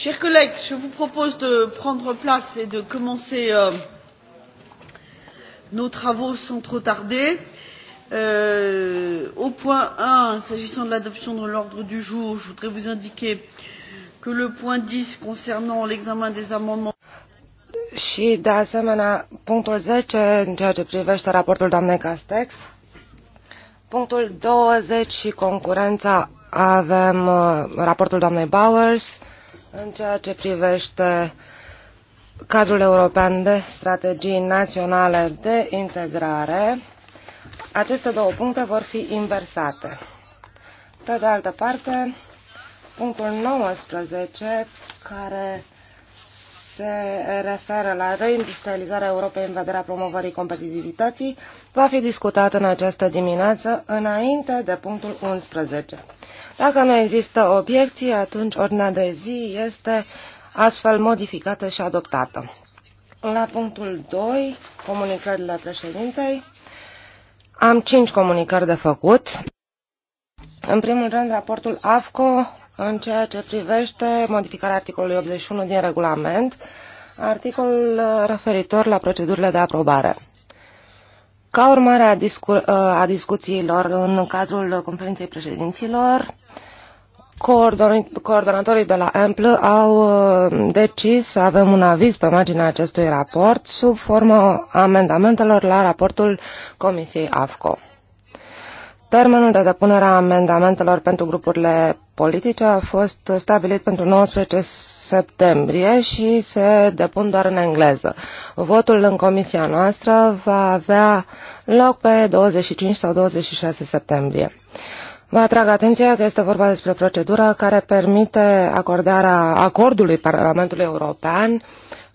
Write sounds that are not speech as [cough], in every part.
chers collègues je vous propose de prendre place et de commencer euh, nos travaux sans trop tarder. Euh, au point un s'agissant de l'adoption de l'ordre du jour je voudrais vous indiquer que le point dix concernant l'examen des amendements și de asemenea punctul 10 în ceea ce privește raportul doamnei Castex. Punctul 20 și concurența avem uh, raportul doamnei Bowers. În ceea ce privește cadrul european de strategii naționale de integrare, aceste două puncte vor fi inversate. Pe de altă parte, punctul 19, care se referă la reindustrializarea Europei în vederea promovării competitivității, va fi discutat în această dimineață, înainte de punctul 11. Dacă nu există obiecții, atunci ordinea de zi este astfel modificată și adoptată. La punctul 2, comunicările președintei, am 5 comunicări de făcut. În primul rând, raportul AFCO în ceea ce privește modificarea articolului 81 din regulament, articolul referitor la procedurile de aprobare. Ca urmare a, discu a discuțiilor în cadrul conferinței președinților, coordonatorii de la EMPL au uh, decis să avem un aviz pe marginea acestui raport sub formă amendamentelor la raportul Comisiei AFCO. Termenul de depunere a amendamentelor pentru grupurile politice a fost stabilit pentru 19 septembrie și se depun doar în engleză. Votul în comisia noastră va avea loc pe 25 sau 26 septembrie. Vă atrag atenția că este vorba despre procedura care permite acordarea acordului Parlamentului European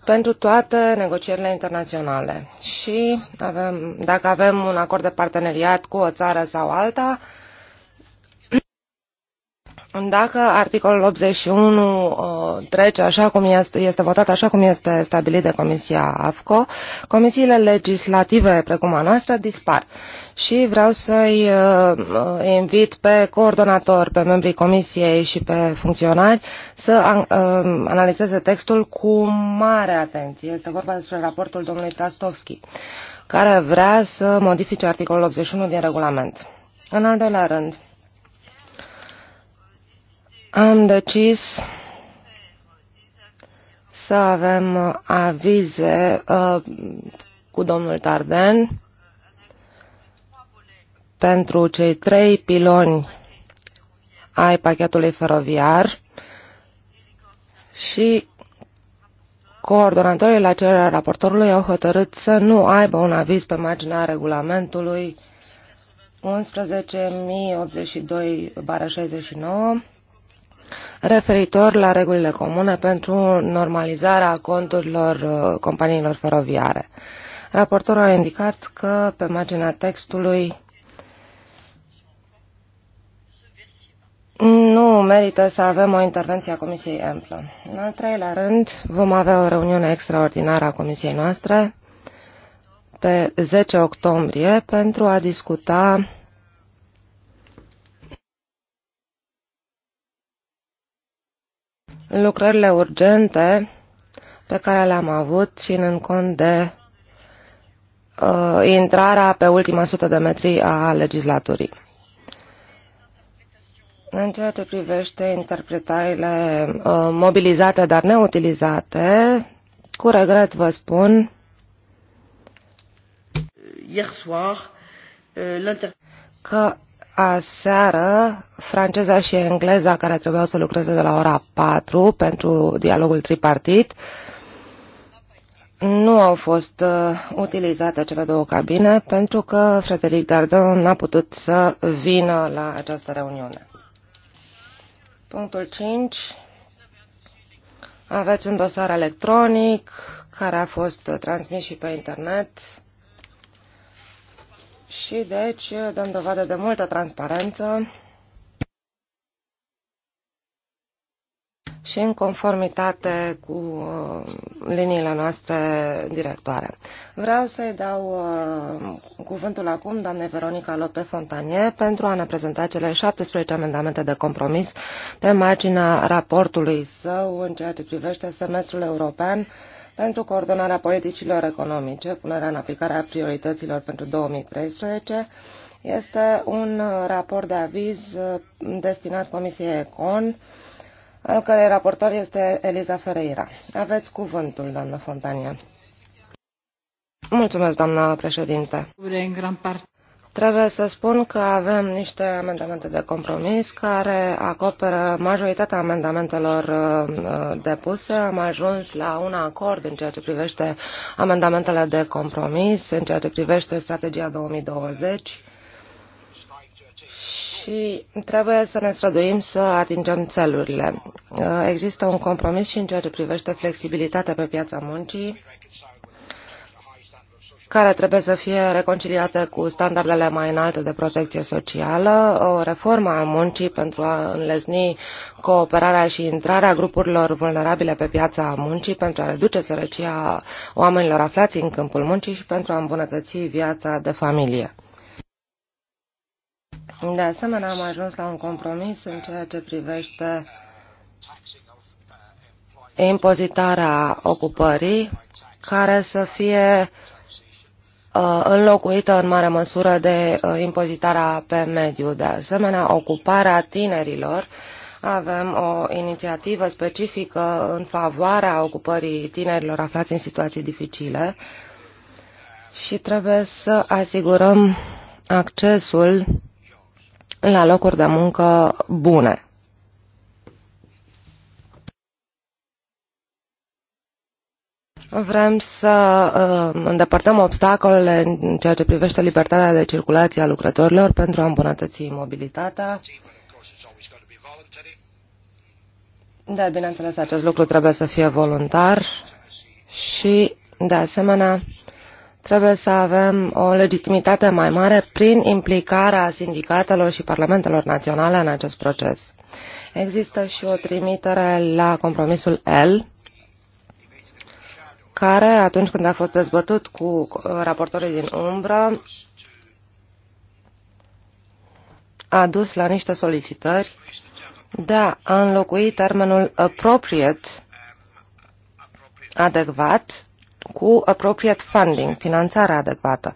pentru toate negocierile internaționale. Și avem, dacă avem un acord de parteneriat cu o țară sau alta, dacă articolul 81 uh, trece așa cum este, este votat așa cum este stabilit de Comisia AFCO, comisiile legislative precum a noastră dispar și vreau să-i uh, uh, invit pe coordonator, pe membrii comisiei și pe funcționari să uh, analizeze textul cu mare atenție. Este vorba despre raportul domnului Trastovski, care vrea să modifice articolul 81 din regulament. În al doilea rând, am decis să avem avize uh, cu domnul Tarden pentru cei trei piloni ai pachetului feroviar și coordonatorii la cererea raportorului au hotărât să nu aibă un aviz pe marginea regulamentului 11.082-69 referitor la regulile comune pentru normalizarea conturilor uh, companiilor feroviare. Raportorul a indicat că pe marginea textului nu merită să avem o intervenție a Comisiei Amplă. În al treilea rând, vom avea o reuniune extraordinară a Comisiei noastre pe 10 octombrie pentru a discuta lucrările urgente pe care le-am avut ținând cont de uh, intrarea pe ultima sută de metri a legislaturii. În ceea ce privește interpretările uh, mobilizate, dar neutilizate, cu regret vă spun. ieri soir, uh, că aseară franceza și engleza care trebuiau să lucreze de la ora 4 pentru dialogul tripartit nu au fost uh, utilizate cele două cabine pentru că Frederic Dardon n-a putut să vină la această reuniune. Punctul 5. Aveți un dosar electronic care a fost transmis și pe internet și deci dăm dovadă de multă transparență și în conformitate cu uh, liniile noastre directoare. Vreau să-i dau uh, cuvântul acum doamnei Veronica Lope Fontanie pentru a ne prezenta cele 17 amendamente de compromis pe marginea raportului său în ceea ce privește semestrul european pentru coordonarea politicilor economice, punerea în aplicare a priorităților pentru 2013, este un uh, raport de aviz uh, destinat Comisiei Econ, uh, al cărei raportor este Eliza Ferreira. Aveți cuvântul, doamnă Fontania. Mulțumesc, doamnă președinte. Trebuie să spun că avem niște amendamente de compromis care acoperă majoritatea amendamentelor uh, depuse. Am ajuns la un acord în ceea ce privește amendamentele de compromis, în ceea ce privește strategia 2020 și trebuie să ne străduim să atingem țelurile. Uh, există un compromis și în ceea ce privește flexibilitatea pe piața muncii, care trebuie să fie reconciliată cu standardele mai înalte de protecție socială, o reformă a muncii pentru a înlezni cooperarea și intrarea grupurilor vulnerabile pe piața muncii, pentru a reduce sărăcia oamenilor aflați în câmpul muncii și pentru a îmbunătăți viața de familie. De asemenea, am ajuns la un compromis în ceea ce privește impozitarea ocupării, care să fie uh, înlocuită în mare măsură de uh, impozitarea pe mediu. De asemenea, ocuparea tinerilor. Avem o inițiativă specifică în favoarea ocupării tinerilor aflați în situații dificile și trebuie să asigurăm accesul la locuri de muncă bune. Vrem să uh, îndepărtăm obstacolele în ceea ce privește libertatea de circulație a lucrătorilor pentru a îmbunătăți mobilitatea. Dar, bineînțeles, acest lucru trebuie să fie voluntar și, de asemenea, Trebuie să avem o legitimitate mai mare prin implicarea sindicatelor și parlamentelor naționale în acest proces. Există și o trimitere la compromisul L, care, atunci când a fost dezbătut cu raportorii din umbră, a dus la niște solicitări de a înlocui termenul appropriate, adecvat, cu appropriate funding, finanțarea adecvată.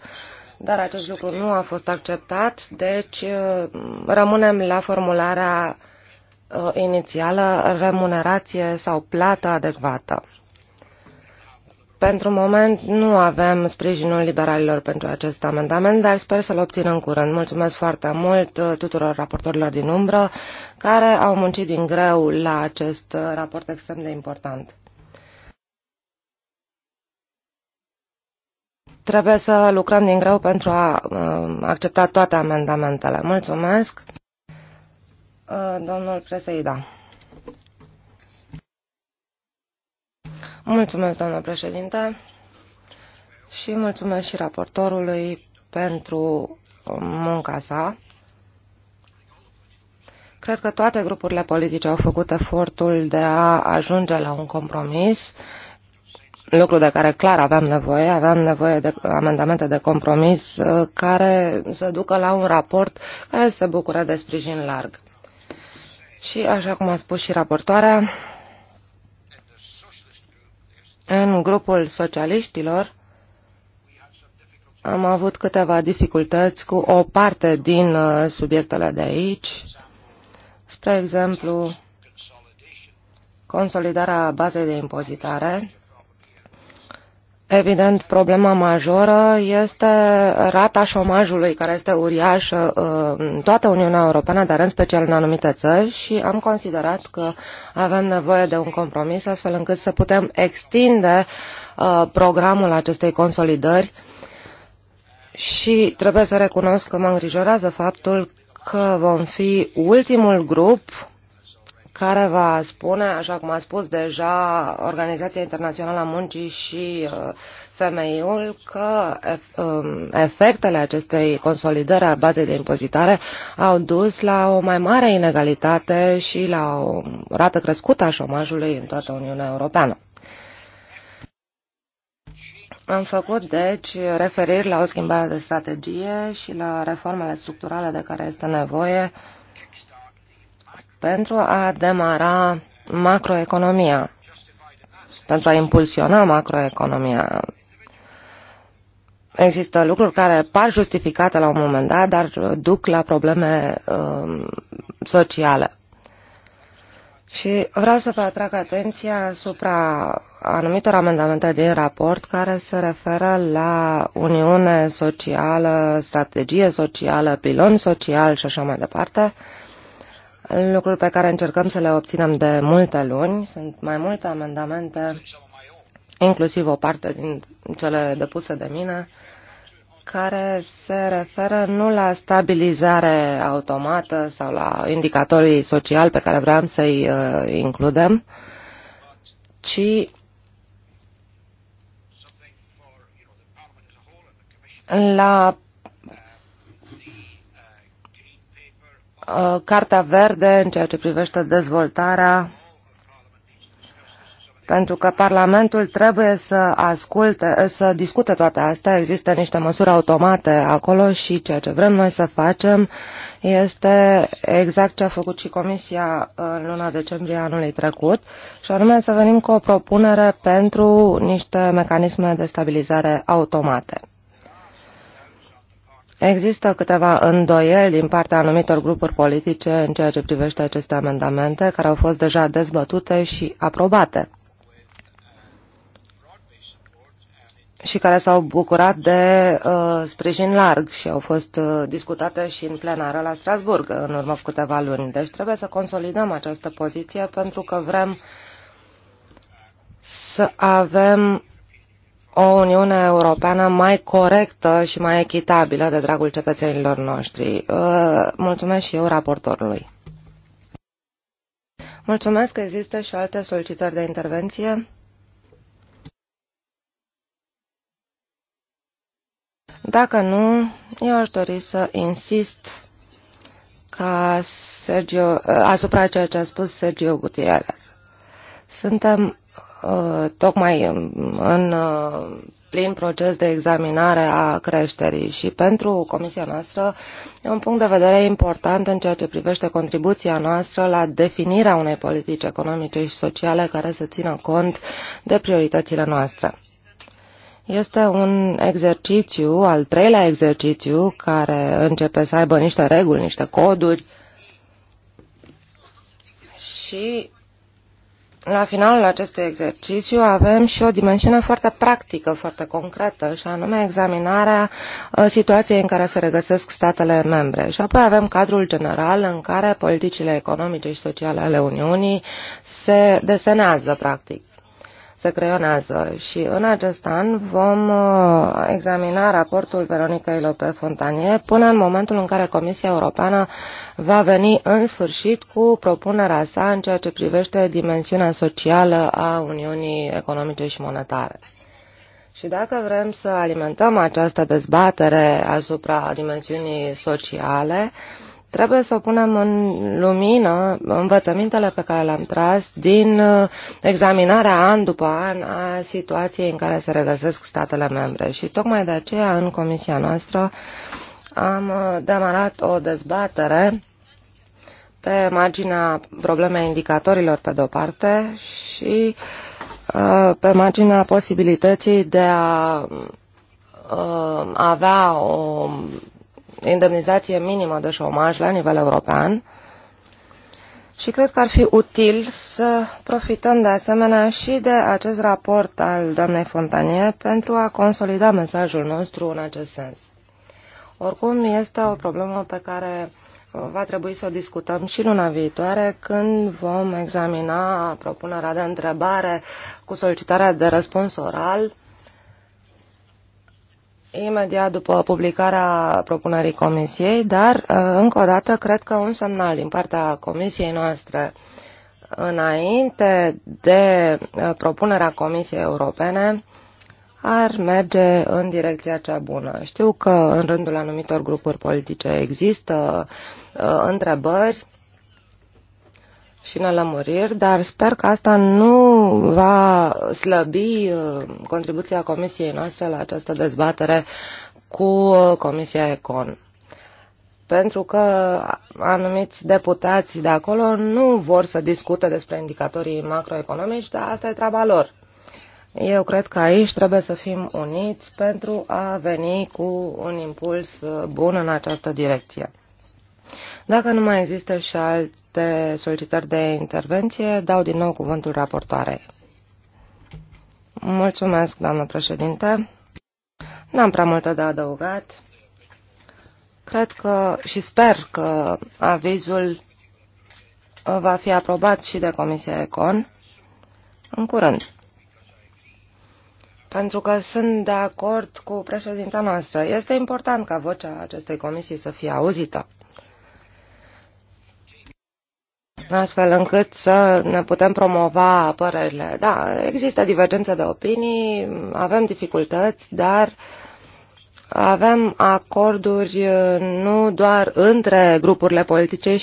Dar acest lucru nu a fost acceptat, deci uh, rămânem la formularea uh, inițială, remunerație sau plată adecvată. Pentru moment nu avem sprijinul liberalilor pentru acest amendament, dar sper să-l obțin în curând. Mulțumesc foarte mult uh, tuturor raportorilor din umbră care au muncit din greu la acest raport extrem de important. Trebuie să lucrăm din greu pentru a um, accepta toate amendamentele. Mulțumesc, uh, domnul Preseida. Mulțumesc, doamnă președinte, și mulțumesc și raportorului pentru um, munca sa. Cred că toate grupurile politice au făcut efortul de a ajunge la un compromis lucru de care clar aveam nevoie. Aveam nevoie de amendamente de compromis uh, care să ducă la un raport care se bucure de sprijin larg. Și așa cum a spus și raportoarea, în grupul socialiștilor am avut câteva dificultăți cu o parte din uh, subiectele de aici, spre exemplu, consolidarea bazei de impozitare, Evident, problema majoră este rata șomajului, care este uriașă uh, în toată Uniunea Europeană, dar în special în anumite țări și am considerat că avem nevoie de un compromis astfel încât să putem extinde uh, programul acestei consolidări și trebuie să recunosc că mă îngrijorează faptul că vom fi ultimul grup care va spune, așa cum a spus deja Organizația Internațională a Muncii și uh, femeiul că um, efectele acestei consolidări a bazei de impozitare au dus la o mai mare inegalitate și la o rată crescută a șomajului în toată Uniunea Europeană. Am făcut, deci, referiri la o schimbare de strategie și la reformele structurale de care este nevoie uh, pentru a demara macroeconomia, pentru a impulsiona macroeconomia. Există lucruri care par justificate la un moment dat, dar duc la probleme uh, sociale. Și vreau să vă atrag atenția asupra anumitor amendamente din raport care se referă la Uniune Socială, strategie socială, pilon social și așa mai departe. Uh, lucruri pe care încercăm să le obținem de multe luni. Sunt mai multe amendamente, inclusiv o parte din cele depuse de mine, care se referă nu la stabilizare automată sau la indicatorii sociali pe care vreau să-i uh, includem, ci la Uh, Cartea Verde în ceea ce privește dezvoltarea pentru că Parlamentul trebuie să asculte, să discute toate astea. Există niște măsuri automate acolo și ceea ce vrem noi să facem este exact ce a făcut și Comisia în luna decembrie anului trecut, și anume să venim cu o propunere pentru niște mecanisme de stabilizare automate. Există câteva îndoieli din partea anumitor grupuri politice în ceea ce privește aceste amendamente, care au fost deja dezbătute și aprobate și care s-au bucurat de uh, sprijin larg și au fost uh, discutate și în plenară la Strasburg în urmă cu câteva luni. Deci trebuie să consolidăm această poziție pentru că vrem să avem o Uniune Europeană mai corectă și mai echitabilă de dragul cetățenilor noștri. Uh, mulțumesc și eu raportorului. Mulțumesc. Există și alte solicitări de intervenție? Dacă nu, eu aș dori să insist ca Sergio, uh, asupra ceea ce a spus Sergio Gutierrez. Suntem Uh, tocmai în uh, plin proces de examinare a creșterii și pentru comisia noastră e un punct de vedere important în ceea ce privește contribuția noastră la definirea unei politici economice și sociale care să țină cont de prioritățile noastre. Este un exercițiu, al treilea exercițiu, care începe să aibă niște reguli, niște coduri și la finalul acestui exercițiu avem și o dimensiune foarte practică, foarte concretă, și anume examinarea uh, situației în care se regăsesc statele membre. Și apoi avem cadrul general în care politicile economice și sociale ale Uniunii se desenează, practic se creionează și în acest an vom uh, examina raportul Veronica Lope Fontanie până în momentul în care Comisia Europeană va veni în sfârșit cu propunerea sa în ceea ce privește dimensiunea socială a Uniunii Economice și Monetare. Și dacă vrem să alimentăm această dezbatere asupra dimensiunii sociale, uh, Trebuie să punem în lumină învățămintele pe care le-am tras din uh, examinarea an după an a situației în care se regăsesc statele membre. Și tocmai de aceea, în comisia noastră, am uh, demarat o dezbatere pe marginea problemei indicatorilor pe de-o parte și uh, pe marginea posibilității de a avea o indemnizație minimă de șomaj la nivel european și cred că ar fi util să profităm de asemenea și de acest raport al doamnei Fontanie pentru a consolida mesajul nostru în acest sens. Oricum, este o problemă pe care uh, va trebui să o discutăm și luna viitoare când vom examina propunerea de întrebare cu solicitarea de răspuns oral imediat după publicarea propunerii Comisiei, dar, uh, încă o dată, cred că un semnal din partea Comisiei noastre înainte de uh, propunerea Comisiei Europene ar merge în direcția cea bună. Știu că în rândul anumitor grupuri politice există uh, întrebări și nelămuriri, dar sper că asta nu va slăbi uh, contribuția comisiei noastre la această dezbatere cu uh, Comisia Econ. Pentru că anumiți deputați de acolo nu vor să discute despre indicatorii macroeconomici, dar asta e treaba lor. Eu cred că aici trebuie să fim uniți pentru a veni cu un impuls uh, bun în această direcție. Dacă nu mai există și alte solicitări de intervenție, dau din nou cuvântul raportoarei. Mulțumesc, doamnă președinte. N-am prea multe de adăugat. Cred că și sper că avizul va fi aprobat și de Comisia Econ în curând. Pentru că sunt de acord cu președinta noastră. Este important ca vocea acestei comisii să fie auzită. astfel încât să ne putem promova părerile. Da, există divergențe de opinii, avem dificultăți, dar avem acorduri uh, nu doar între grupurile politice,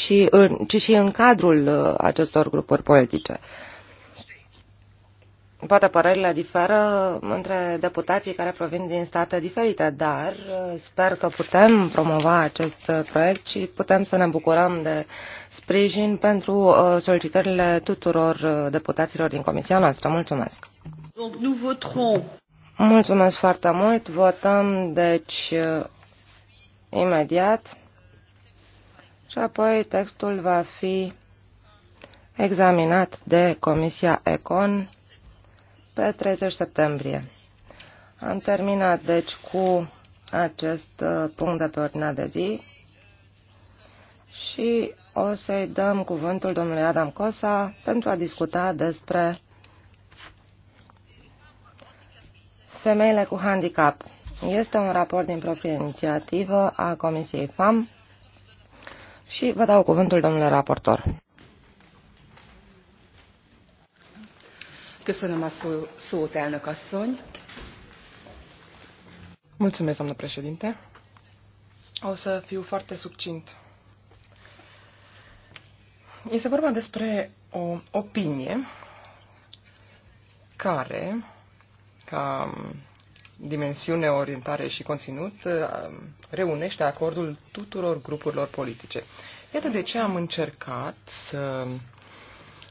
ci și în cadrul uh, acestor grupuri politice. Poate părerile diferă între deputații care provin din state diferite, dar uh, sper că putem promova acest proiect și putem să ne bucurăm de sprijin pentru uh, solicitările tuturor uh, deputaților din comisia noastră. Mulțumesc! Mulțumesc foarte mult! Votăm, deci, imediat și apoi textul va fi examinat de Comisia ECON pe 30 septembrie. Am terminat, deci, cu acest uh, punct de pe ordinea de zi și o să-i dăm cuvântul domnului Adam Cosa pentru a discuta despre femeile cu handicap. Este un raport din proprie inițiativă a Comisiei FAM și vă dau cuvântul domnule raportor. Köszönöm a szó, szót, elnök asszony. Mulțumesc, doamnă președinte. O să fiu foarte succint. Este vorba despre o opinie care, ca dimensiune, orientare și conținut, reunește acordul tuturor grupurilor politice. Iată de ce am încercat să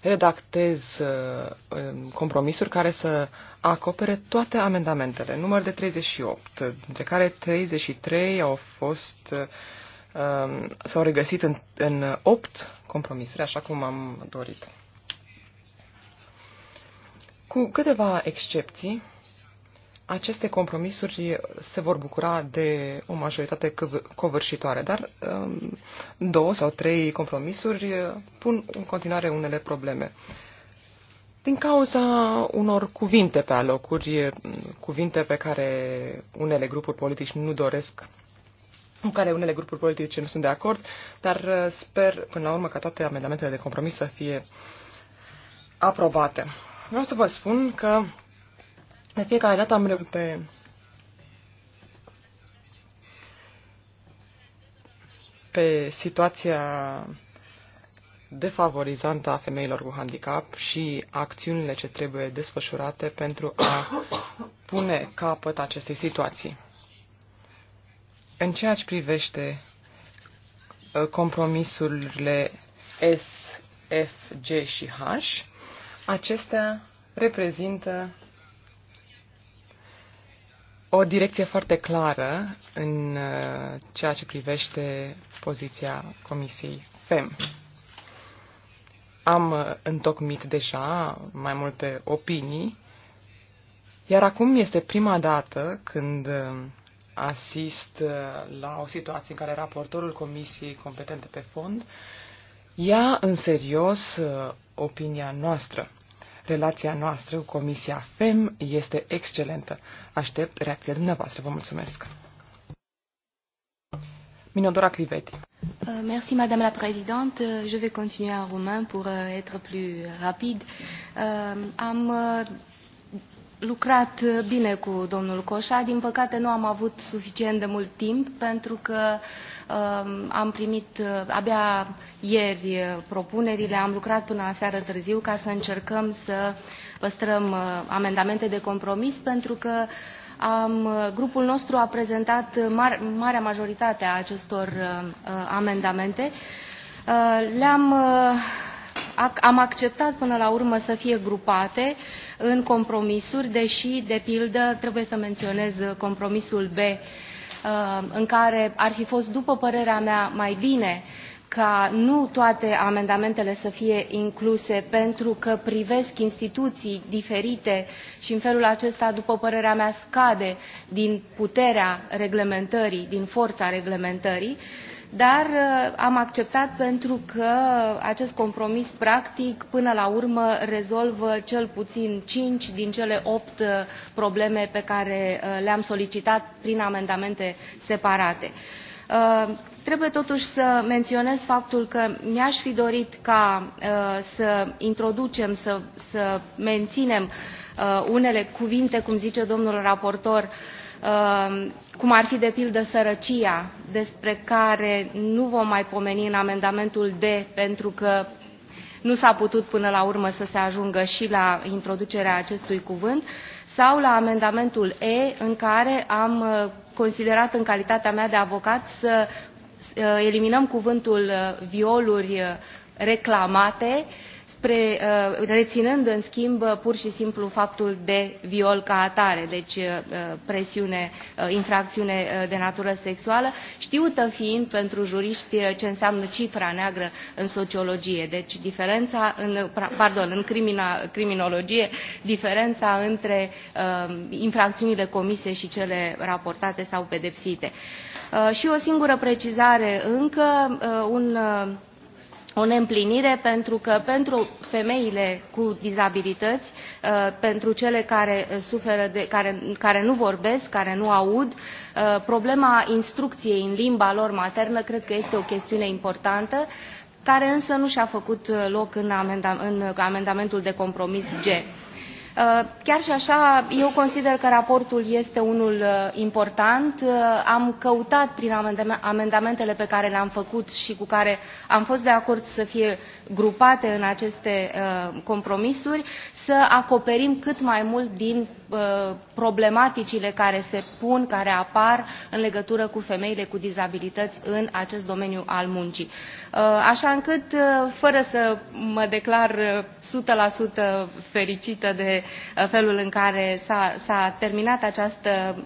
redactez uh, um, compromisuri care să acopere toate amendamentele, număr de 38, dintre care 33 au fost um, s-au regăsit în, în 8 compromisuri, așa cum am dorit. Cu câteva excepții, aceste compromisuri se vor bucura de o majoritate covârșitoare, dar um, două sau trei compromisuri uh, pun în continuare unele probleme. Din cauza unor cuvinte pe alocuri, uh, cuvinte pe care unele grupuri politici nu doresc, cu care unele grupuri politice nu sunt de acord, dar uh, sper până la urmă ca toate amendamentele de compromis să fie aprobate. Vreau să vă spun că de fiecare dată am pe pe situația defavorizantă a femeilor cu handicap și acțiunile ce trebuie desfășurate pentru a pune capăt acestei situații. În ceea ce privește ă, compromisurile S, F, G și H, acestea reprezintă o direcție foarte clară în uh, ceea ce privește poziția Comisiei FEM. Am uh, întocmit deja mai multe opinii, iar acum este prima dată când uh, asist la o situație în care raportorul Comisiei competente pe fond ia în serios opinia noastră. Relația noastră cu Comisia FEM este excelentă. Aștept reacția dumneavoastră. Vă mulțumesc. Minodora Cliveti. Uh, merci, Madame la Présidente. Je vais continuer en roumain pour euh, être plus rapide. Euh, am euh, lucrat uh, bine cu domnul Coșa. Din păcate nu am avut suficient de mult timp pentru că uh, am primit uh, abia ieri uh, propunerile, am lucrat până la seară târziu ca să încercăm să păstrăm amendamente de compromis pentru că am, grupul nostru a prezentat mar, marea majoritate a acestor uh, amendamente. Uh, Le-am uh, am acceptat până la urmă să fie grupate în compromisuri, deși, de pildă, trebuie să menționez compromisul B, uh, în care ar fi fost, după părerea mea, mai bine ca nu toate amendamentele să fie incluse pentru că privesc instituții diferite și în felul acesta, după părerea mea, scade din puterea reglementării, din forța reglementării. Uh, dar uh, am acceptat pentru că acest compromis practic până la urmă rezolvă cel puțin cinci din cele opt uh, probleme pe care uh, le-am solicitat prin amendamente separate. Trebuie totuși să menționez faptul că mi-aș fi dorit ca să introducem, să, să menținem unele cuvinte, cum zice domnul raportor, uh, Ehm, cum ar fi de pildă sărăcia, despre care nu vom mai pomeni în amendamentul D, pentru că nu s-a putut până la urmă să se ajungă și la introducerea acestui cuvânt, sau la amendamentul E, în care am uh, considerat în calitatea mea de avocat să uh, eliminăm cuvântul uh, violuri reclamate uh, Uh, reținând în schimb uh, pur și simplu faptul de viol ca atare, deci uh, presiune, infracțiune de natură sexuală, știută fiind pentru juriști ce înseamnă cifra neagră în sociologie. Deci diferența, în, pardon, în crimina, criminologie, diferența între infracțiunile comise și cele raportate sau pedepsite. Și o singură precizare încă, un o neîmplinire pentru că pentru femeile cu dizabilități uh, pentru cele care uh, suferă de, care, care nu vorbesc care nu aud uh, problema instrucției în limba lor maternă cred că este o chestiune importantă care însă nu și a făcut loc în, amendamentul de compromis g. Uh, chiar și așa, eu consider că raportul este unul uh, important. Uh, am căutat prin amendamentele pe care le-am făcut și cu care am fost de acord să fie grupate în aceste uh, compromisuri, să acoperim cât mai mult din uh, problematicile care se pun, care apar în legătură cu femeile cu dizabilități în acest domeniu al muncii. Uh, așa încât, fără să mă declar 100% fericită de felul în care s-a terminat această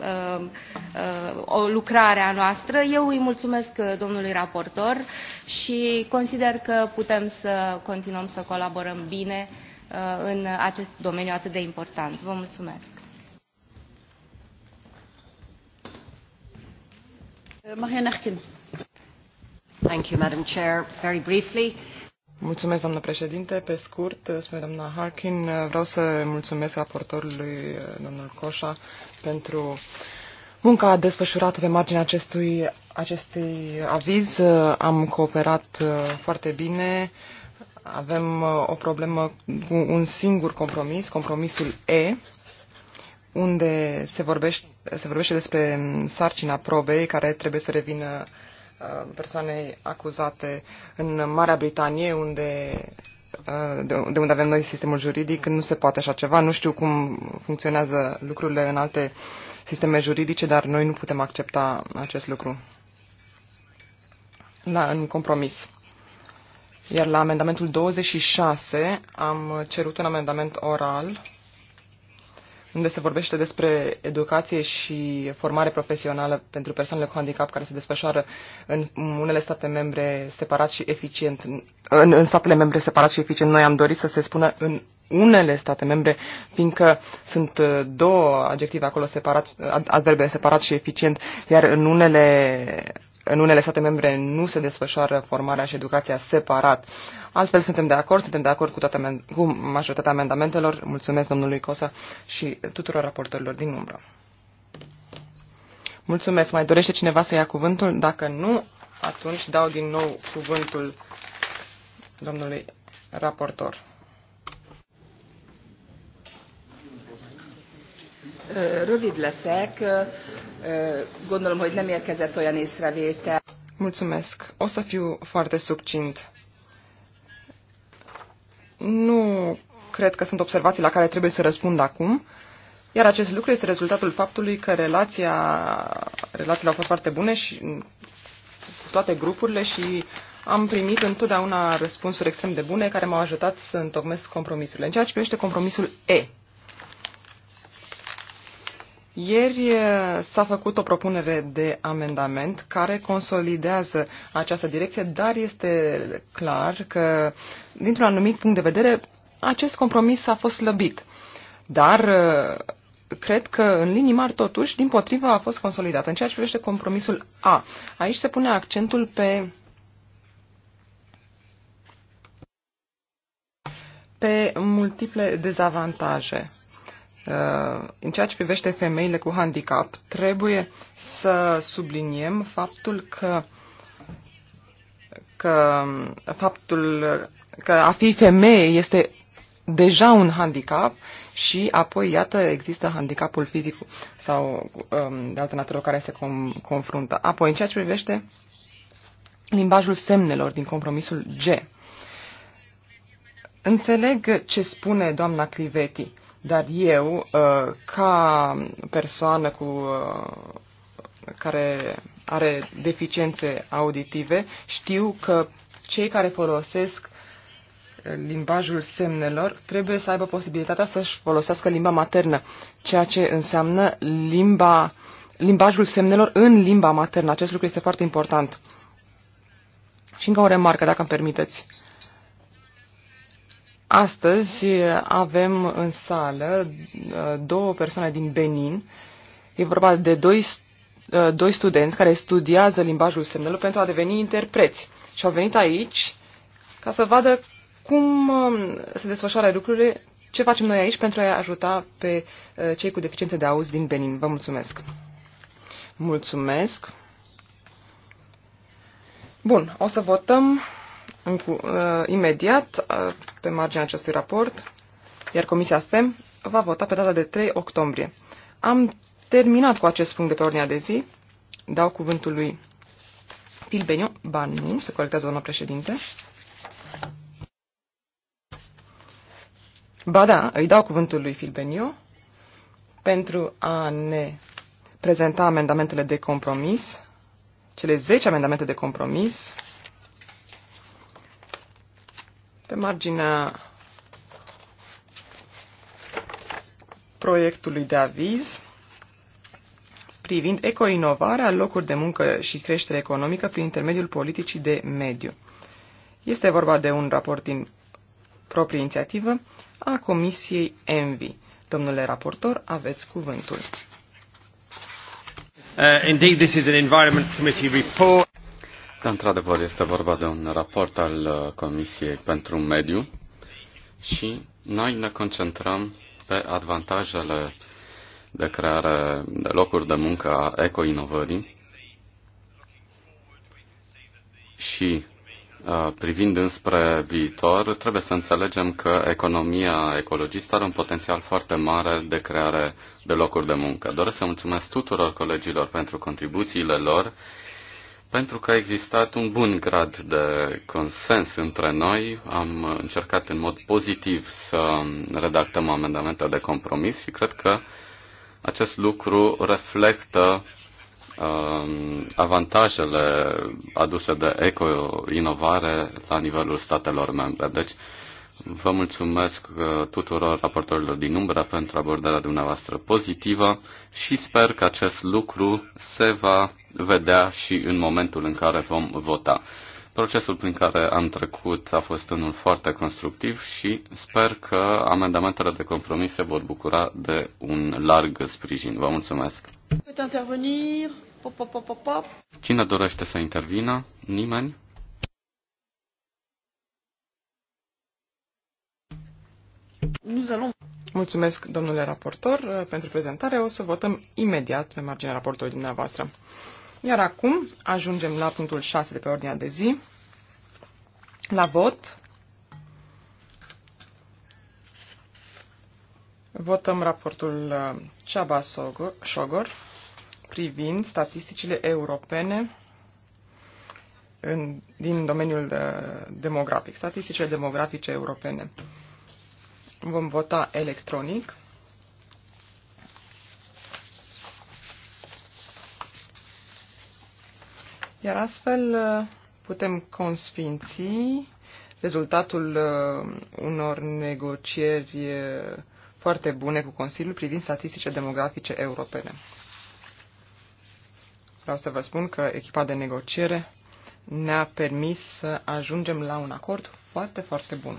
lucrare a noastră, eu îi mulțumesc domnului raportor și consider că putem să să continuăm să colaborăm bine uh, în acest domeniu atât de important. Vă mulțumesc! Uh, Thank you, Madam Chair. Very briefly, Mulțumesc, doamnă președinte. Pe scurt, uh, spune doamna Harkin, vreau să mulțumesc raportorului, domnul Coșa, pentru munca desfășurată pe marginea acestui, acestui aviz. Am cooperat foarte bine avem uh, o problemă cu un singur compromis, compromisul E, unde se vorbește, se vorbește despre sarcina probei care trebuie să revină uh, persoanei acuzate în Marea Britanie, unde uh, de unde avem noi sistemul juridic, nu se poate așa ceva. Nu știu cum funcționează lucrurile în alte sisteme juridice, dar noi nu putem accepta acest lucru la, în compromis. Iar la amendamentul 26 am cerut un amendament oral unde se vorbește despre educație și formare profesională pentru persoanele cu handicap care se desfășoară în unele state membre separat și eficient. În, în statele membre separat și eficient noi am dorit să se spună în unele state membre, fiindcă sunt uh, două adjective acolo separat, adverbe separat și eficient, iar în unele în unele state membre nu se desfășoară formarea și educația separat. Altfel suntem de acord, suntem de acord cu, toate, cu majoritatea amendamentelor. Mulțumesc domnului Cosa și tuturor raportorilor din umbră. Mulțumesc. Mai dorește cineva să ia cuvântul? Dacă nu, atunci dau din nou cuvântul domnului raportor. Rövid leszek. Gondolom, hogy nem érkezett olyan észrevétel. Mulțumesc. O să fiu foarte succint. Nu cred că sunt observații la care trebuie să răspund acum, iar acest lucru este rezultatul faptului că relația, relațiile au fost foarte bune și cu toate grupurile și am primit întotdeauna răspunsuri extrem de bune care m-au ajutat să întocmesc compromisurile. În ceea ce privește compromisul E, ieri uh, s-a făcut o propunere de amendament care consolidează această direcție, dar este clar că, dintr-un anumit punct de vedere, acest compromis a fost slăbit. Dar uh, cred că, în linii mari, totuși, din potrivă, a fost consolidat. În ceea ce privește compromisul A, aici se pune accentul pe pe multiple dezavantaje. Uh, în ceea ce privește femeile cu handicap, trebuie să subliniem faptul că, că faptul că a fi femeie este deja un handicap și apoi, iată, există handicapul fizic sau um, de altă natură care se com- confruntă. Apoi, în ceea ce privește limbajul semnelor din compromisul G. Înțeleg ce spune doamna Cliveti, dar eu, uh, ca persoană cu, uh, care are deficiențe auditive, știu că cei care folosesc uh, limbajul semnelor trebuie să aibă posibilitatea să-și folosească limba maternă, ceea ce înseamnă limba, limbajul semnelor în limba maternă. Acest lucru este foarte important. Și încă o remarcă, dacă îmi permiteți. Astăzi avem în sală două persoane din Benin. E vorba de doi, doi studenți care studiază limbajul semnelor pentru a deveni interpreți. Și au venit aici ca să vadă cum se desfășoară lucrurile, ce facem noi aici pentru a ajuta pe cei cu deficiențe de auz din Benin. Vă mulțumesc! Mulțumesc! Bun, o să votăm în, uh, imediat uh, pe marginea acestui raport, iar Comisia FEM va vota pe data de 3 octombrie. Am terminat cu acest punct de pe ordinea de zi. Dau cuvântul lui Pilbeniu. Ba nu, se colectează doamna președinte. Ba da, îi dau cuvântul lui Filbeniu pentru a ne prezenta amendamentele de compromis, cele 10 amendamente de compromis pe marginea proiectului de aviz privind ecoinovarea, locuri de muncă și creștere economică prin intermediul politicii de mediu. Este vorba de un raport din proprie inițiativă a Comisiei ENVI. Domnule raportor, aveți cuvântul. Uh, indeed, this is an Environment Committee report. Da, într-adevăr, este vorba de un raport al uh, Comisiei pentru Mediu și noi ne concentrăm pe avantajele de creare de locuri de muncă a ecoinovării și uh, privind înspre viitor, trebuie să înțelegem că economia ecologistă are un potențial foarte mare de creare de locuri de muncă. Doresc să mulțumesc tuturor colegilor pentru contribuțiile lor pentru că a existat un bun grad de consens între noi, am încercat în mod pozitiv să redactăm amendamente de compromis și cred că acest lucru reflectă um, avantajele aduse de eco-inovare la nivelul statelor membre. Deci, Vă mulțumesc uh, tuturor raportorilor din umbra pentru abordarea dumneavoastră pozitivă și sper că acest lucru se va vedea și în momentul în care vom vota. Procesul prin care am trecut a fost unul foarte constructiv și sper că amendamentele de compromis se vor bucura de un larg sprijin. Vă mulțumesc! Cine dorește să intervină? Nimeni? Mulțumesc, domnule raportor, uh, pentru prezentare. O să votăm imediat pe marginea raportului dumneavoastră. Iar acum ajungem la punctul 6 de pe ordinea de zi, la vot. Votăm raportul uh, Ceaba Șogor privind statisticile europene în, din domeniul de, uh, demografic, statisticile demografice europene. Vom vota electronic. Iar astfel uh, putem consfinți rezultatul uh, unor negocieri uh, foarte bune cu Consiliul privind statistice demografice europene. Vreau să vă spun că echipa de negociere ne-a permis să ajungem la un acord foarte, foarte bun.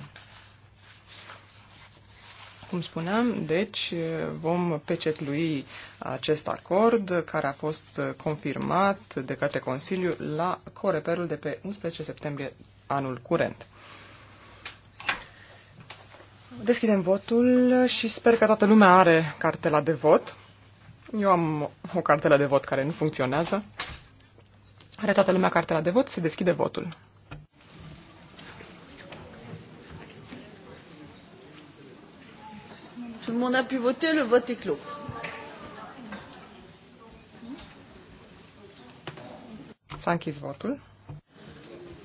Cum spuneam, deci eh, vom pecetlui acest acord care a fost confirmat de către Consiliu la Coreperul de pe 11 septembrie anul curent. Deschidem votul și sper că toată lumea are cartela de vot. Eu am o cartelă de vot care nu funcționează. Are toată lumea cartela de vot, se deschide votul. Tout le monde a pu voter, le vote est clos. S-a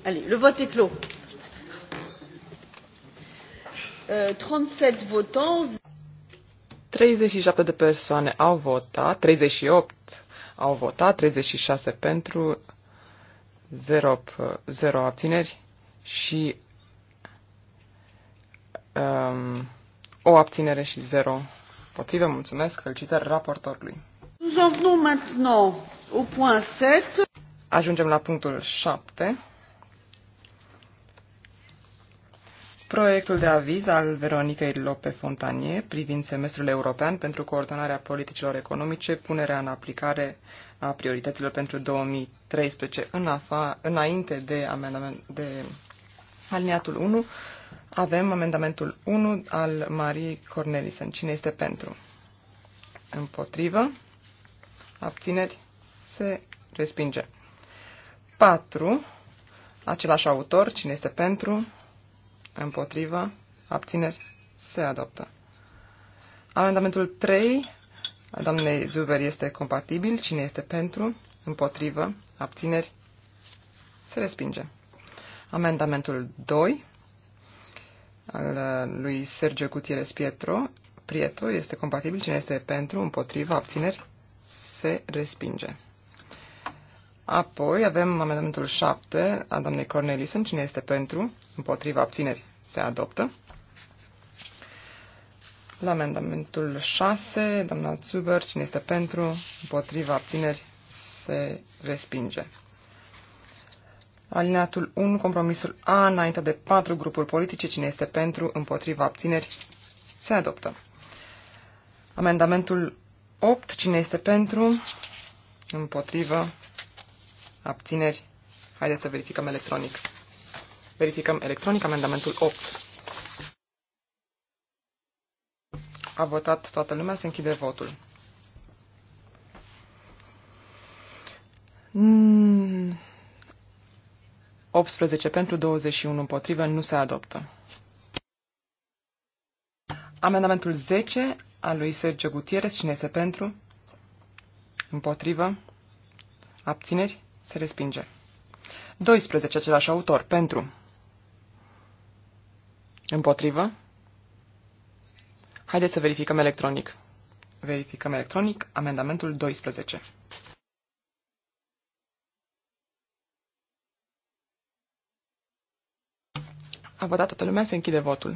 Allez, le vote est clos. Uh, 37 votants. 37 de persoane au votat, 38 au votat, 36 pentru, 0, 0 abțineri și um, o abținere și zero potrivă. Mulțumesc, felicitări raportorului. Ajungem la punctul 7. Proiectul de aviz al Veronicei Lope Fontanie privind semestrul european pentru coordonarea politicilor economice, punerea în aplicare a priorităților pentru 2013 în afa, înainte de, amendament, de aliniatul 1, avem amendamentul 1 al Marii Cornelisen. Cine este pentru? Împotrivă. Abțineri. Se respinge. 4. Același autor. Cine este pentru? Împotrivă. Abțineri. Se adoptă. Amendamentul 3 a doamnei Zuber este compatibil. Cine este pentru? Împotrivă. Abțineri. Se respinge. Amendamentul 2 al uh, lui Sergio Gutierrez Pietro, Prieto este compatibil, cine este pentru, împotriva, abțineri, se respinge. Apoi avem amendamentul 7 a doamnei Cornelison, cine este pentru, împotriva, abțineri, se adoptă. La amendamentul 6, doamna Zuber, cine este pentru, împotriva, abțineri, se respinge. Alineatul 1, compromisul A, înainte de patru grupuri politice, cine este pentru, împotriva, abțineri, se adoptă. Amendamentul 8, cine este pentru, împotrivă, abțineri, haideți să verificăm electronic. Verificăm electronic amendamentul 8. A votat toată lumea, se închide votul. 18 pentru 21 împotrivă nu se adoptă. Amendamentul 10 al lui Sergio Gutierrez, cine este pentru? Împotrivă? Abțineri? Se respinge. 12. Același autor. Pentru. Împotrivă? Haideți să verificăm electronic. Verificăm electronic amendamentul 12. A votat toată lumea, se închide votul.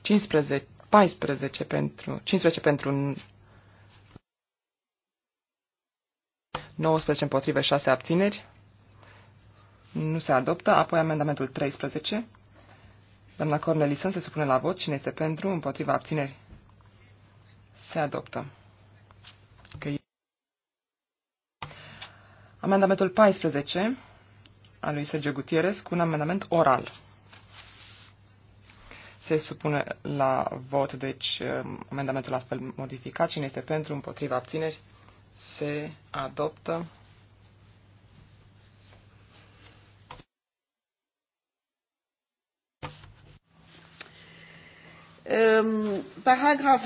15, 14 pentru, 15 pentru 19 împotrivă, 6 abțineri. Nu se adoptă. Apoi amendamentul 13. Doamna Cornelison se supune la vot. Cine este pentru? Împotriva abțineri. Se adoptă. Okay. Amendamentul 14 a lui Sergio Gutierrez cu un amendament oral. Se supune la vot, deci, um, amendamentul astfel modificat. Cine este pentru, împotriva, abțineri, se adoptă. Um, paragraf.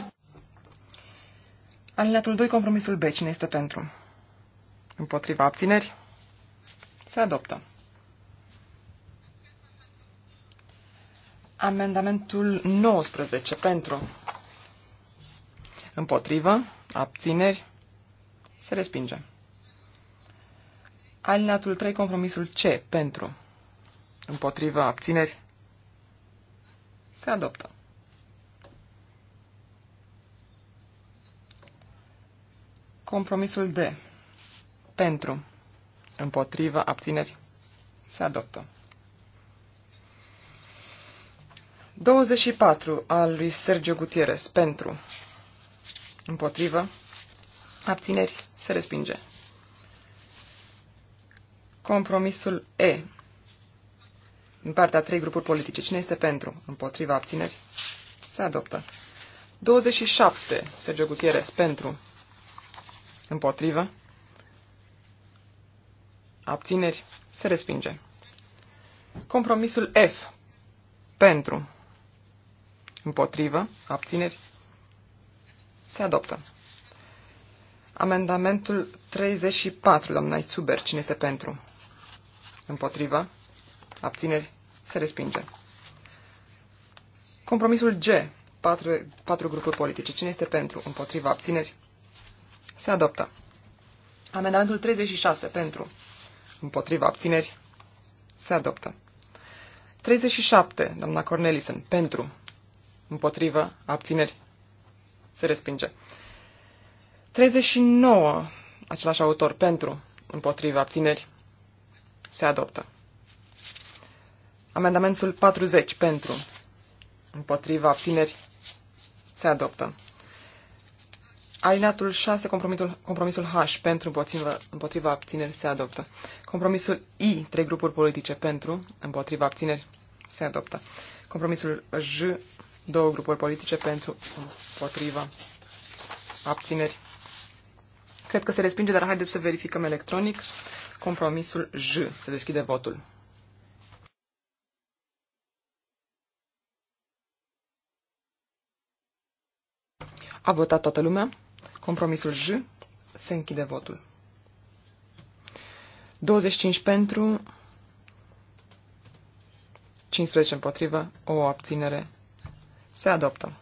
Alinatul 2, compromisul B. Cine este pentru? Împotriva abțineri? Se adoptă. Amendamentul 19 pentru. Împotrivă. Abțineri. Se respinge. Alinatul 3, compromisul C pentru. Împotrivă. Abțineri. Se adoptă. Compromisul D pentru. Împotrivă. Abțineri. Se adoptă. 24 al lui Sergio Gutierrez pentru împotrivă abțineri se respinge. Compromisul E din partea a trei grupuri politice. Cine este pentru? Împotriva abțineri? Se adoptă. 27. Sergio Gutierrez pentru. Împotrivă. Abțineri. Se respinge. Compromisul F. Pentru. Împotrivă. Abțineri. Se adoptă. Amendamentul 34, doamna Itzuber, cine este pentru? Împotrivă. Abțineri. Se respinge. Compromisul G. Patru, patru grupuri politice. Cine este pentru? Împotrivă? abțineri? Se adoptă. Amendamentul 36. Pentru. Împotrivă? abțineri? Se adoptă. 37. Doamna Cornelison. Pentru. Împotrivă. Abțineri. Se respinge. 39. Același autor. Pentru. Împotrivă. Abțineri. Se adoptă. Amendamentul 40. Pentru. Împotrivă. Abțineri. Se adoptă. Alineatul 6, compromisul, compromisul H pentru împotriva, împotriva abțineri se adoptă. Compromisul I, trei grupuri politice pentru împotriva abțineri se adoptă. Compromisul J, Două grupuri politice pentru împotriva abțineri. Cred că se respinge, dar haideți să verificăm electronic. Compromisul J. Se deschide votul. A votat toată lumea. Compromisul J. Se închide votul. 25 pentru, 15 împotrivă, o abținere se adoptă.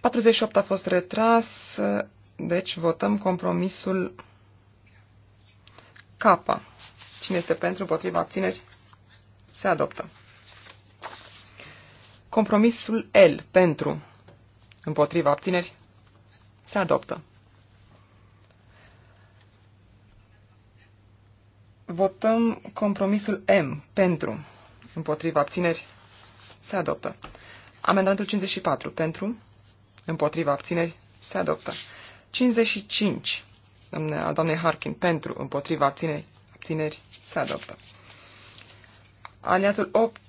48 a fost retras, deci votăm compromisul K. Cine este pentru, potriva abțineri, se adoptă. Compromisul L pentru, împotriva abțineri, se adoptă. Votăm compromisul M pentru, împotriva abțineri, se adoptă. Amendamentul 54 pentru, împotriva abțineri, se adoptă. 55 a doamnei Harkin pentru, împotriva abțineri, abțineri, se adoptă. Aliatul 8,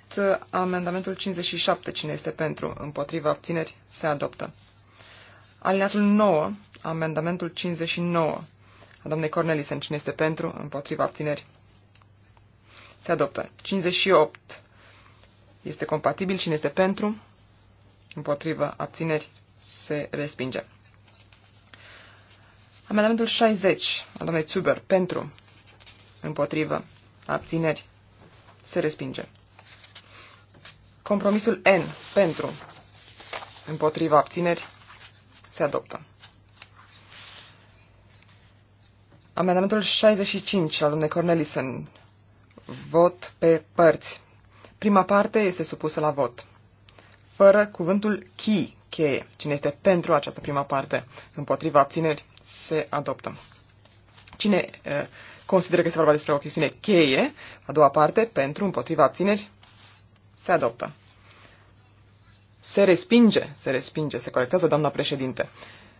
amendamentul 57, cine este pentru, împotriva abțineri, se adoptă. Aliatul 9, amendamentul 59, a doamnei Cornelisen, cine este pentru, împotriva abțineri, se adoptă. 58. Este compatibil. Cine este pentru? Împotrivă. Abțineri. Se respinge. Amendamentul 60 al domnului Zuber. Pentru. Împotrivă. Abțineri. Se respinge. Compromisul N. Pentru. împotrivă, abțineri. Se adoptă. Amendamentul 65 al domnului Cornelison. Vot pe părți. Prima parte este supusă la vot. Fără cuvântul chi, cheie. Cine este pentru această prima parte? Împotriva abțineri se adoptă. Cine uh, consideră că se vorba despre o chestiune cheie, a doua parte, pentru, împotriva abțineri, se adoptă. Se respinge, se respinge, se corectează doamna președinte.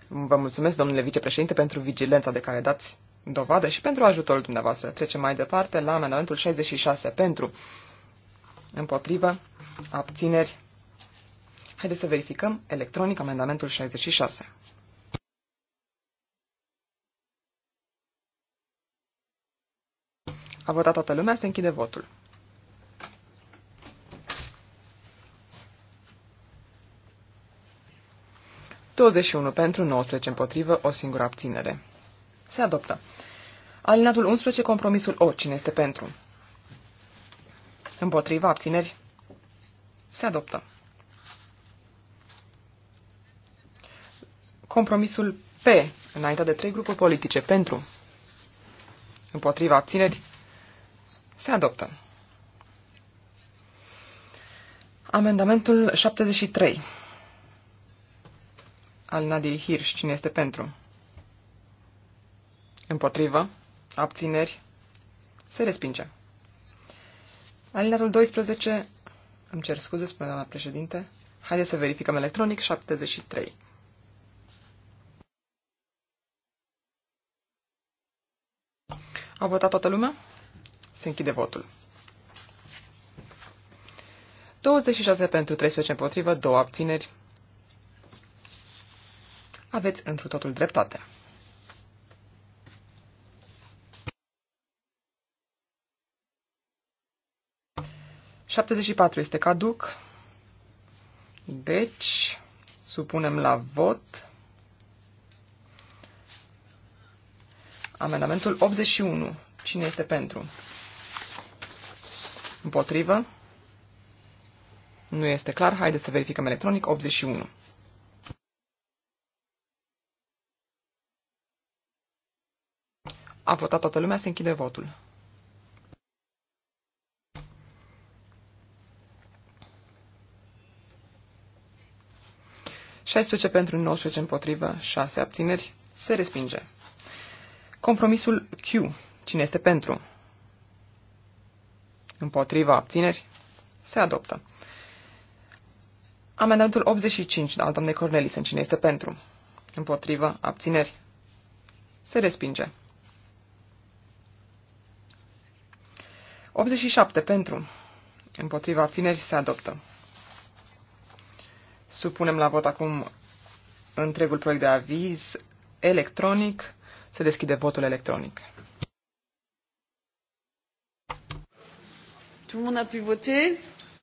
Vă mulțumesc, domnule vicepreședinte, pentru vigilența de care dați dovadă și pentru ajutorul dumneavoastră. Trecem mai departe la amendamentul 66 pentru împotrivă abțineri. Haideți să verificăm electronic amendamentul 66. A votat toată lumea, se închide votul. ...21 pentru, 19 împotrivă, o singură abținere. Se adoptă. Alinatul 11, compromisul O. Cine este pentru? Împotriva abțineri. Se adoptă. Compromisul P, Înaintea de trei grupuri politice, pentru, împotriva abțineri, se adoptă. Amendamentul 73 al Nadir Hirsch, cine este pentru? Împotrivă. Abțineri. Se respinge. Alineatul 12. Îmi cer scuze, spune doamna președinte. Haideți să verificăm electronic 73. A votat toată lumea? Se închide votul. 26 pentru 13 împotrivă, 2 abțineri. Aveți întru totul dreptatea. 74 este caduc. Deci, supunem la vot amendamentul 81. Cine este pentru? Împotrivă? Nu este clar. Haideți să verificăm electronic. 81. A votat toată lumea, se închide votul. 16 pentru 19 împotrivă, 6 abțineri, se respinge. Compromisul Q. Cine este pentru? Împotriva abțineri, se adoptă. Amendamentul 85 al doamnei în Cine este pentru? Împotriva abțineri, se respinge. 87 pentru. Împotriva abțineri se adoptă. Supunem la vot acum întregul proiect de aviz electronic. Se deschide votul electronic. a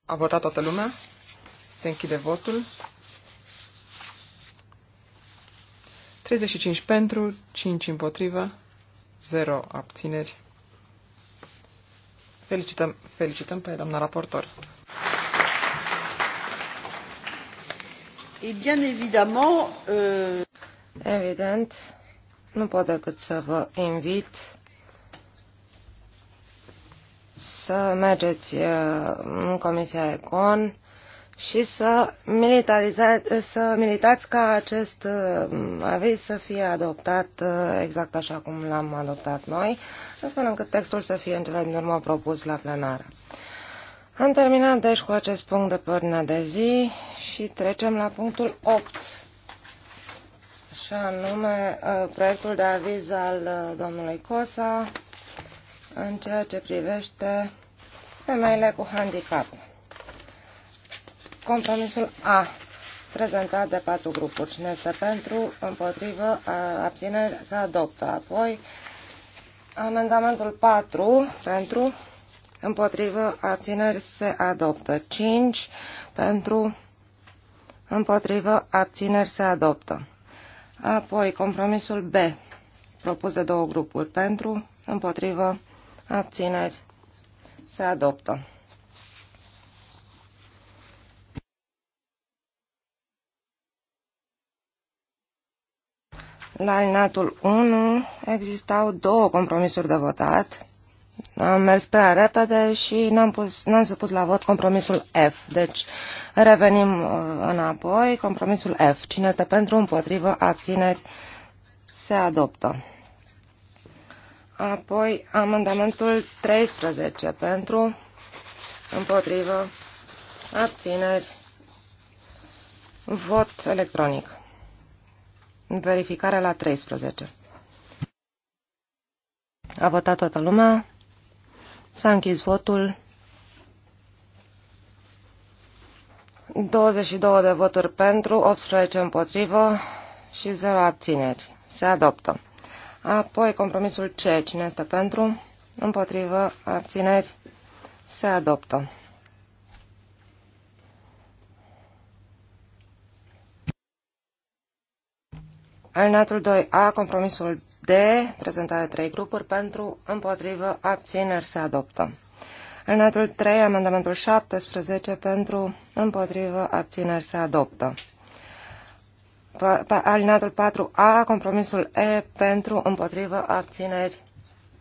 A votat toată lumea. Se închide votul. 35 pentru, 5 împotrivă, 0 abțineri. Felicităm, felicităm pe doamna raportor. Et bien évidemment, euh... Evident, nu pot decât să vă invit să mergeți uh, în Comisia Econ și să, să militați ca acest uh, aviz să fie adoptat uh, exact așa cum l-am adoptat noi, astfel încât textul să fie în cele din urmă propus la plenară. Am terminat deci cu acest punct de pe de zi și trecem la punctul 8, și anume ă, proiectul de aviz al ă, domnului Cosa în ceea ce privește femeile cu handicap. Compromisul A, prezentat de patru grupuri. Cine este pentru, împotrivă, abține, se adoptă. Apoi, amendamentul 4, pentru, împotrivă, abțineri se adoptă. 5 pentru, împotrivă, abțineri se adoptă. Apoi, compromisul B, propus de două grupuri, pentru, împotrivă, abțineri se adoptă. La alinatul 1 existau două compromisuri de votat am mers prea repede și n-am, pus, n-am supus la vot compromisul F. Deci revenim uh, înapoi, compromisul F. Cine este pentru, împotrivă, abțineri, se adoptă. Apoi amendamentul 13 pentru, împotrivă, abțineri, vot electronic. Verificare la 13. A votat toată lumea. S-a închis votul. 22 de voturi pentru, 18 împotrivă și 0 abțineri. Se adoptă. Apoi compromisul C. Cine este pentru? Împotrivă, abțineri. Se adoptă. Alineatul 2A, compromisul D, prezentare trei grupuri, pentru, împotrivă, abțineri se adoptă. Alineatul 3, amendamentul 17, pentru, împotrivă, abțineri se adoptă. Alineatul 4A, compromisul E, pentru, împotrivă, abțineri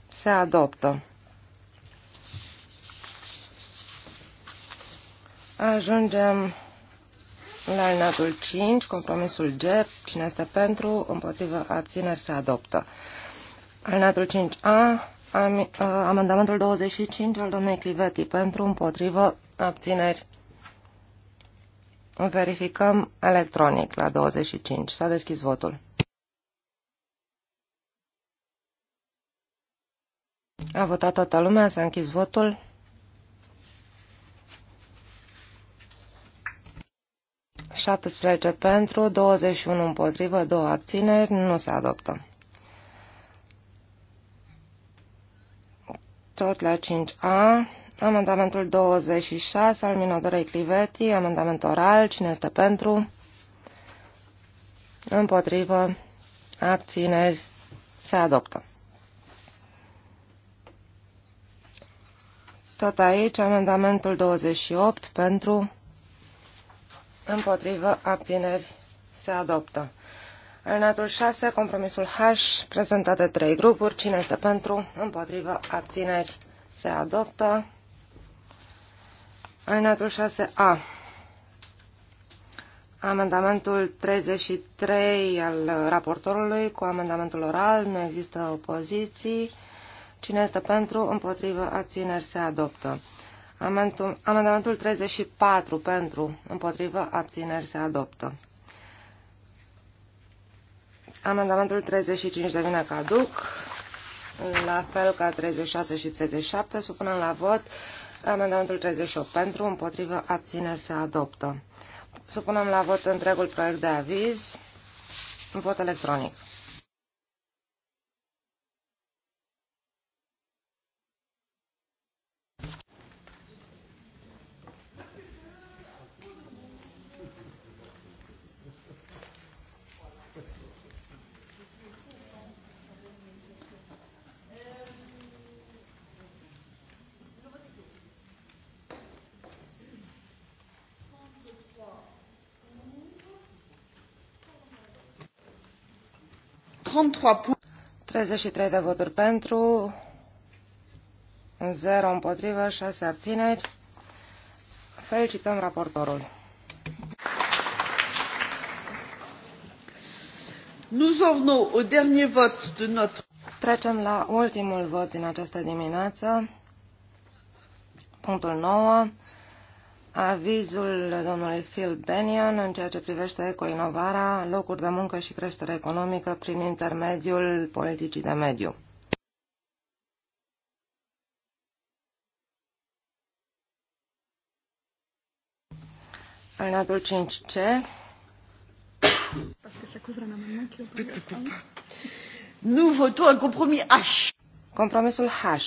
se adoptă. Ajungem la alinatul 5, compromisul G, cine este pentru, împotrivă, abțineri, se adoptă. Alinatul 5A, uh, amendamentul 25 al domnei Cliveti, pentru, împotrivă, abțineri. Verificăm electronic la 25. S-a deschis votul. A votat toată lumea, s-a închis votul. 17 pentru, 21 împotrivă, 2 abțineri, nu se adoptă. Tot la 5A, amendamentul 26 al minodorei Cliveti, amendament oral, cine este pentru? Împotrivă, abțineri, se adoptă. Tot aici, amendamentul 28 pentru împotrivă, abțineri, se adoptă. Alinatul 6, compromisul H, prezentat de trei grupuri. Cine este pentru, împotrivă, abțineri, se adoptă. Alinatul 6A. Amendamentul 33 al raportorului cu amendamentul oral. Nu există opoziții. Cine este pentru, împotrivă, abțineri, se adoptă. Amendamentul 34 pentru, împotrivă, abțineri se adoptă. Amendamentul 35 devine caduc, la fel ca 36 și 37, supunem la vot amendamentul 38 pentru, împotrivă, abțineri se adoptă. Supunem la vot întregul proiect de aviz, vot electronic. 33 de voturi pentru, 0 împotrivă, 6 abțineri. Felicităm raportorul. Nous en venons au dernier vote de notre... Trecem la ultimul vot din această dimineață, punctul 9, avizul domnului Phil Bennion în ceea ce privește ecoinovarea, locuri de muncă și creștere economică prin intermediul politicii de mediu. Alinatul 5C. Nu votăm un compromis H. Compromisul H.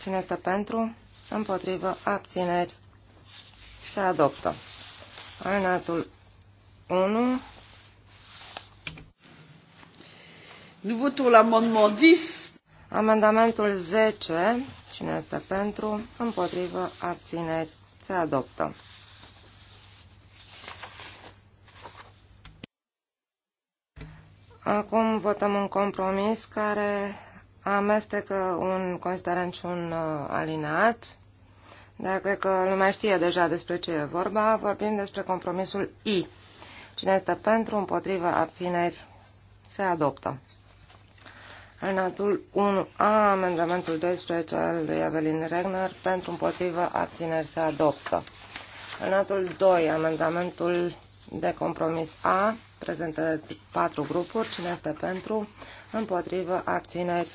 Cine este pentru? Împotrivă. Abțineri. Se adoptă. Alinatul 1. Nous votons l'amendement 10. Amendamentul 10. Cine este pentru? Împotrivă. Abțineri. Se adoptă. Acum votăm un compromis care amestecă un considerent și un uh, alineat. Dar cred că lumea știe deja despre ce e vorba. Vorbim despre compromisul I. Cine este pentru, împotrivă, abțineri, se adoptă. Alinatul 1A, amendamentul 12 al lui Evelyn Regner, pentru împotrivă abțineri se adoptă. Alinatul 2, amendamentul de compromis A, prezentă de grupuri, cine este pentru, împotrivă abțineri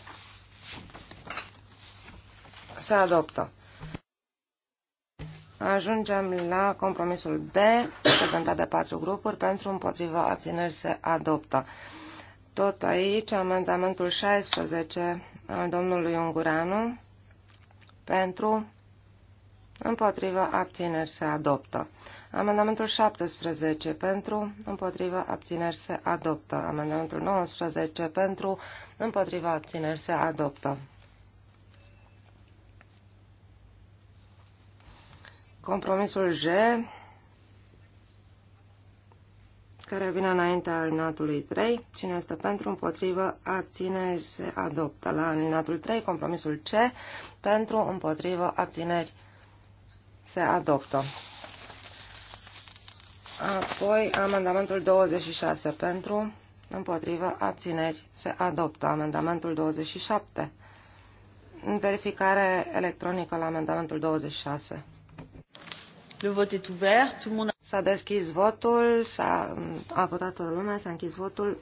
se adoptă. Ajungem la compromisul B, prezentat de patru grupuri, pentru împotriva abțineri se adoptă. Tot aici, amendamentul 16 al domnului Ungureanu, pentru împotriva abțineri se adoptă. Amendamentul 17 pentru, împotriva abțineri se adoptă. Amendamentul 19 pentru, împotriva abțineri se adoptă. Compromisul G, care vine înaintea alinatului 3. Cine este pentru, împotrivă, abțineri, se adoptă. La alinatul 3, compromisul C, pentru, împotrivă, abțineri, se adoptă. Apoi, amendamentul 26 pentru, împotrivă, abțineri, se adoptă. Amendamentul 27. Verificare electronică la amendamentul 26. Le vote est ouvert. Tout le monde a deschis votul, s-a a votat toată lumea, s-a închis votul.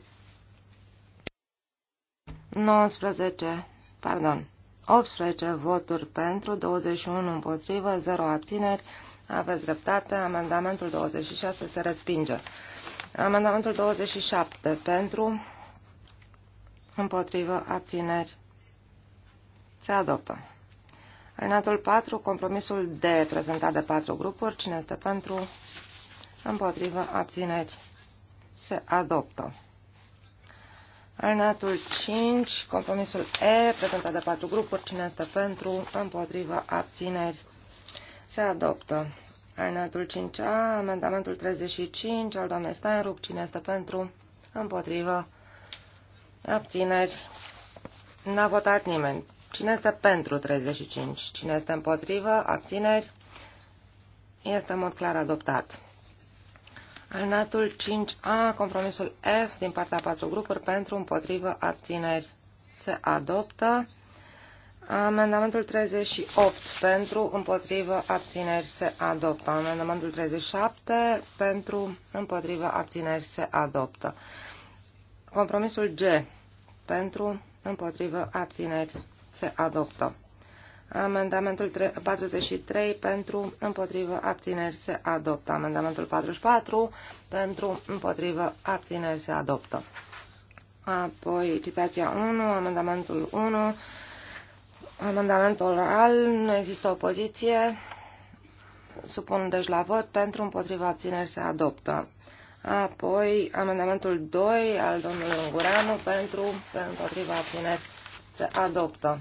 19, pardon, 18 voturi pentru, 21 împotrivă, 0 abțineri. Aveți dreptate, amendamentul 26 se respinge. Amendamentul 27 pentru, împotrivă, abțineri. Se adoptă. Alinatul 4, compromisul D, prezentat de patru grupuri. Cine este pentru? Împotrivă, abțineri. Se adoptă. Alinatul 5, compromisul E, prezentat de patru grupuri. Cine este pentru? Împotrivă, abțineri. Se adoptă. Alinatul 5A, amendamentul 35 al doamnei Steinrup. Cine este pentru? Împotrivă, abțineri. N-a votat nimeni. Cine este pentru 35? Cine este împotrivă? Abțineri? Este în mod clar adoptat. Alinatul 5A, compromisul F din partea patru grupuri pentru împotrivă abțineri. Se adoptă. Amendamentul 38 pentru împotrivă abțineri se adoptă. Amendamentul 37 pentru împotrivă abțineri se adoptă. Compromisul G pentru împotrivă abțineri se adoptă. Amendamentul 43 pentru împotrivă abțineri se adoptă. Amendamentul 44 pentru împotrivă abțineri se adoptă. Apoi citația 1, amendamentul 1, amendamentul oral, nu există opoziție, supun deci la vot, pentru împotrivă abțineri se adoptă. Apoi amendamentul 2 al domnului Ungureanu pentru împotrivă abțineri se adoptă.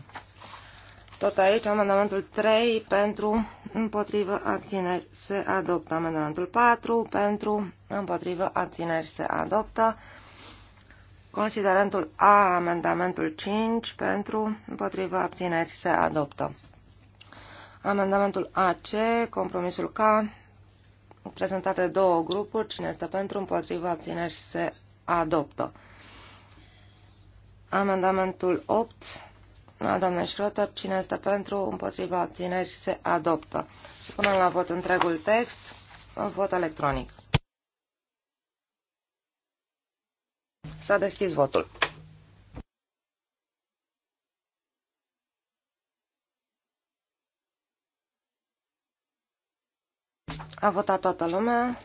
Tot aici, amendamentul 3 pentru, împotrivă, abțineri, se adoptă. Amendamentul 4 pentru, împotrivă, abțineri, se adoptă. Considerentul A, amendamentul 5 pentru, împotrivă, abțineri, se adoptă. Amendamentul AC, compromisul K, prezentate două grupuri, cine este pentru, împotrivă, abțineri, se adoptă. Amendamentul 8 a doamnei Schroeter. Cine este pentru? Împotriva abțineri se adoptă. Și punem la vot întregul text. În vot electronic. S-a deschis votul. A votat toată lumea.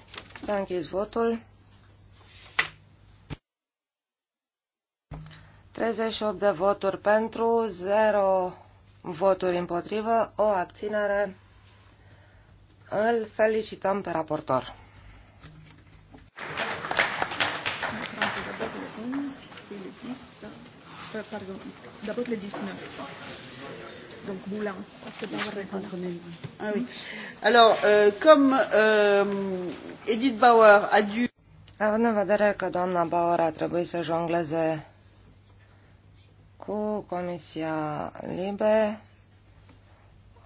S-a închis votul. 38 de voturi pentru, 0 voturi împotrivă, o abținere. Îl felicităm pe raportor. d'abord le 19. Donc Moulin, Ah oui. Alors, euh, comme euh, Edith Bauer a dû. Având în vedere că doamna Bauer a trebuit să jongleze cu Comisia Libe.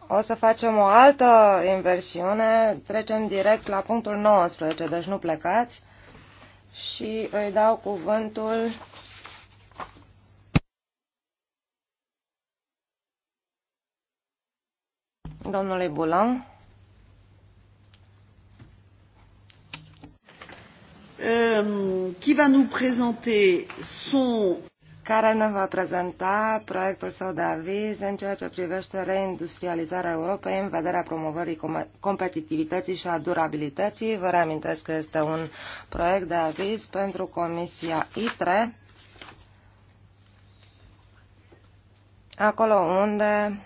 O să facem o altă inversiune, trecem direct la punctul 19, deci nu plecați. Și îi dau cuvântul domnului Bulan. qui va nous présenter son care ne va prezenta proiectul său de aviz în ceea ce privește reindustrializarea Europei în vederea promovării competitivității și a durabilității. Vă reamintesc că este un proiect de aviz pentru Comisia ITRE, acolo unde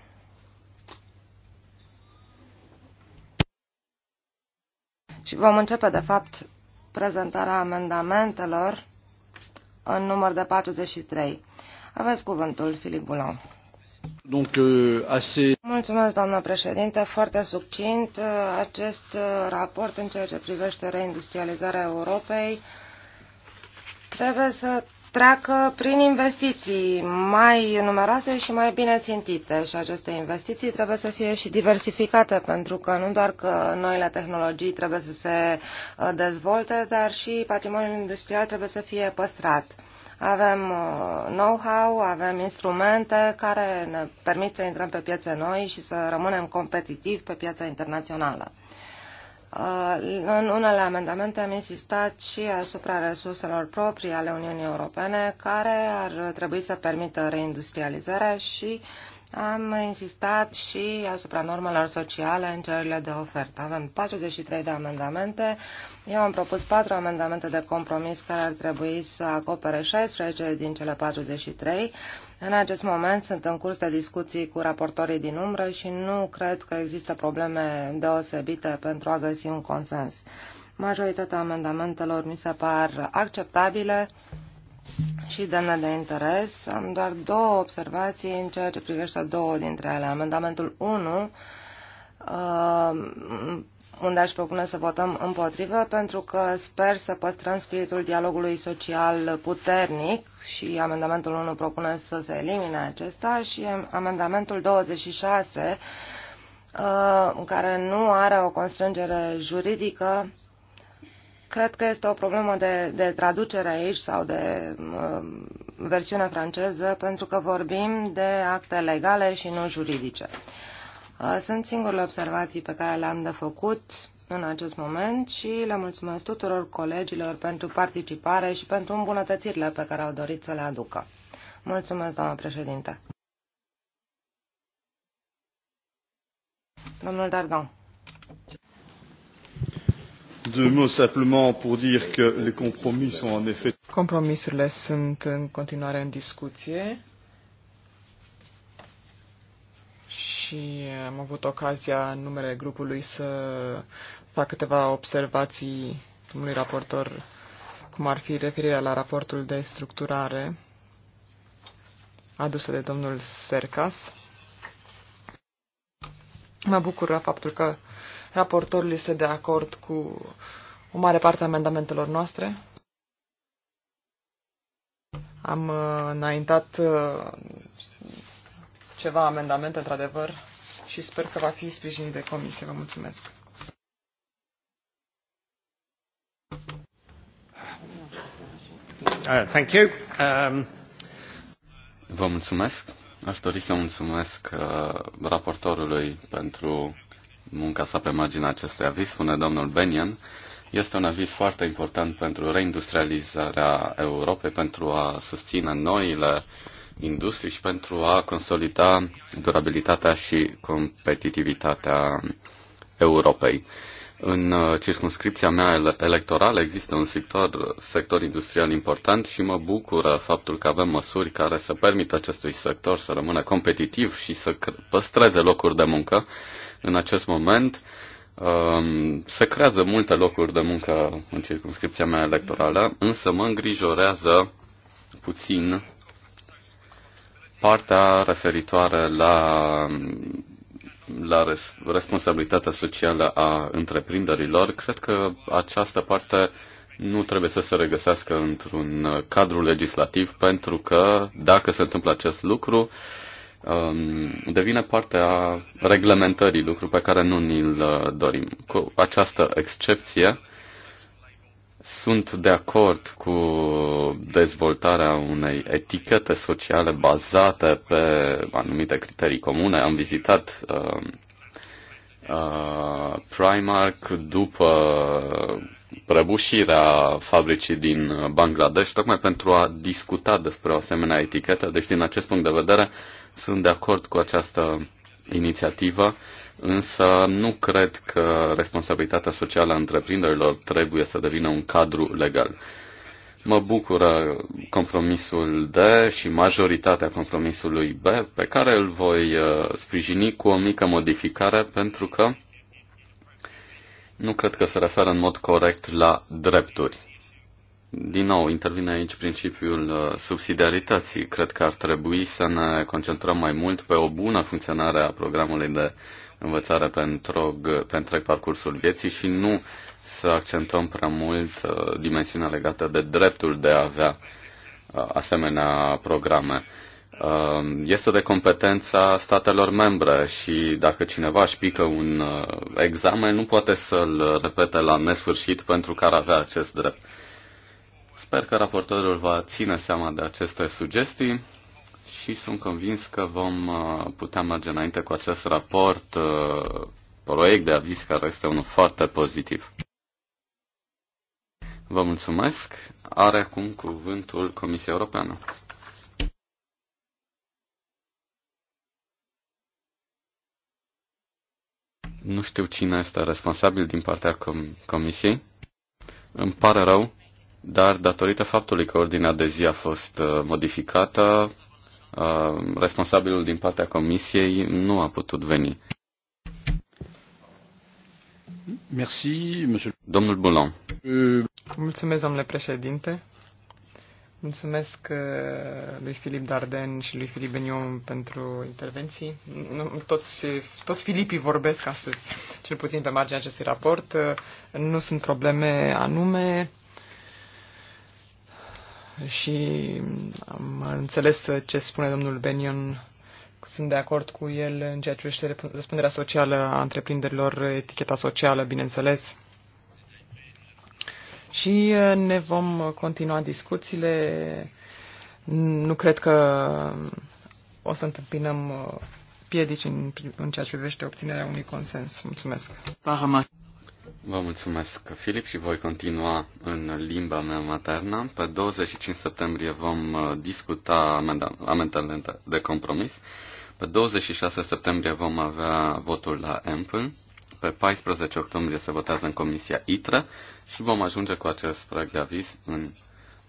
și vom începe, de fapt, prezentarea amendamentelor în număr de 43. Aveți cuvântul, Filip Bulon. Donc, euh, assez... Mulțumesc, doamnă președinte. Foarte succint, uh, acest uh, raport în ceea ce privește reindustrializarea Europei trebuie să treacă prin investiții mai numeroase și mai bine țintite și aceste investiții trebuie să fie și diversificate pentru că nu doar că noile tehnologii trebuie să se uh, dezvolte, dar și patrimoniul industrial trebuie să fie păstrat. Avem uh, know-how, avem instrumente care ne permit să intrăm pe piețe noi și să rămânem competitivi pe piața internațională. Uh, în unele amendamente am insistat și asupra resurselor proprii ale Uniunii Europene, care ar trebui să permită reindustrializarea și am insistat și asupra normelor sociale în cererile de ofertă. Avem 43 de amendamente. Eu am propus 4 amendamente de compromis care ar trebui să acopere 16 din cele 43 în acest moment sunt în curs de discuții cu raportorii din umbră și nu cred că există probleme deosebite pentru a găsi un consens. Majoritatea amendamentelor mi se par acceptabile și demne de interes. Am doar două observații în ceea ce privește două dintre ele. Amendamentul 1 uh, unde aș propune să votăm împotrivă, pentru că sper să păstrăm spiritul dialogului social puternic și amendamentul 1 propune să se elimine acesta și amendamentul 26, uh, care nu are o constrângere juridică, cred că este o problemă de, de traducere aici sau de uh, versiune franceză, pentru că vorbim de acte legale și nu juridice. Uh, sunt singurele observații pe care le-am de făcut în acest moment și le mulțumesc tuturor colegilor pentru participare și pentru îmbunătățirile pe care au dorit să le aducă. Mulțumesc, doamnă președinte. Domnul Dardan. Deux mots simplement pour dire que les compromis sont en effet. Compromisurile sunt în continuare în discuție și am avut ocazia în numele grupului să fac câteva observații domnului raportor, cum ar fi referirea la raportul de structurare adusă de domnul Sercas. Mă bucur la faptul că raportorul este de acord cu o mare parte a amendamentelor noastre. Am uh, înaintat uh, ceva amendamente, într-adevăr, și sper că va fi sprijinit de comisie. Vă mulțumesc. Uh, thank you. Um... Vă mulțumesc. Aș dori să mulțumesc uh, raportorului pentru munca sa pe marginea acestui aviz, spune domnul Benian. Este un aviz foarte important pentru reindustrializarea Europei, pentru a susține noile uh, industrii și pentru a consolida durabilitatea și competitivitatea Europei. În uh, circunscripția mea electorală există un sector, sector industrial important și mă bucură faptul că avem măsuri care să permită acestui sector să rămână competitiv și să păstreze locuri de muncă. În acest moment um, se creează multe locuri de muncă în circunscripția mea electorală, însă mă îngrijorează puțin partea referitoare la, la res, responsabilitatea socială a întreprinderilor, cred că această parte nu trebuie să se regăsească într-un cadru legislativ, pentru că dacă se întâmplă acest lucru, um, devine parte a reglementării, lucru pe care nu ni-l dorim. Cu această excepție, sunt de acord cu dezvoltarea unei etichete sociale bazate pe anumite criterii comune. Am vizitat uh, uh, Primark după prăbușirea fabricii din Bangladesh, tocmai pentru a discuta despre o asemenea etichetă. Deci, din acest punct de vedere, sunt de acord cu această inițiativă însă nu cred că responsabilitatea socială a întreprinderilor trebuie să devină un cadru legal. Mă bucură compromisul D și majoritatea compromisului B, pe care îl voi uh, sprijini cu o mică modificare, pentru că nu cred că se referă în mod corect la drepturi. Din nou, intervine aici principiul uh, subsidiarității. Cred că ar trebui să ne concentrăm mai mult pe o bună funcționare a programului de învățare pentru, pe întreg parcursul vieții și nu să accentuăm prea mult uh, dimensiunea legată de dreptul de a avea uh, asemenea programe. Uh, este de competența statelor membre și dacă cineva își pică un examen, nu poate să-l repete la nesfârșit pentru că ar avea acest drept. Sper că raportorul va ține seama de aceste sugestii și sunt convins că vom uh, putea merge înainte cu acest raport, uh, proiect de aviz care este unul foarte pozitiv. Vă mulțumesc. Are acum cuvântul Comisia Europeană. Nu știu cine este responsabil din partea com- Comisiei. Îmi pare rău, dar datorită faptului că ordinea de zi a fost uh, modificată, Uh, responsabilul din partea comisiei nu a putut veni. Merci, monsieur. Domnul Boulon. Uh, mulțumesc, domnule președinte. Mulțumesc uh, lui Filip Darden și lui Filip Benion pentru intervenții. Toți, toți Filipii vorbesc astăzi, cel puțin pe marginea acestui raport. Nu sunt probleme anume și am înțeles ce spune domnul Benion. Sunt de acord cu el în ceea ce privește răspunderea socială a întreprinderilor, eticheta socială, bineînțeles. Și ne vom continua discuțiile. Nu cred că o să întâmpinăm uh, piedici în, în ceea ce privește obținerea unui consens. Mulțumesc. Parama. Vă mulțumesc, Filip, și voi continua în limba mea maternă. Pe 25 septembrie vom uh, discuta amendamentele de compromis. Pe 26 septembrie vom avea votul la EMPL. Pe 14 octombrie se votează în Comisia ITRE și vom ajunge cu acest proiect de aviz în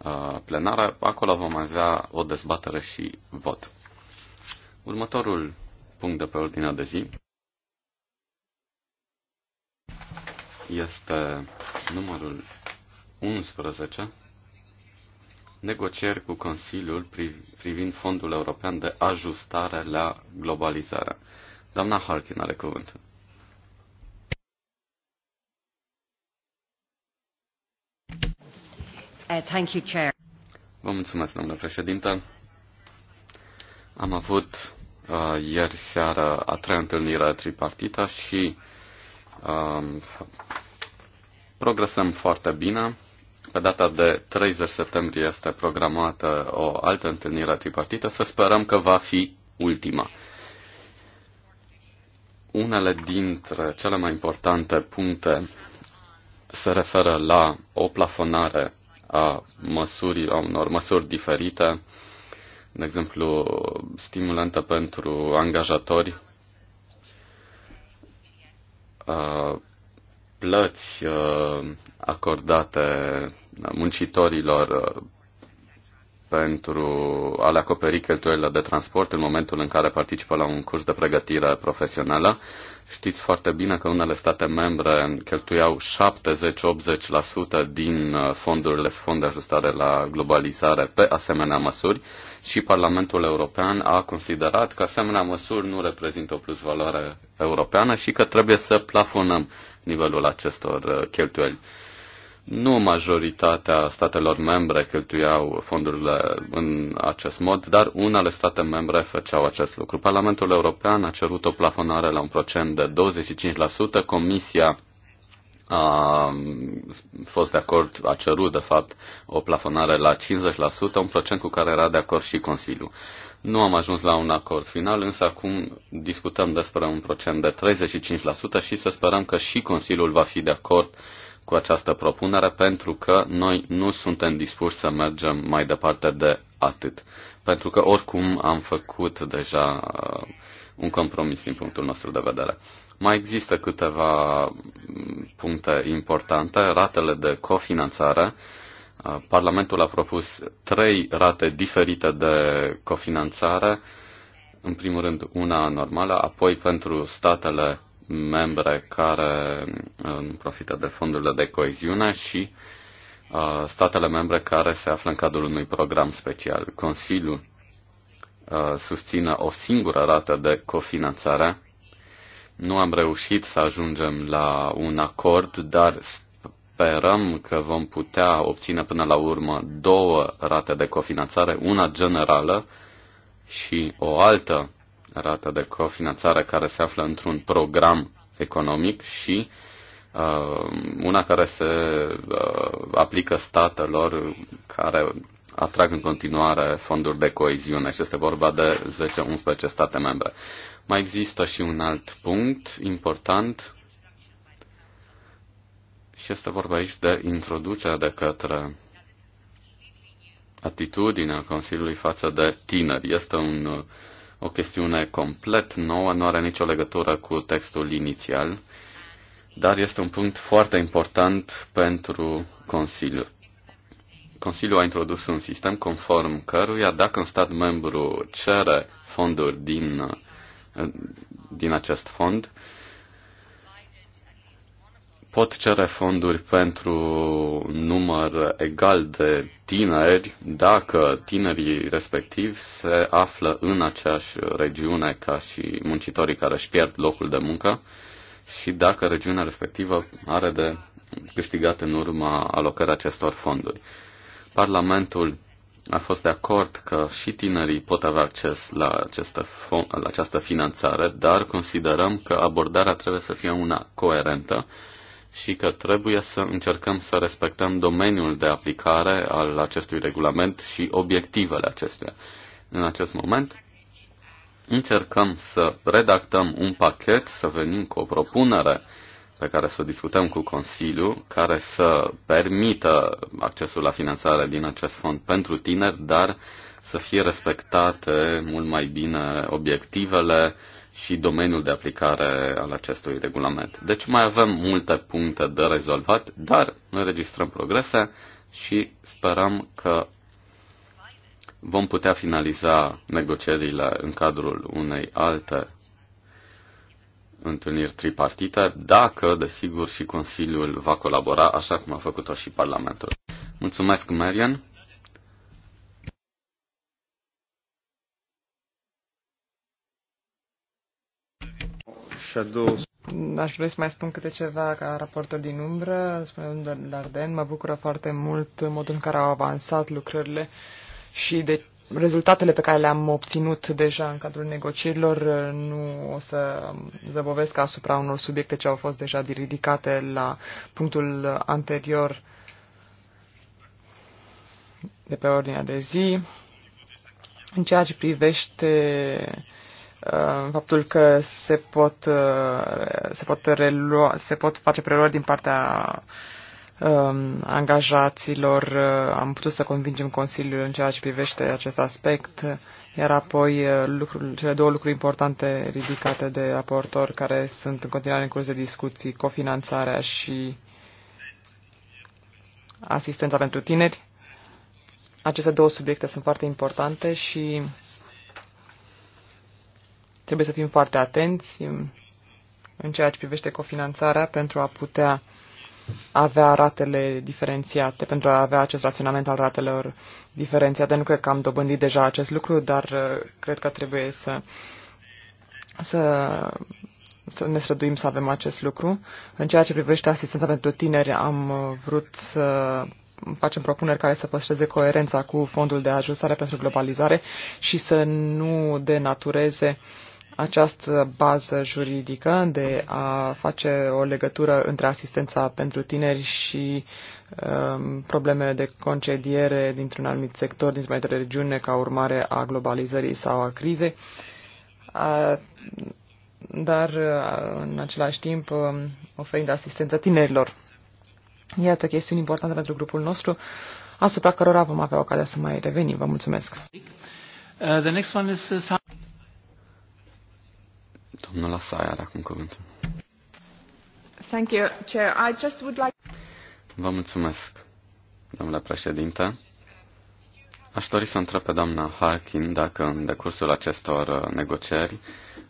uh, plenară. Acolo vom avea o dezbatere și vot. Următorul punct de pe ordinea de zi este numărul 11, negocieri cu Consiliul privind Fondul European de Ajustare la Globalizare. Doamna Harkin are cuvântul. Uh, thank you, Chair. Vă mulțumesc, domnule președinte. Am avut uh, ieri seară a treia întâlnire tripartită și uh, Um, progresăm foarte bine. Pe data de 30 septembrie este programată o altă întâlnire tripartită. Să sperăm că va fi ultima. Unele dintre cele mai importante puncte se referă la o plafonare a, măsuri, a unor măsuri diferite, de exemplu, stimulente pentru angajatori Uh, plăți uh, acordate muncitorilor uh, pentru a le acoperi cheltuielile de transport în momentul în care participă la un curs de pregătire profesională. Știți foarte bine că unele state membre cheltuiau 70-80% din fondurile fond de ajustare la globalizare pe asemenea măsuri și Parlamentul European a considerat că asemenea măsuri nu reprezintă o plusvaloare europeană și că trebuie să plafonăm nivelul acestor uh, cheltuieli. Nu majoritatea statelor membre cheltuiau fondurile în acest mod, dar unele state membre făceau acest lucru. Parlamentul European a cerut o plafonare la un procent de 25%, Comisia a fost de acord, a cerut, de fapt, o plafonare la 50%, un procent cu care era de acord și Consiliul. Nu am ajuns la un acord final, însă acum discutăm despre un procent de 35% și să sperăm că și Consiliul va fi de acord cu această propunere, pentru că noi nu suntem dispuși să mergem mai departe de atât. Pentru că oricum am făcut deja uh, un compromis din punctul nostru de vedere. Mai există câteva puncte importante, ratele de cofinanțare. Uh, Parlamentul a propus trei rate diferite de cofinanțare, în primul rând una normală, apoi pentru statele membre care nu um, profită de fondurile de coeziune și uh, statele membre care se află în cadrul unui program special. Consiliul uh, susține o singură rată de cofinanțare nu am reușit să ajungem la un acord, dar sperăm că vom putea obține până la urmă două rate de cofinanțare, una generală și o altă rată de cofinanțare care se află într-un program economic și uh, una care se uh, aplică statelor care atrag în continuare fonduri de coeziune și este vorba de 10-11 state membre. Mai există și un alt punct important și este vorba aici de introducerea de către atitudinea Consiliului față de tineri. Este un, o chestiune complet nouă, nu are nicio legătură cu textul inițial, dar este un punct foarte important pentru Consiliu. Consiliul a introdus un sistem conform căruia dacă un stat membru cere fonduri din din acest fond pot cere fonduri pentru număr egal de tineri dacă tinerii respectivi se află în aceeași regiune ca și muncitorii care își pierd locul de muncă și dacă regiunea respectivă are de câștigat în urma alocării acestor fonduri. Parlamentul a fost de acord că și tinerii pot avea acces la, aceste la această finanțare, dar considerăm că abordarea trebuie să fie una coerentă și că trebuie să încercăm să respectăm domeniul de aplicare al acestui regulament și obiectivele acestuia. În acest moment încercăm să redactăm un pachet, să venim cu o propunere pe care să discutăm cu Consiliul, care să permită accesul la finanțare din acest fond pentru tineri, dar să fie respectate mult mai bine obiectivele și domeniul de aplicare al acestui regulament. Deci mai avem multe puncte de rezolvat, dar registrăm progrese și sperăm că vom putea finaliza negocierile în cadrul unei alte întâlniri tripartite, dacă, desigur, și Consiliul va colabora, așa cum a făcut-o și Parlamentul. Mulțumesc, Marian. Aș vrea să mai spun câte ceva ca raportul din umbră, spune domnul Larden. Mă bucură foarte mult modul în care au avansat lucrările și de rezultatele pe care le-am obținut deja în cadrul negocierilor. Uh, nu o să zăbovesc asupra unor subiecte ce au fost deja ridicate la punctul anterior de pe ordinea de zi. În ceea ce privește uh, faptul că se pot, uh, se pot, relua, se pot face preluări din partea uh, Um, angajaților. Uh, am putut să convingem Consiliul în ceea ce privește acest aspect, iar apoi uh, lucrul, cele două lucruri importante ridicate de raportor, care sunt în continuare în curs de discuții, cofinanțarea și asistența pentru tineri. Aceste două subiecte sunt foarte importante și trebuie să fim foarte atenți în ceea ce privește cofinanțarea pentru a putea avea ratele diferențiate, pentru a avea acest raționament al ratelor diferențiate. Nu cred că am dobândit deja acest lucru, dar uh, cred că trebuie să, să, să ne străduim să avem acest lucru. În ceea ce privește asistența pentru tineri, am uh, vrut să facem propuneri care să păstreze coerența cu fondul de ajustare pentru globalizare și să nu denatureze uh, această bază juridică de a face o legătură între asistența pentru tineri și um, problemele de concediere dintr-un anumit sector, dintr-o anumită regiune, ca urmare a globalizării sau a crizei. A, dar, în același timp, um, oferind asistență tinerilor. Iată chestiuni importante pentru grupul nostru, asupra cărora vom avea ocazia să mai revenim. Vă mulțumesc! Uh, the next one is, uh, Domnul Asai are acum cuvântul. Thank you, Chair. I just would like... Vă mulțumesc, domnule președinte. Aș dori să întreb pe doamna Harkin dacă în decursul acestor uh, negocieri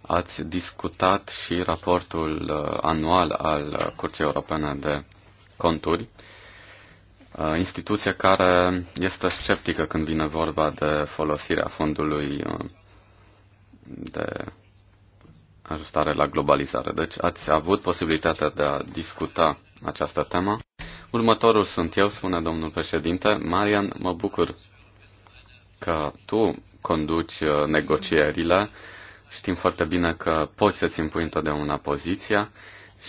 ați discutat și raportul uh, anual al uh, Curții Europene de Conturi, instituție care este sceptică când vine vorba de folosirea fondului de ajustare la globalizare. Deci ați avut posibilitatea de a discuta această temă. Următorul sunt eu, spune domnul președinte. Marian, mă bucur că tu conduci uh, negocierile. Știm foarte bine că poți să-ți impui întotdeauna poziția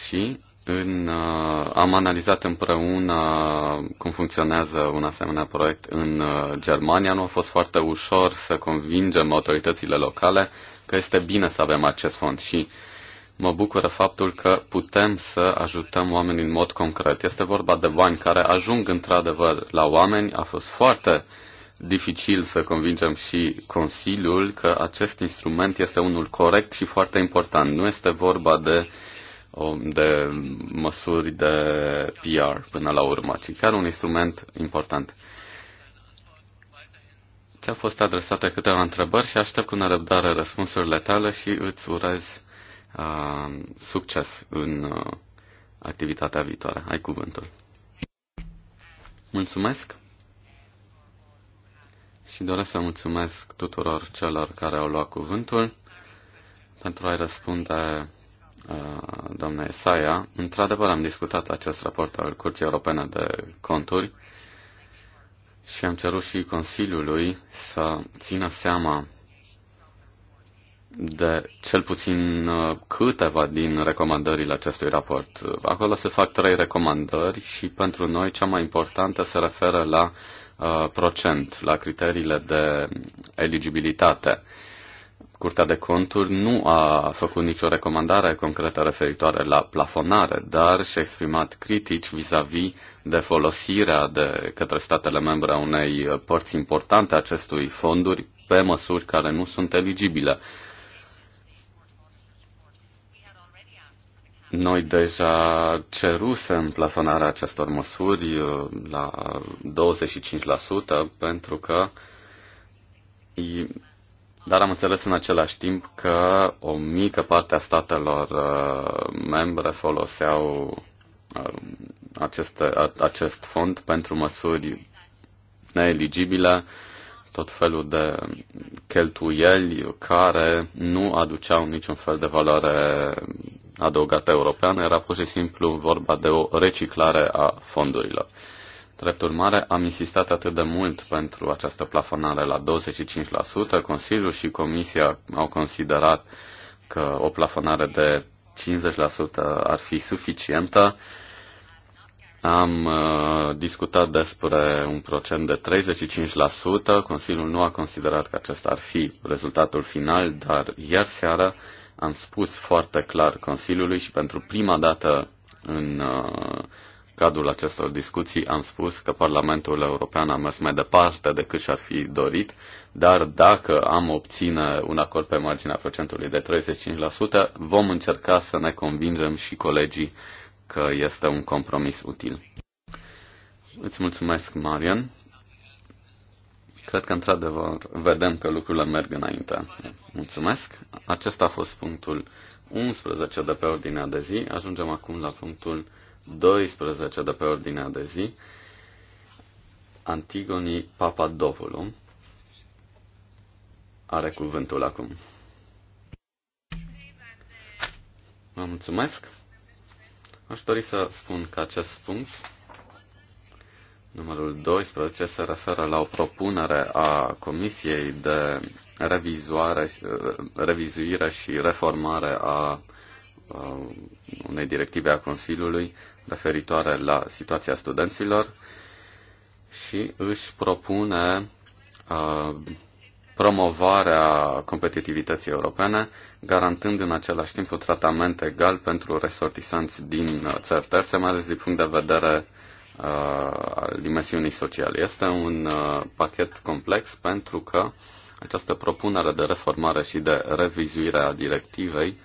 și în, uh, am analizat împreună cum funcționează un asemenea proiect în uh, Germania. Nu a fost foarte ușor să convingem autoritățile locale că este bine să avem acest fond și mă bucură faptul că putem să ajutăm oamenii în mod concret. Este vorba de bani care ajung într-adevăr la oameni. A fost foarte dificil să convingem și Consiliul că acest instrument este unul corect și foarte important. Nu este vorba de, um, de măsuri de PR până la urmă, ci chiar un instrument important ți a fost adresată câteva întrebări și aștept cu nerăbdare răspunsurile tale și îți urez uh, succes în uh, activitatea viitoare. Ai cuvântul. Mulțumesc și doresc să mulțumesc tuturor celor care au luat cuvântul pentru a-i răspunde uh, doamna Esaia. Într-adevăr am discutat acest raport al Curții Europene de Conturi și am cerut și Consiliului să țină seama de cel puțin uh, câteva din recomandările acestui raport. Acolo se fac trei recomandări și pentru noi cea mai importantă se referă la uh, procent, la criteriile de eligibilitate. Uh, Curtea de Conturi nu a făcut nicio recomandare concretă referitoare la plafonare, dar și-a exprimat critici vis-a-vis -vis de folosirea de către statele membre a unei părți importante a acestui fonduri pe măsuri care nu sunt eligibile. Noi deja cerusem plafonarea acestor măsuri uh, la 25% pentru că dar am înțeles în același timp că o mică parte a statelor uh, membre foloseau uh, aceste, acest fond pentru măsuri neeligibile, tot felul de cheltuieli care nu aduceau niciun fel de valoare adăugată europeană, era pur și simplu vorba de o reciclare a fondurilor. Drept urmare, am insistat atât de mult pentru această plafonare la 25%. Consiliul și Comisia au considerat că o plafonare de 50% ar fi suficientă. Am uh, discutat despre un procent de 35%. Consiliul nu a considerat că acesta ar fi rezultatul final, dar ieri seara am spus foarte clar Consiliului și pentru prima dată în uh, cadrul acestor discuții am spus că Parlamentul European a mers mai departe decât și-ar fi dorit, dar dacă am obține un acord pe marginea procentului de 35%, vom încerca să ne convingem și colegii că este un compromis util. Îți mulțumesc, Marian. Cred că, într-adevăr, vedem că lucrurile merg înainte. Mulțumesc. Acesta a fost punctul 11 de pe ordinea de zi. Ajungem acum la punctul 12 de pe ordinea de zi, Antigoni Papadopoulou are cuvântul acum. Vă mulțumesc. Aș dori să spun că acest punct, numărul 12, se referă la o propunere a Comisiei de revizuire, revizuire și reformare a Uh, unei directive a Consiliului referitoare la situația studenților și își propune uh, promovarea competitivității europene, garantând în același timp un tratament egal pentru resortisanți din uh, țări terțe, mai ales din punct de vedere al dimensiunii sociale. Este un pachet complex pentru că această propunere de reformare și de revizuire a directivei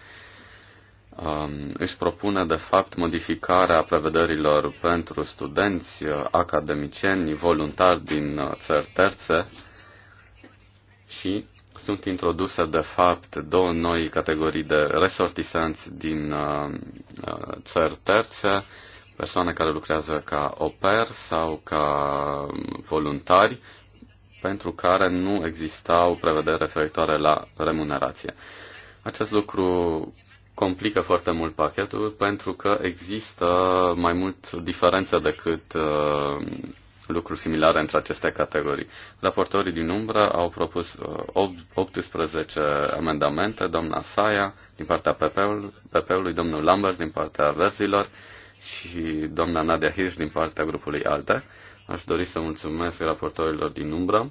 Um, își propune, de fapt, modificarea prevederilor pentru studenți, uh, academicieni, voluntari din uh, țări terțe și sunt introduse, de fapt, două noi categorii de resortisanți din uh, țări terțe, persoane care lucrează ca oper sau ca voluntari, pentru care nu existau prevederi referitoare la remunerație. Acest lucru complică foarte mult pachetul pentru că există mai mult diferență decât uh, lucruri similare între aceste categorii. Raportorii din umbră au propus 18 uh, amendamente, doamna Saia din partea PP-ului, domnul Lambers din partea Verzilor și doamna Nadia Hirsch din partea grupului ALDE. Aș dori să mulțumesc raportorilor din umbră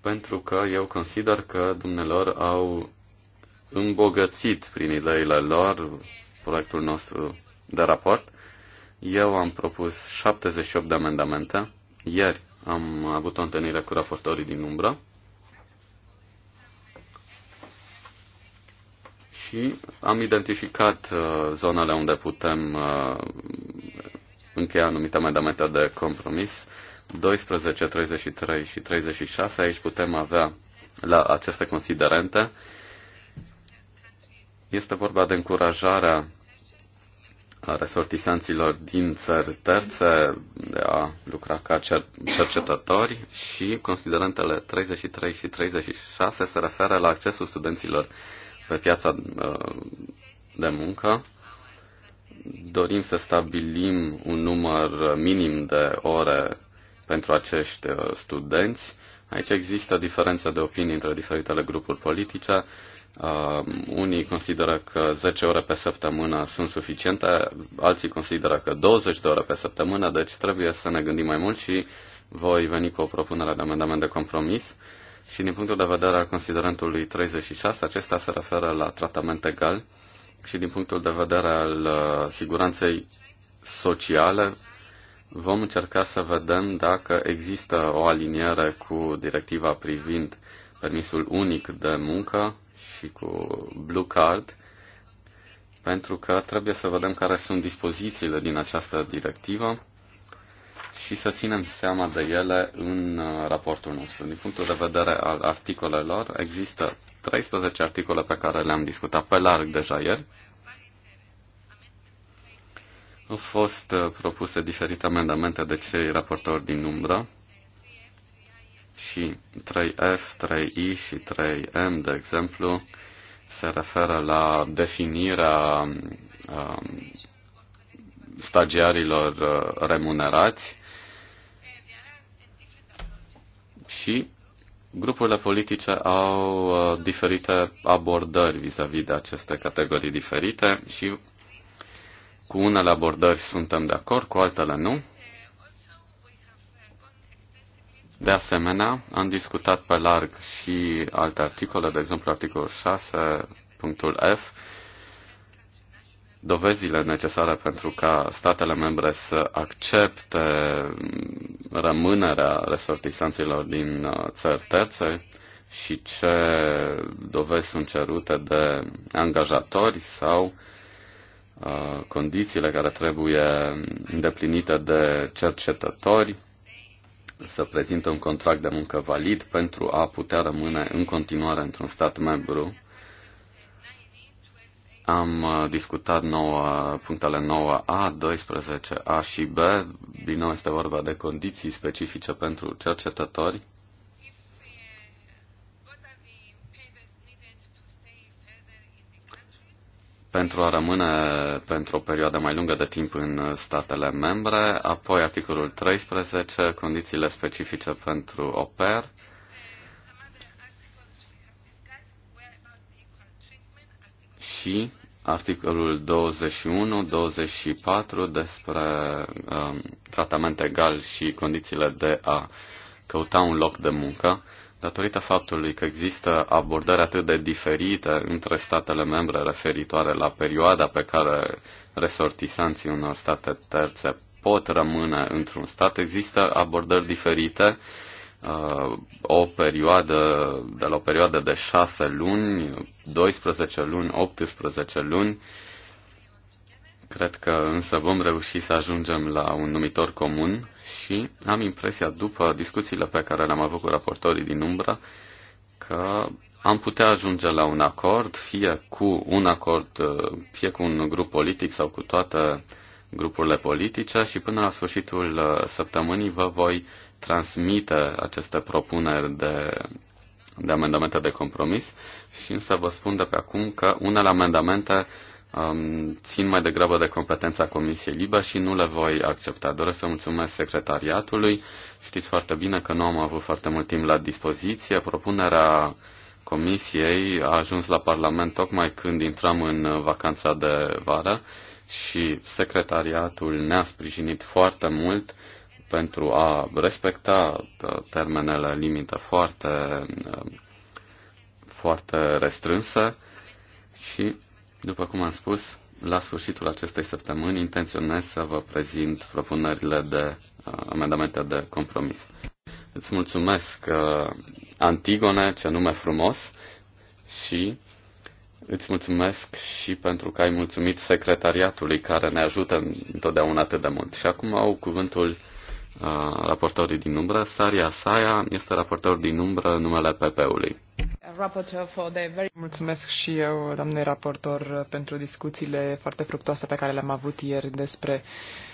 pentru că eu consider că dumnelor au îmbogățit prin ideile lor proiectul nostru de raport. Eu am propus 78 de amendamente. Ieri am avut o întâlnire cu raportorii din umbră. Și am identificat uh, zonele unde putem uh, încheia anumite amendamente de compromis. 12, 33 și 36, aici putem avea la aceste considerente este vorba de încurajarea resortisanților din țări terțe de a lucra ca cercetători și considerentele 33 și 36 se referă la accesul studenților pe piața uh, de muncă. Dorim să stabilim un număr minim de ore pentru acești uh, studenți. Aici există diferență de opinii între diferitele grupuri politice. Uh, unii consideră că 10 ore pe săptămână sunt suficiente, alții consideră că 20 de ore pe săptămână, deci trebuie să ne gândim mai mult și voi veni cu o propunere de amendament de compromis. Și din punctul de vedere al considerentului 36, acesta se referă la tratament egal și din punctul de vedere al uh, siguranței sociale, vom încerca să vedem dacă există o aliniere cu directiva privind permisul unic de muncă și cu Blue Card, pentru că trebuie să vedem care sunt dispozițiile din această directivă și să ținem seama de ele în uh, raportul nostru. Din punctul de vedere al articolelor, există 13 articole pe care le-am discutat pe larg deja ieri. Au fost uh, propuse diferite amendamente de cei raportori din umbră și 3F, 3I și 3M, de exemplu, se referă la definirea um, stagiarilor uh, remunerați și grupurile politice au uh, diferite abordări vis-a-vis -vis de aceste categorii diferite și cu unele abordări suntem de acord, cu altele nu. De asemenea, am discutat pe larg și alte articole, de exemplu articolul 6, punctul F, dovezile necesare pentru ca statele membre să accepte rămânerea resortisanților din uh, țări terțe și ce dovezi sunt cerute de angajatori sau uh, condițiile care trebuie îndeplinite de cercetători să prezinte un contract de muncă valid pentru a putea rămâne în continuare într-un stat membru. Am uh, discutat 9, punctele 9A, 12A și B. Din nou este vorba de condiții specifice pentru cercetători pentru a rămâne pentru o perioadă mai lungă de timp în statele membre, apoi articolul 13, condițiile specifice pentru oper, și articolul 21, 24 despre um, tratament egal și condițiile de a căuta un loc de muncă. Datorită faptului că există abordări atât de diferite între statele membre referitoare la perioada pe care resortisanții unor state terțe pot rămâne într-un stat, există abordări diferite. Uh, o perioadă, de la o perioadă de 6 luni, 12 luni, 18 luni, Cred că însă vom reuși să ajungem la un numitor comun și am impresia, după discuțiile pe care le-am avut cu raportorii din umbră, că am putea ajunge la un acord, fie cu un acord, fie cu un grup politic sau cu toate grupurile politice și până la sfârșitul uh, săptămânii vă voi transmite aceste propuneri de, de amendamente de compromis și însă vă spun de pe acum că unele amendamente um, țin mai degrabă de competența Comisiei Libe și nu le voi accepta. Doresc să mulțumesc secretariatului. Știți foarte bine că nu am avut foarte mult timp la dispoziție. Propunerea Comisiei a ajuns la Parlament tocmai când intram în vacanța de vară și secretariatul ne-a sprijinit foarte mult pentru a respecta termenele limită foarte, foarte restrânse și după cum am spus, la sfârșitul acestei săptămâni intenționez să vă prezint propunerile de uh, amendamente de compromis. Îți mulțumesc, uh, Antigone, ce nume frumos, și îți mulțumesc și pentru că ai mulțumit secretariatului care ne ajută întotdeauna atât de mult. Și acum au cuvântul raportorii din umbră. Saria Saia este raportor din umbră numele PP-ului. Mulțumesc și eu, doamne raportor, pentru discuțiile foarte fructoase pe care le-am avut ieri despre uh,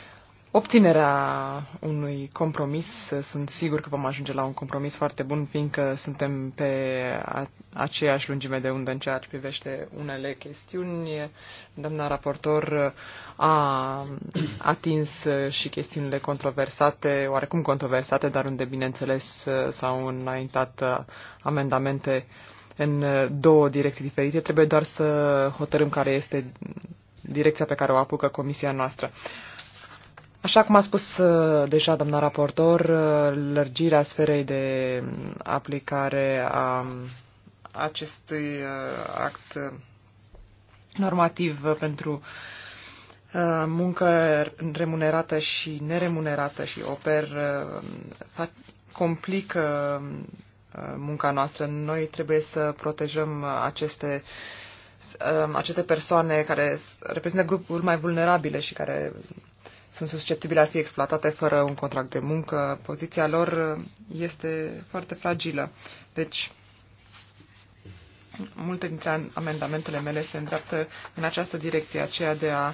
obținerea unui compromis. Sunt sigur că vom ajunge la un compromis foarte bun, fiindcă suntem pe aceeași lungime de undă în ceea ce privește unele chestiuni. Doamna raportor a atins și chestiunile controversate, oarecum controversate, dar unde, bineînțeles, s-au înaintat amendamente în două direcții diferite. Trebuie doar să hotărâm care este direcția pe care o apucă comisia noastră. Așa cum a spus uh, deja doamna raportor, uh, lărgirea sferei de mm, aplicare a mm, acestui uh, act normativ pentru muncă remunerată și neremunerată și oper complică mm, munca noastră. Noi trebuie să protejăm aceste aceste persoane care reprezintă grupuri mai vulnerabile și care sunt susceptibile ar fi exploatate fără un contract de muncă. Poziția lor este foarte fragilă. Deci, multe dintre amendamentele mele se îndreaptă în această direcție, aceea de a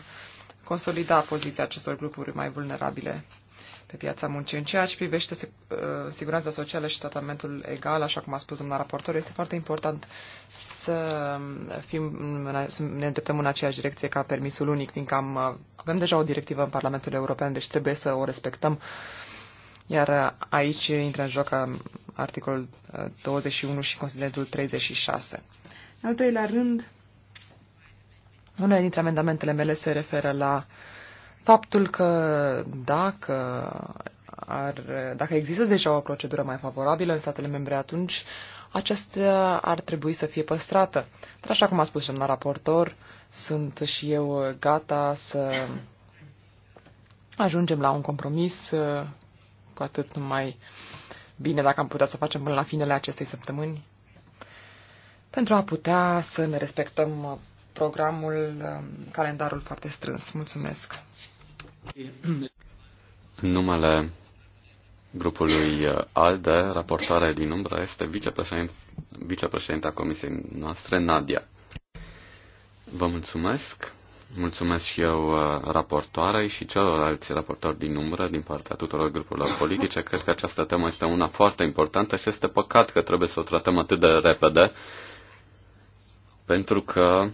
consolida poziția acestor grupuri mai vulnerabile pe piața muncii. În ceea ce privește uh, siguranța socială și tratamentul egal, așa cum a spus domnul raportor, este foarte important să, fim, să ne îndreptăm în aceeași direcție ca permisul unic, fiindcă am, avem deja o directivă în Parlamentul European, deci trebuie să o respectăm. Iar aici intră în joc um, articolul 21 uh, și considerentul 36. În al doilea rând, unul dintre amendamentele mele se referă la uh, faptul că dacă, ar, dacă există deja o procedură mai favorabilă în statele membre, atunci aceasta ar trebui să fie păstrată. Dar așa cum a spus doamna raportor, sunt și eu gata să ajungem la un compromis, cu atât mai bine dacă am putea să facem până la finele acestei săptămâni, pentru a putea să ne respectăm programul, calendarul foarte strâns. Mulțumesc! În numele grupului uh, ALDE, raportare din umbră este vicepreședinte, vicepreședinta comisiei noastre, Nadia. Vă mulțumesc. Mulțumesc și eu uh, raportoarei și celorlalți raportori din umbră din partea tuturor grupurilor politice. Cred că această temă este una foarte importantă și este păcat că trebuie să o tratăm atât de repede, pentru că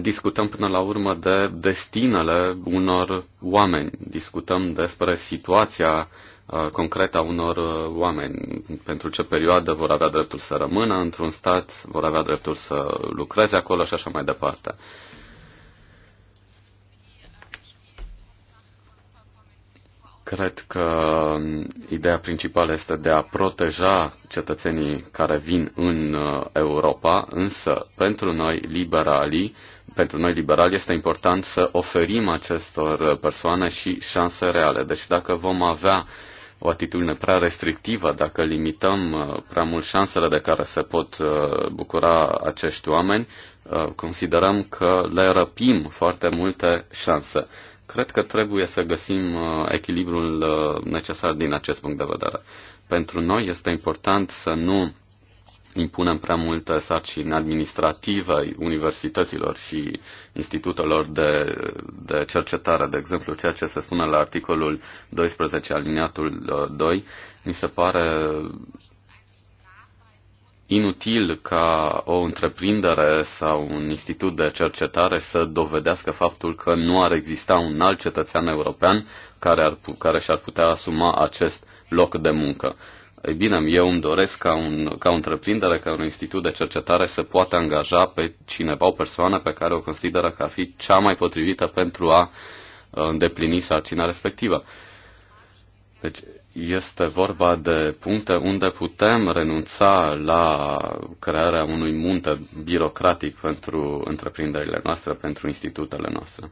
discutăm până la urmă de destinele unor oameni, discutăm despre situația uh, concretă a unor uh, oameni, pentru ce perioadă vor avea dreptul să rămână într-un stat, vor avea dreptul să lucreze acolo și așa mai departe. Cred că um, ideea principală este de a proteja cetățenii care vin în uh, Europa, însă pentru noi liberali, pentru noi liberali este important să oferim acestor uh, persoane și șanse reale. Deci dacă vom avea o atitudine prea restrictivă, dacă limităm uh, prea mult șansele de care se pot bucura acești oameni, considerăm că le răpim foarte multe șanse cred că trebuie să găsim uh, echilibrul uh, necesar din acest punct de vedere. Pentru noi este important să nu impunem prea multe sarcini administrative universităților și institutelor de, de cercetare, de exemplu, ceea ce se spune la articolul 12 aliniatul 2, mi se pare inutil ca o întreprindere sau un institut de cercetare să dovedească faptul că nu ar exista un alt cetățean european care, ar, care și-ar putea asuma acest loc de muncă. Ei bine, eu îmi doresc ca, un, ca o întreprindere, ca un institut de cercetare să poată angaja pe cineva, o persoană pe care o consideră că ar fi cea mai potrivită pentru a uh, îndeplini sarcina respectivă. Deci este vorba de puncte unde putem renunța la crearea unui munte birocratic pentru întreprinderile noastre, pentru institutele noastre.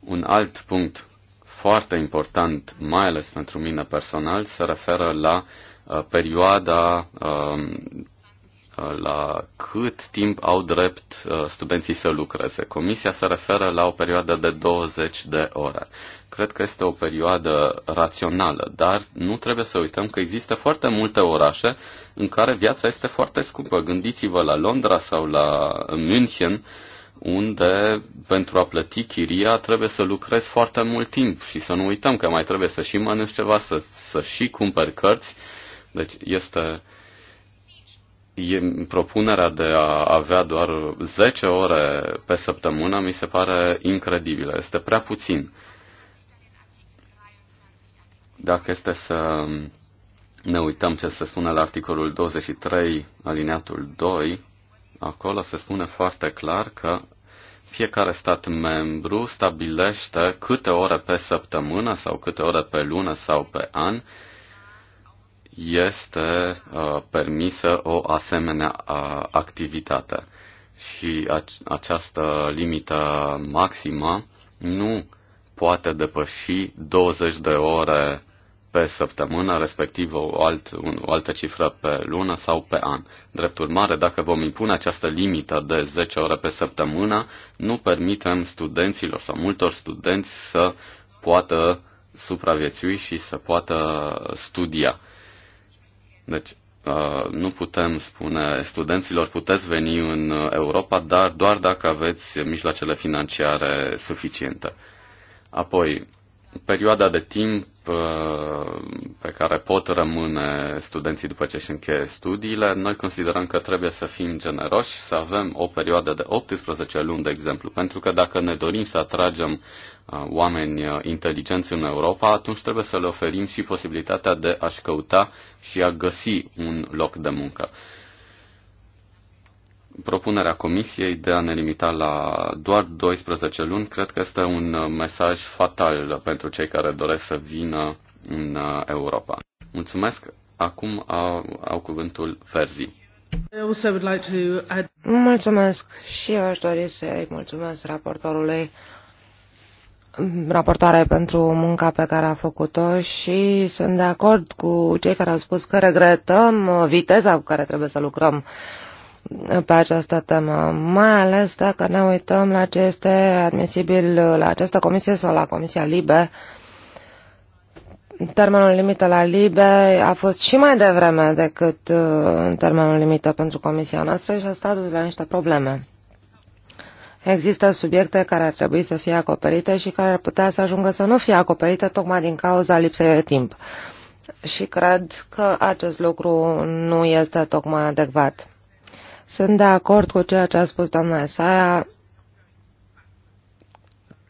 Un alt punct foarte important, mai ales pentru mine personal, se referă la uh, perioada, um, uh, la cât timp au drept uh, studenții să lucreze. Comisia se referă la o perioadă de 20 de ore cred că este o perioadă rațională, dar nu trebuie să uităm că există foarte multe orașe în care viața este foarte scumpă. Gândiți-vă la Londra sau la München, unde pentru a plăti chiria trebuie să lucrezi foarte mult timp și să nu uităm că mai trebuie să și mănânci ceva, să, să și cumperi cărți. Deci este e, propunerea de a avea doar 10 ore pe săptămână mi se pare incredibilă. Este prea puțin. Dacă este să ne uităm ce se spune la articolul 23, alineatul 2, acolo se spune foarte clar că fiecare stat membru stabilește câte ore pe săptămână sau câte ore pe lună sau pe an este uh, permisă o asemenea uh, activitate. Și această limită maximă nu poate depăși 20 de ore pe săptămână, respectiv o, alt, un, o altă cifră pe lună sau pe an. Drept urmare, dacă vom impune această limită de 10 ore pe săptămână, nu permitem studenților sau multor studenți să poată supraviețui și să poată studia. Deci, uh, nu putem spune studenților puteți veni în Europa, dar doar dacă aveți mijloacele financiare suficiente. Apoi, perioada de timp uh, pe care pot rămâne studenții după ce își încheie studiile, noi considerăm că trebuie să fim generoși, să avem o perioadă de 18 luni, de exemplu, pentru că dacă ne dorim să atragem uh, oameni uh, inteligenți în Europa, atunci trebuie să le oferim și posibilitatea de a-și căuta și a găsi un loc de muncă propunerea Comisiei de a ne limita la doar 12 luni cred că este un mesaj fatal pentru cei care doresc să vină în Europa. Mulțumesc. Acum au, au cuvântul Verzi. Mulțumesc și eu aș dori să-i mulțumesc raportorului raportare pentru munca pe care a făcut-o și sunt de acord cu cei care au spus că regretăm viteza cu care trebuie să lucrăm uh, pe această temă, mai ales dacă ne uităm la ce este admisibil la această comisie sau la Comisia Libe. Termenul limită la Libe a fost și mai devreme decât uh, termenul limită pentru Comisia noastră și asta a dus la niște probleme. Există subiecte care ar trebui să fie acoperite și care ar putea să ajungă să nu fie acoperite tocmai din cauza lipsei de timp. Și cred că acest lucru nu este tocmai adecvat. Sunt de acord cu ceea ce a spus doamna Esaia,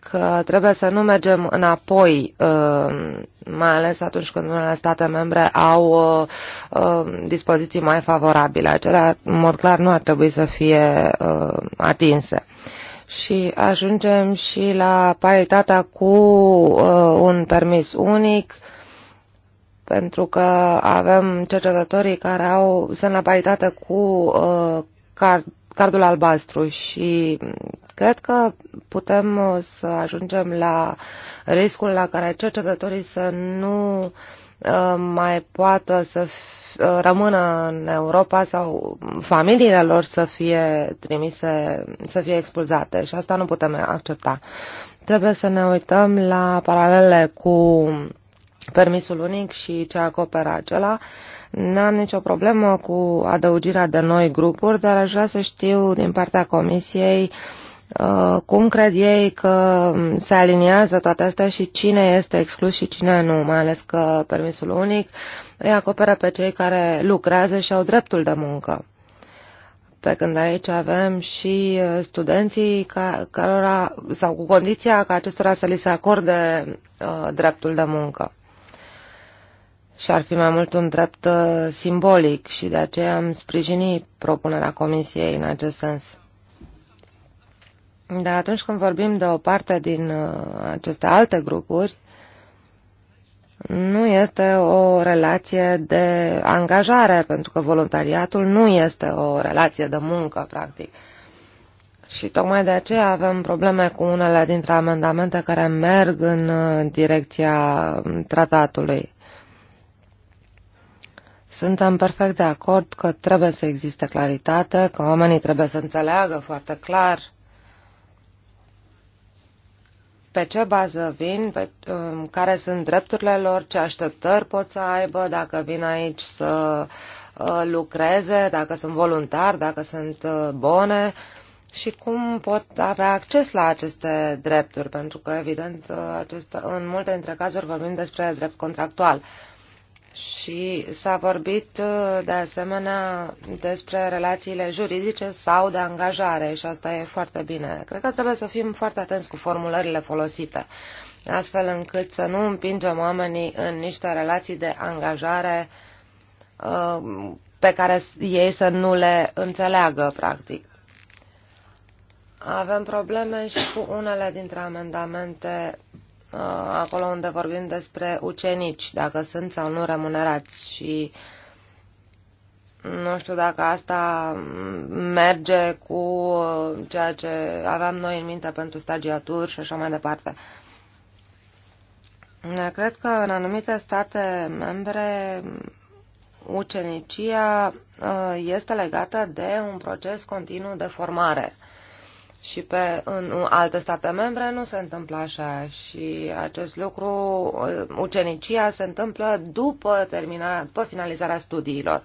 că trebuie să nu mergem înapoi, uh, mai ales atunci când unele state membre au uh, uh, dispoziții mai favorabile. Acelea, în mod clar, nu ar trebui să fie atinse. Și ajungem și la paritatea cu un permis unic, pentru că avem cercetătorii care au, sunt la paritate cu uh, card, cardul albastru și cred că putem uh, să ajungem la riscul la care cercetătorii să nu uh, mai poată să uh, rămână în Europa sau familiile lor să fie trimise, să fie expulzate și asta nu putem accepta. Trebuie să ne uităm la paralele cu permisul unic și ce acoperă acela. N-am nicio problemă cu adăugirea de noi grupuri, dar aș vrea să știu din partea Comisiei uh, cum cred ei că se aliniază toate astea și cine este exclus și cine nu, mai ales că permisul unic îi acoperă pe cei care lucrează și au dreptul de muncă. Pe când aici avem și uh, studenții care sau cu condiția ca acestora să li se acorde uh, dreptul de muncă și ar fi mai mult un drept uh, simbolic și de aceea am sprijinit propunerea Comisiei în acest sens. Dar atunci când vorbim de o parte din uh, aceste alte grupuri, nu este o relație de angajare, pentru că voluntariatul nu este o relație de muncă, practic. Și tocmai de aceea avem probleme cu unele dintre amendamente care merg în uh, direcția um, tratatului. Suntem perfect de acord că trebuie să existe claritate, că oamenii trebuie să înțeleagă foarte clar pe ce bază vin, pe, um, care sunt drepturile lor, ce așteptări pot să aibă dacă vin aici să uh, lucreze, dacă sunt voluntari, dacă sunt uh, bune și cum pot avea acces la aceste drepturi, pentru că, evident, uh, acest, în multe dintre cazuri vorbim despre drept contractual. Uh, și s-a vorbit uh, de asemenea despre relațiile juridice sau de angajare și asta e foarte bine. Cred că trebuie să fim foarte atenți cu formulările folosite, astfel încât să nu împingem oamenii în niște relații de angajare uh, pe care ei să nu le înțeleagă, practic. Avem probleme și cu unele dintre amendamente Uh, acolo unde vorbim despre ucenici, dacă sunt sau nu remunerați și nu știu dacă asta merge cu uh, ceea ce aveam noi în minte pentru stagiaturi și așa mai departe. Cred că în anumite state membre ucenicia uh, este legată de un proces continuu de formare și pe, în alte state membre nu se întâmplă așa și acest lucru, uh, ucenicia se întâmplă după, terminarea, după finalizarea studiilor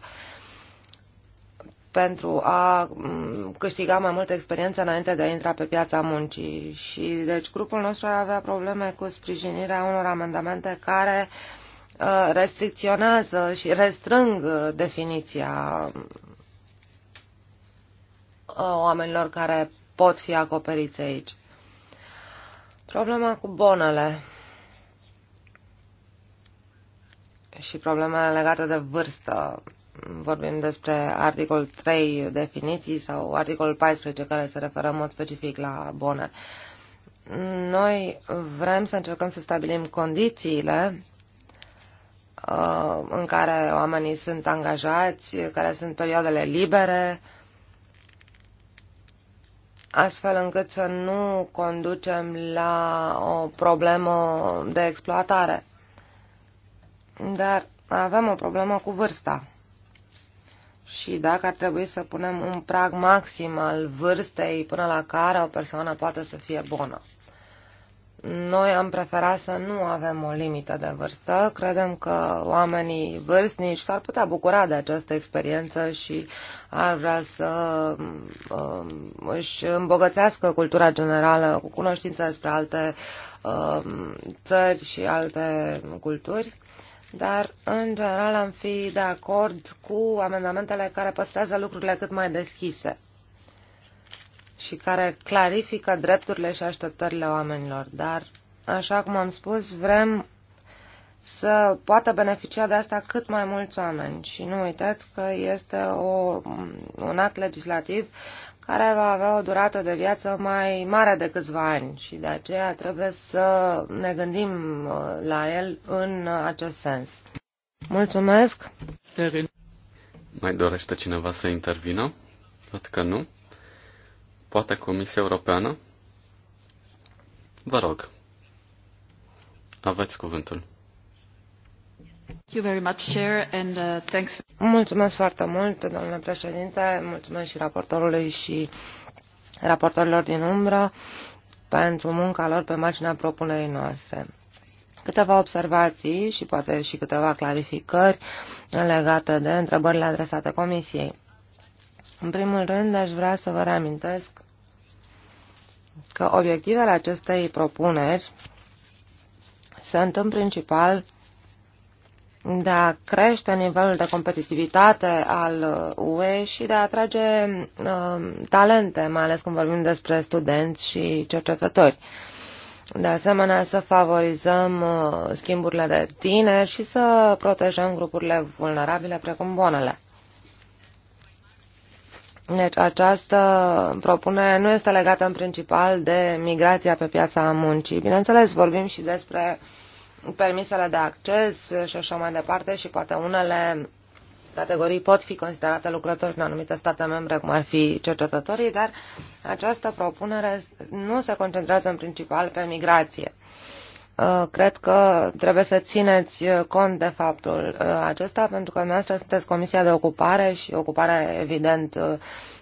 pentru a mm, câștiga mai multă experiență înainte de a intra pe piața muncii. Și deci grupul nostru ar avea probleme cu sprijinirea unor amendamente care uh, restricționează și restrâng definiția uh, oamenilor care pot fi acoperiți aici. Problema cu bonele și problemele legate de vârstă. Vorbim despre articol 3 definiții sau articol 14 care se referă în mod specific la bone. Noi vrem să încercăm să stabilim condițiile uh, în care oamenii sunt angajați, care sunt perioadele libere, astfel încât să nu conducem la o problemă de exploatare. Dar avem o problemă cu vârsta. Și dacă ar trebui să punem un prag maxim al vârstei până la care o persoană poate să fie bună. Noi am preferat să nu avem o limită de vârstă. Credem că oamenii vârstnici s-ar putea bucura de această experiență și ar vrea să uh, își îmbogățească cultura generală cu cunoștințe despre alte uh, țări și alte culturi. Dar, în general, am fi de acord cu amendamentele care păstrează lucrurile cât mai deschise și care clarifică drepturile și așteptările oamenilor. Dar, așa cum am spus, vrem să poată beneficia de asta cât mai mulți oameni. Și nu uitați că este o, un act legislativ care va avea o durată de viață mai mare de câțiva ani și de aceea trebuie să ne gândim uh, la el în uh, acest sens. Mulțumesc! Mai dorește cineva să intervină? Văd că nu. Poate Comisia Europeană? Vă rog. Aveți cuvântul. Uh, mulțumesc foarte mult, domnule președinte, mulțumesc și raportorului și raportorilor din umbră pentru munca lor pe marginea propunerii noastre. Câteva observații și poate și câteva clarificări legate de întrebările adresate Comisiei. În primul rând, aș vrea să vă reamintesc că obiectivele acestei propuneri sunt în principal de a crește nivelul de competitivitate al UE și de a atrage uh, talente, mai ales când vorbim despre studenți și cercetători. De asemenea, să favorizăm uh, schimburile de tineri și să protejăm grupurile vulnerabile precum bonele. Deci această propunere nu este legată în principal de migrația pe piața muncii. Bineînțeles, vorbim și despre permisele de acces și așa mai departe și poate unele categorii pot fi considerate lucrători în anumite state membre, cum ar fi cercetătorii, dar această propunere nu se concentrează în principal pe migrație. Uh, cred că trebuie să țineți uh, cont de faptul uh, acesta, pentru că noastră sunteți Comisia de Ocupare și ocuparea, evident,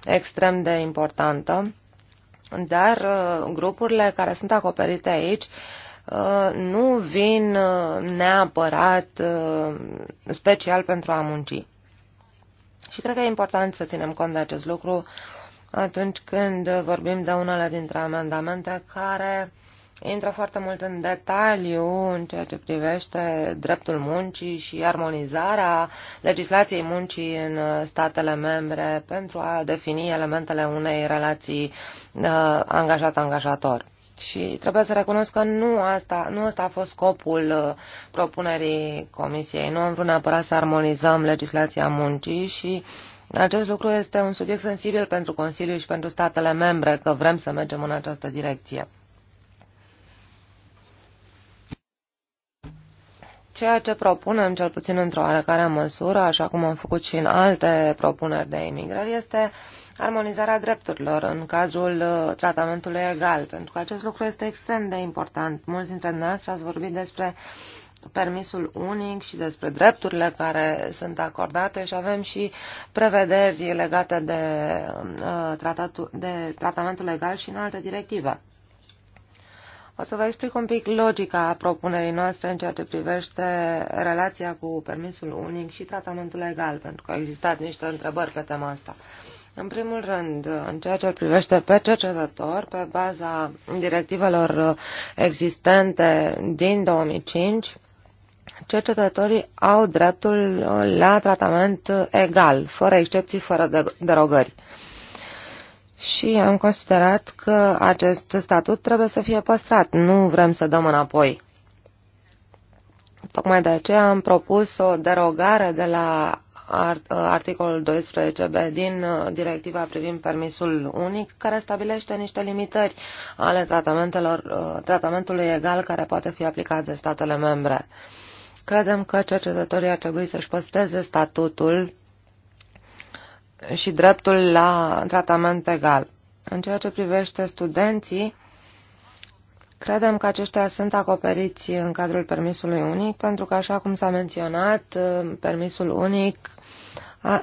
extrem de importantă, dar grupurile care sunt acoperite aici nu vin neapărat special pentru a munci. Și cred că e important să ținem cont de acest lucru atunci când vorbim de unele dintre amendamente care uh, intră foarte mult în detaliu în ceea ce privește dreptul muncii și armonizarea legislației muncii în statele membre pentru a defini elementele unei relații uh, angajat-angajator. Și trebuie să recunosc că nu asta, nu asta a fost scopul uh, propunerii Comisiei. Nu am vrut neapărat să armonizăm legislația muncii și acest lucru este un subiect sensibil pentru Consiliu și pentru statele membre, că vrem să mergem în această direcție. Ceea ce propunem, cel puțin într-o oarecare măsură, așa cum am făcut și în alte propuneri de emigrări, este armonizarea drepturilor în cazul uh, tratamentului egal, pentru că acest lucru este extrem de important. Mulți dintre noastre ați vorbit despre permisul unic și despre drepturile care sunt acordate și avem și prevederi legate de, uh, de tratamentul legal și în alte directive. O să vă explic un pic logica propunerii noastre în ceea ce privește relația cu permisul unic și tratamentul legal, pentru că au existat niște întrebări pe tema asta. În primul rând, în ceea ce privește pe cercetător, pe baza directivelor existente din 2005, cercetătorii au dreptul la tratament egal, fără excepții, fără derogări și am considerat că acest statut trebuie să fie păstrat. Nu vrem să dăm înapoi. Tocmai de aceea am propus o derogare de la uh, articolul 12b din uh, directiva privind permisul unic, care stabilește niște limitări ale tratamentelor, uh, tratamentului egal care poate fi aplicat de statele membre. Credem că cercetătorii ar trebui să-și păstreze statutul și dreptul la tratament egal. În ceea ce privește studenții, Credem că aceștia sunt acoperiți în cadrul permisului unic, pentru că, așa cum s-a menționat, permisul unic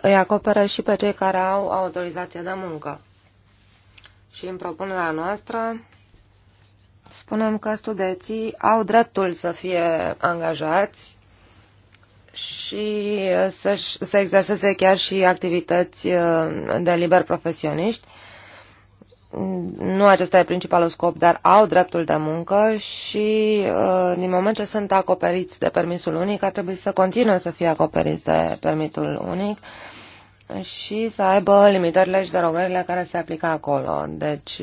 îi acoperă și pe cei care au autorizație de muncă. Și în propunerea noastră spunem că studenții au dreptul să fie angajați și uh, să, să exerseze chiar și activități uh, de liber profesioniști. Nu acesta e principalul scop, dar au dreptul de muncă și uh, din moment ce sunt acoperiți de permisul unic, ar trebui să continue să fie acoperiți de permitul unic și să aibă limitările și derogările care se aplică acolo. Deci,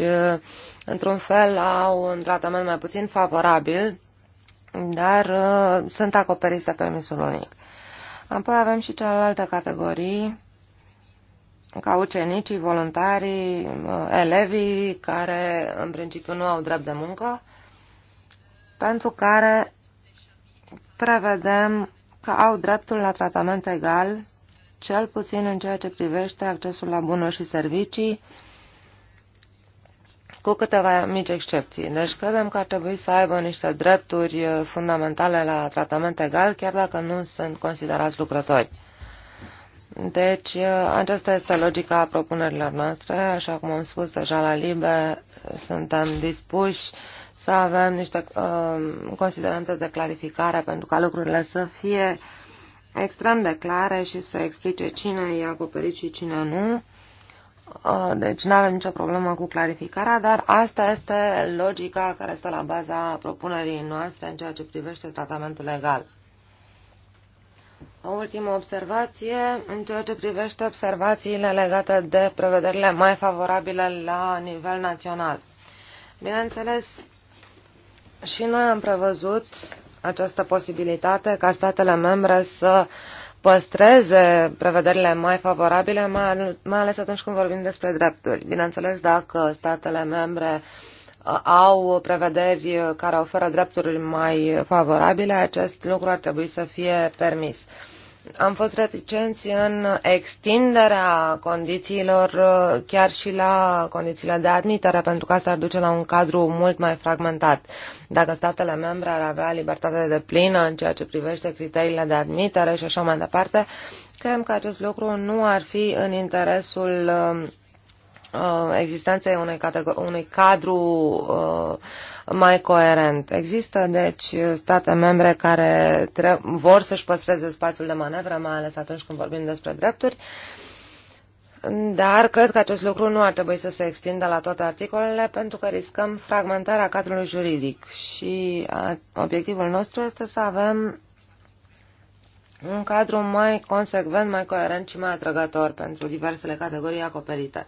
într-un fel, au un tratament mai puțin favorabil, dar sunt acoperiți de permisul unic. Apoi avem și celelalte categorii, ca ucenicii, voluntarii, elevii care în principiu nu au drept de muncă, pentru care prevedem că au dreptul la tratament egal, cel puțin în ceea ce privește accesul la bunuri și servicii, cu câteva mici excepții. Deci credem că ar trebui să aibă niște drepturi uh, fundamentale la tratament egal, chiar dacă nu sunt considerați lucrători. Deci, uh, aceasta este logica propunerilor noastre. Așa cum am spus deja la LIBE, suntem dispuși să avem niște uh, considerante de clarificare pentru ca lucrurile să fie extrem de clare și să explice cine e acoperit și cine nu Uh, deci nu avem nicio problemă cu clarificarea, dar asta este logica care stă la baza propunerii noastre în ceea ce privește tratamentul legal. O ultimă observație în ceea ce privește observațiile legate de prevederile mai favorabile la nivel național. Bineînțeles, și noi am prevăzut această posibilitate ca statele membre să uh, păstreze prevederile mai favorabile, mai ales atunci când vorbim despre drepturi. Bineînțeles, dacă statele membre uh, au prevederi care oferă drepturi mai favorabile, acest lucru ar trebui să fie permis. Uh, am fost reticenți în extinderea condițiilor uh, chiar și la condițiile de admitere, pentru că asta ar duce la un cadru mult mai fragmentat. Dacă statele membre ar avea libertate de plină în ceea ce privește criteriile de admitere și așa mai departe, cred că acest lucru nu ar fi în interesul uh, Uh, existenței unei unui cadru uh, mai coerent. Există, deci, state membre care vor să-și păstreze spațiul de manevră, mai ales atunci când vorbim despre drepturi, dar cred că acest lucru nu ar trebui să se extindă la toate articolele pentru că riscăm fragmentarea cadrului juridic și obiectivul nostru este să avem un cadru mai consecvent, mai coerent și mai atrăgător pentru diversele categorii acoperite.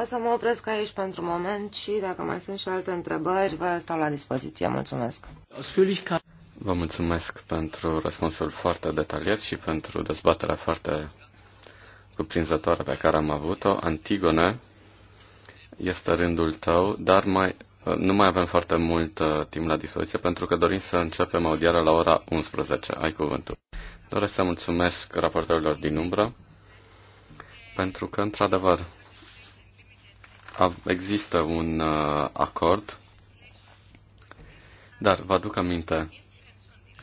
O să mă opresc aici pentru moment și dacă mai sunt și alte întrebări, vă stau la dispoziție. Mulțumesc! Vă mulțumesc pentru răspunsul foarte detaliat și pentru dezbaterea foarte cuprinzătoare pe care am avut-o. Antigone, este rândul tău, dar mai, nu mai avem foarte mult uh, timp la dispoziție pentru că dorim să începem audiarea la ora 11. Ai cuvântul. Doresc să mulțumesc raportorilor din umbră pentru că, într-adevăr, există un uh, acord, dar vă aduc aminte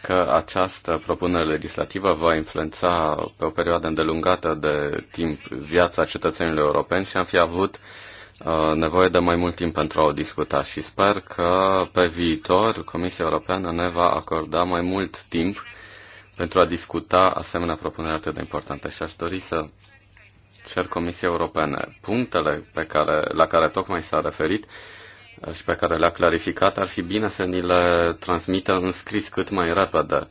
că această propunere legislativă va influența pe o perioadă îndelungată de timp viața cetățenilor europeni și am fi avut uh, nevoie de mai mult timp pentru a o discuta și sper că pe viitor Comisia Europeană ne va acorda mai mult timp pentru a discuta asemenea propuneri atât de importante și aș dori să cer Comisiei Europene. Punctele pe care, la care tocmai s-a referit și pe care le-a clarificat, ar fi bine să ni le transmită în scris cât mai repede,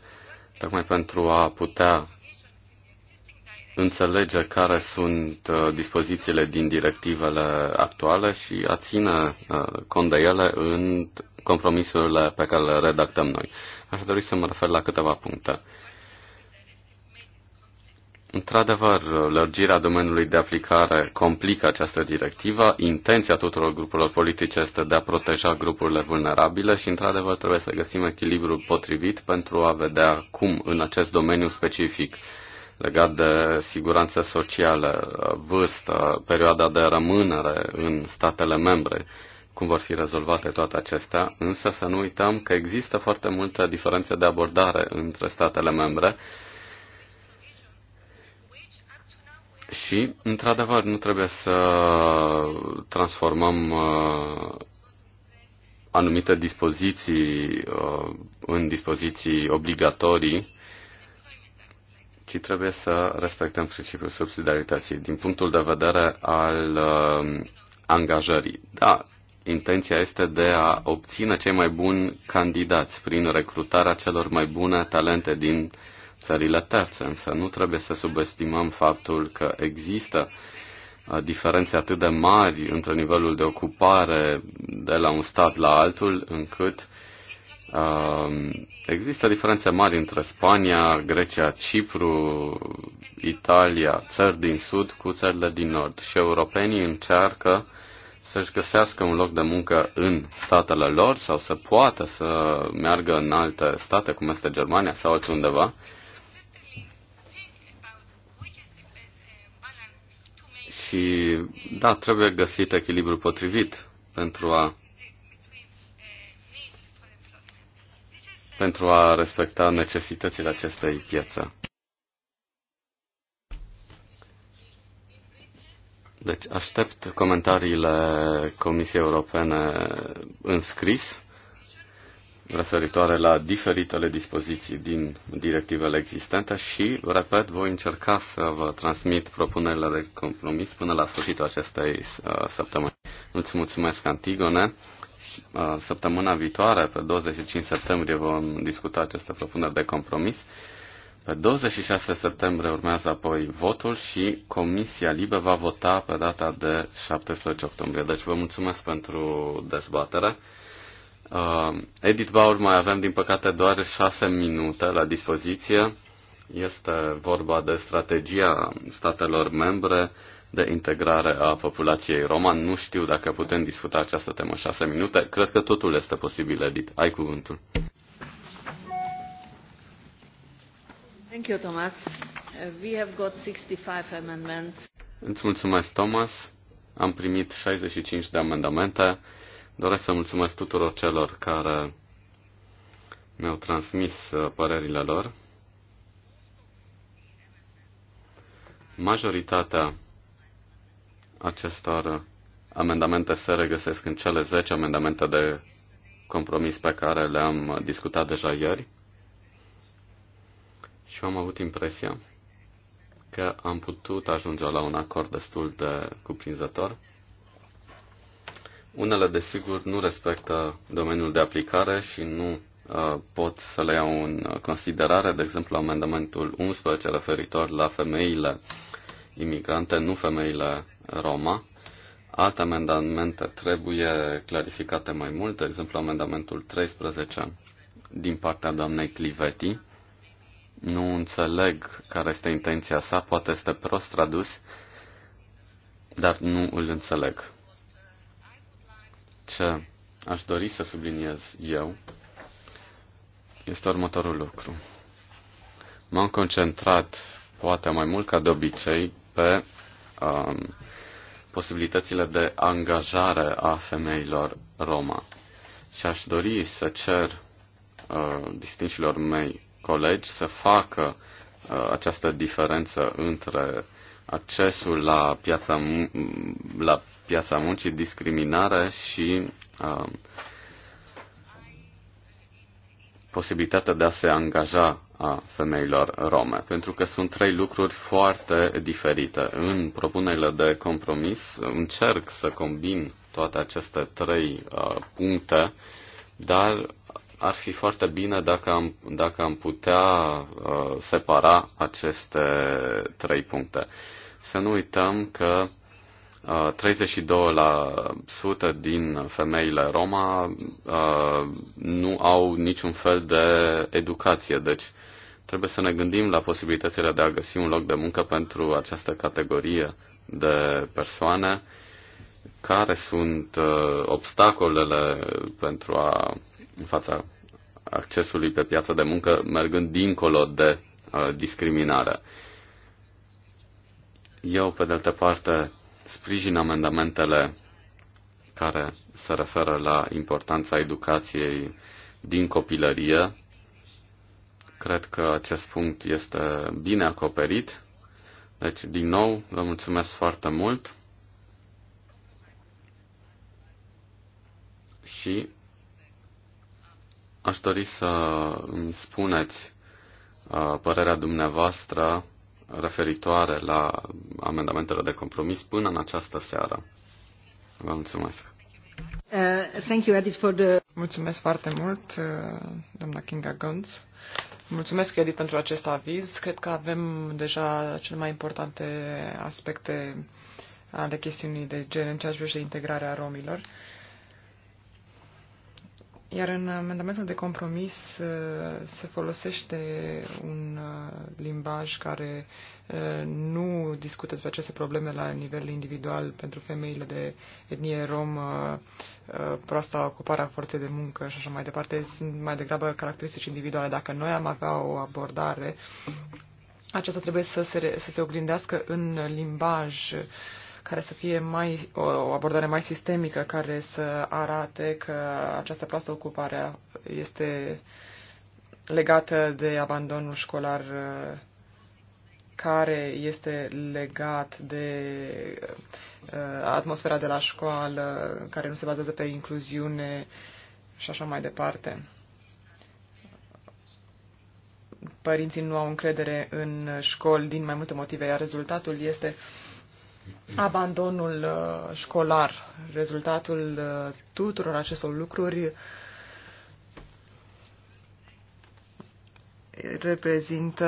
tocmai pentru a putea înțelege care sunt uh, dispozițiile din directivele actuale și a ține uh, cont de ele în compromisurile pe care le redactăm noi. Aș dori să mă refer la câteva puncte. Într-adevăr, lărgirea domeniului de aplicare complică această directivă. Intenția tuturor grupurilor politice este de a proteja grupurile vulnerabile și, într-adevăr, trebuie să găsim echilibrul potrivit pentru a vedea cum în acest domeniu specific legat de siguranță socială, vârstă, perioada de rămânere în statele membre, cum vor fi rezolvate toate acestea, însă să nu uităm că există foarte multe diferențe de abordare între statele membre Și, într-adevăr, nu trebuie să transformăm uh, anumite dispoziții uh, în dispoziții obligatorii, ci trebuie să respectăm principiul subsidiarității din punctul de vedere al uh, angajării. Da, intenția este de a obține cei mai buni candidați prin recrutarea celor mai bune talente din uh, țările terțe, însă nu trebuie să subestimăm faptul că există uh, diferențe atât de mari între nivelul de ocupare de la un stat la altul, încât uh, există diferențe mari între Spania, Grecia, Cipru, Italia, țări din sud cu țările din nord. Și europenii încearcă să-și găsească un loc de muncă în statele lor sau să poată să meargă în alte state, cum este Germania sau altundeva, Și, da, trebuie găsit echilibrul potrivit pentru a pentru a respecta necesitățile acestei piețe. Deci aștept comentariile Comisiei Europene în scris referitoare la diferitele dispoziții din directivele existente și, repet, voi încerca să vă transmit propunerile de compromis până la sfârșitul acestei uh, săptămâni. Îți mulțumesc, Antigone. Uh, săptămâna viitoare, pe 25 septembrie, vom discuta aceste propuneri de compromis. Pe 26 septembrie urmează apoi votul și Comisia Libe va vota pe data de 17 octombrie. Deci vă mulțumesc pentru dezbatere. Uh, Edit, Bauer mai avem, din păcate, doar șase minute la dispoziție. Este vorba de strategia statelor membre de integrare a populației roman. Nu știu dacă putem discuta această temă șase minute. Cred că totul este posibil, Edit. Ai cuvântul. Thank you, Thomas. Uh, we have got 65 amendments. Îți mulțumesc, Thomas. Am primit 65 de amendamente. Doresc să mulțumesc tuturor celor care mi-au transmis uh, părerile lor. Majoritatea acestor amendamente se regăsesc în cele 10 amendamente de compromis pe care le-am discutat deja ieri și am avut impresia că am putut ajunge la un acord destul de cuprinzător. Unele, desigur, nu respectă domeniul de aplicare și nu uh, pot să le iau în considerare, de exemplu, amendamentul 11 referitor la femeile imigrante, nu femeile Roma. Alte amendamente trebuie clarificate mai mult, de exemplu, amendamentul 13 din partea doamnei Cliveti. Nu înțeleg care este intenția sa, poate este prost tradus, dar nu îl înțeleg ce aș dori să subliniez eu este următorul lucru. M-am concentrat, poate mai mult ca de obicei, pe um, posibilitățile de angajare a femeilor Roma. Și aș dori să cer uh, distinșilor mei colegi să facă uh, această diferență între accesul la piața, la piața muncii, discriminarea și uh, posibilitatea de a se angaja a femeilor rome, pentru că sunt trei lucruri foarte diferite. În propunerile de compromis încerc să combin toate aceste trei uh, puncte, dar ar fi foarte bine dacă am, dacă am putea uh, separa aceste trei puncte. Să nu uităm că 32% uh, din femeile Roma uh, nu au niciun fel de educație, deci trebuie să ne gândim la posibilitățile de a găsi un loc de muncă pentru această categorie de persoane, care sunt uh, obstacolele pentru a, în fața accesului pe piața de muncă, mergând dincolo de discriminare. Eu, pe de altă parte, sprijin amendamentele care se referă la importanța educației din copilărie. Cred că acest punct este bine acoperit. Deci, din nou, vă mulțumesc foarte mult și aș dori să îmi spuneți uh, părerea dumneavoastră referitoare la amendamentele de compromis până în această seară. Vă mulțumesc. Uh, thank you, Edith, for the... Mulțumesc foarte mult, uh, doamna Kinga Gons. Mulțumesc, Edith, pentru acest aviz. Cred că avem deja cele mai importante aspecte ale chestiunii de gen în ceea ce privește integrarea romilor. Iar în amendamentul de compromis uh, se folosește un uh, limbaj care uh, nu discută despre aceste probleme la nivel individual pentru femeile de etnie rom, proasta ocuparea forței de muncă și așa mai departe. Sunt mai degrabă caracteristici individuale. Dacă noi am avea o abordare, aceasta trebuie să se, să se oglindească în limbaj care să fie mai, o abordare mai sistemică, care să arate că această proastă ocupare este legată de abandonul școlar care este legat de atmosfera de la școală, care nu se bazează pe incluziune și așa mai departe părinții nu au încredere în școli din mai multe motive, iar rezultatul este abandonul uh, școlar, rezultatul uh, tuturor acestor lucruri reprezintă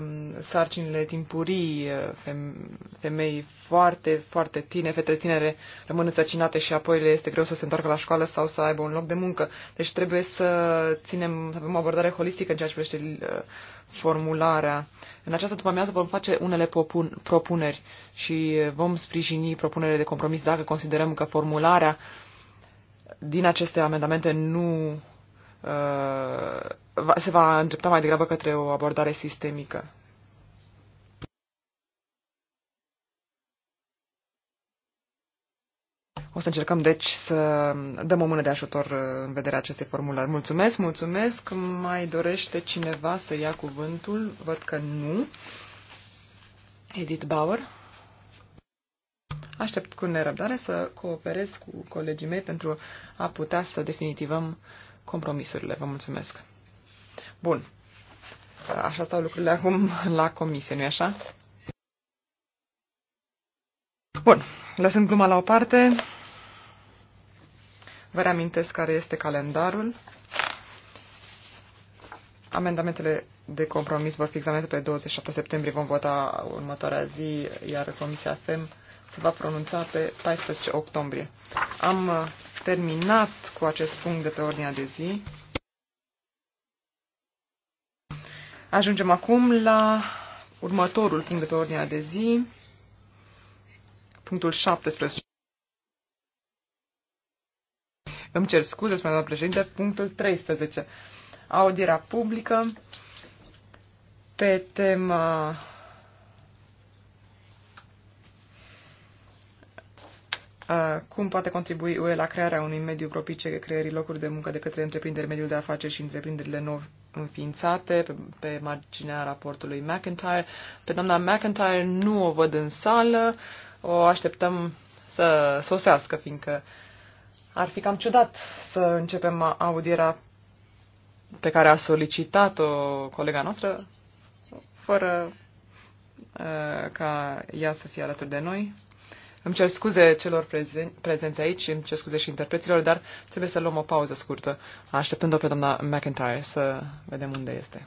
um, sarcinile timpurii, uh, femei foarte, foarte tine fete tinere rămân însărcinate și apoi le este greu să se întoarcă la școală sau să aibă un loc de muncă. Deci trebuie să ținem, să avem o abordare holistică în ceea ce privește uh, formularea. În această după-amiază vom face unele propuneri și vom sprijini propunerile de compromis dacă considerăm că formularea din aceste amendamente nu Uh, se va îndrepta mai degrabă către o abordare sistemică. O să încercăm, deci, să dăm o mână de ajutor uh, în vederea acestei formulări. Mulțumesc, mulțumesc. Mai dorește cineva să ia cuvântul? Văd că nu. Edith Bauer. Aștept cu nerăbdare să cooperez cu colegii mei pentru a putea să definitivăm uh, compromisurile. Vă mulțumesc. Bun. Așa stau lucrurile acum la comisie, nu-i așa? Bun. Lăsând gluma la o parte, vă reamintesc care este calendarul. Amendamentele de compromis vor fi examinate pe 27 septembrie, vom vota următoarea zi, iar Comisia FEM se va pronunța pe 14 octombrie. Am uh, terminat cu acest punct de pe ordinea de zi. Ajungem acum la următorul punct de pe ordinea de zi, punctul 17. Îmi cer scuze, spune doamna președinte, punctul 13. Audierea publică pe tema cum poate contribui UE la crearea unui mediu propice creării locuri de muncă de către întreprinderi, mediul de afaceri și întreprinderile nou înființate pe, pe marginea raportului McIntyre. Pe doamna McIntyre nu o văd în sală, o așteptăm să sosească, fiindcă ar fi cam ciudat să începem audiera pe care a solicitat-o colega noastră, fără uh, ca ea să fie alături de noi. Îmi cer scuze celor prezen- prezenți aici, îmi cer scuze și interpreților, dar trebuie să luăm o pauză scurtă, așteptând-o pe doamna McIntyre să vedem unde este.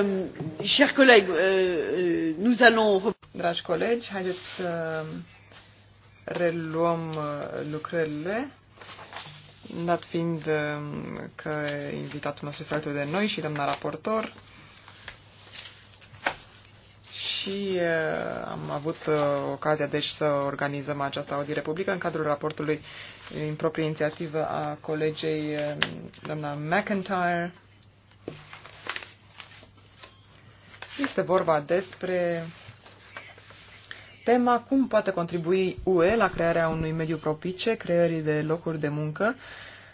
Euh, chers collègues, euh, euh, nous allons... Dragi colegi, haideți să reluăm uh, lucrările, dat fiind um, că invitatul nostru este alături de noi și doamna raportor. Și uh, am avut uh, ocazia, deci, să organizăm această audiere publică în cadrul raportului în proprie inițiativă a colegei um, doamna McIntyre este vorba despre tema cum poate contribui UE la crearea unui mediu propice, creării de locuri de muncă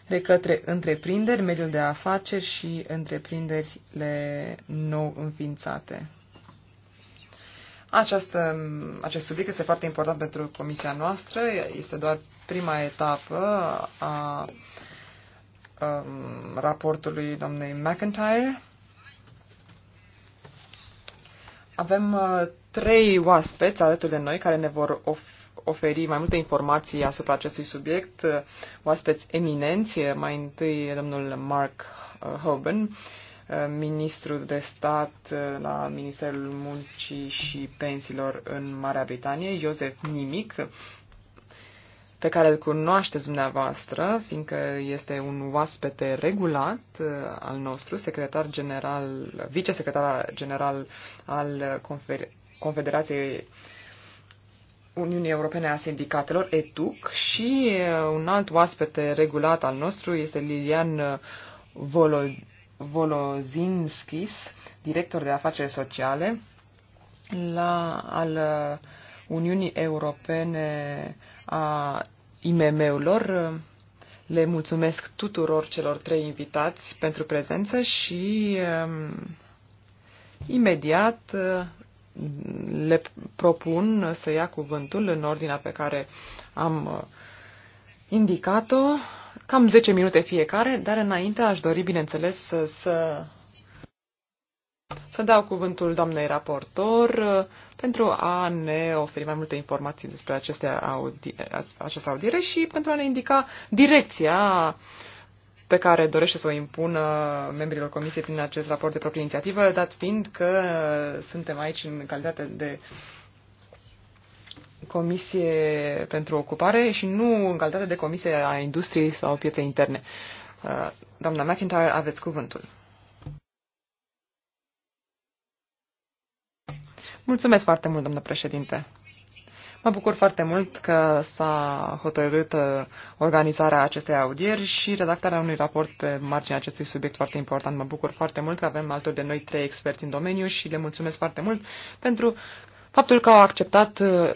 de către întreprinderi, mediul de afaceri și întreprinderile nou înființate. Această, acest subiect este foarte important pentru comisia noastră, este doar prima etapă a a um, raportului doamnei McIntyre Avem uh, trei oaspeți alături de noi care ne vor oferi mai multe informații asupra acestui subiect. Uh, oaspeți eminenți, uh, mai întâi domnul Mark Hoban, ministru de stat la Ministerul Muncii și Pensiilor în Marea Britanie, Joseph Nimic, pe care îl cunoașteți dumneavoastră, fiindcă este un oaspete regulat uh, al nostru, secretar general, vicesecretar general al Confer- Confederației Uniunii Europene a Sindicatelor, ETUC, și uh, un alt oaspete regulat al nostru este Lilian uh, Volo- Volozinskis, director de afaceri sociale la al uh, Uniunii Europene a IMM-urilor. Le mulțumesc tuturor celor trei invitați pentru prezență și um, imediat uh, le propun să ia cuvântul în ordinea pe care am uh, indicat-o, cam 10 minute fiecare, dar înainte aș dori, bineînțeles, să, să să dau cuvântul doamnei raportor uh, pentru a ne oferi mai multe informații despre aceste audi- această audiere și pentru a ne indica direcția pe care dorește să o impună membrilor comisiei prin acest raport de proprie inițiativă, dat fiind că suntem aici în calitate de comisie pentru ocupare și nu în calitate de comisie a industriei sau pieței interne. Uh, doamna McIntyre, aveți cuvântul. Mulțumesc foarte mult, domnule președinte. Mă bucur foarte mult că s-a hotărât uh, organizarea acestei audieri și redactarea unui raport pe marginea acestui subiect foarte important. Mă bucur foarte mult că avem alături de noi trei experți în domeniu și le mulțumesc foarte mult pentru faptul că au acceptat uh,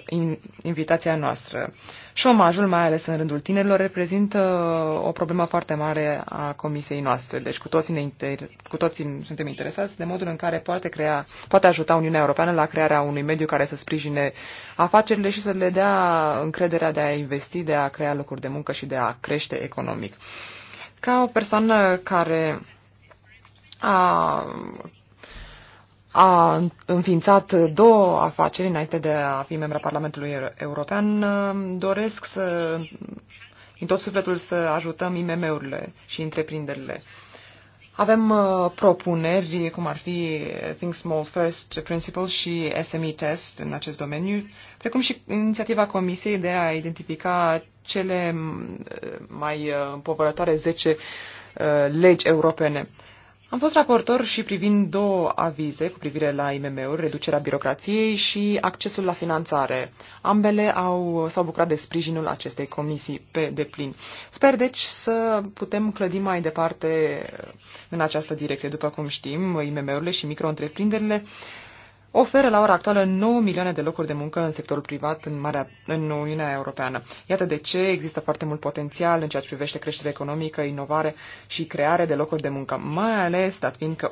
invitația noastră. Șomajul, mai ales în rândul tinerilor, reprezintă uh, o problemă foarte mare a comisiei noastre. Deci cu toții, ne inter... cu toții suntem interesați de modul în care poate, crea... poate ajuta Uniunea Europeană la crearea unui mediu care să sprijine afacerile și să le dea încrederea de a investi, de a crea locuri de muncă și de a crește economic. Ca o persoană care a a înființat două afaceri înainte de a fi membra Parlamentului European. Doresc să, din tot sufletul, să ajutăm IMM-urile și întreprinderile. Avem uh, propuneri, cum ar fi Think Small First Principle și SME Test în acest domeniu, precum și inițiativa Comisiei de a identifica cele mm, mai uh, împovărătoare 10 uh, legi europene. Am fost raportor și privind două avize cu privire la IMM-uri, reducerea birocrației și accesul la finanțare. Ambele au, s-au bucurat de sprijinul acestei comisii pe deplin. Sper deci să putem clădi mai departe în această direcție. După cum știm, IMM-urile și micro-întreprinderile oferă la ora actuală 9 milioane de locuri de muncă în sectorul privat în, Marea, în Uniunea Europeană. Iată de ce există foarte mult potențial în ceea ce privește creșterea economică, inovare și creare de locuri de muncă, mai ales dat fiind că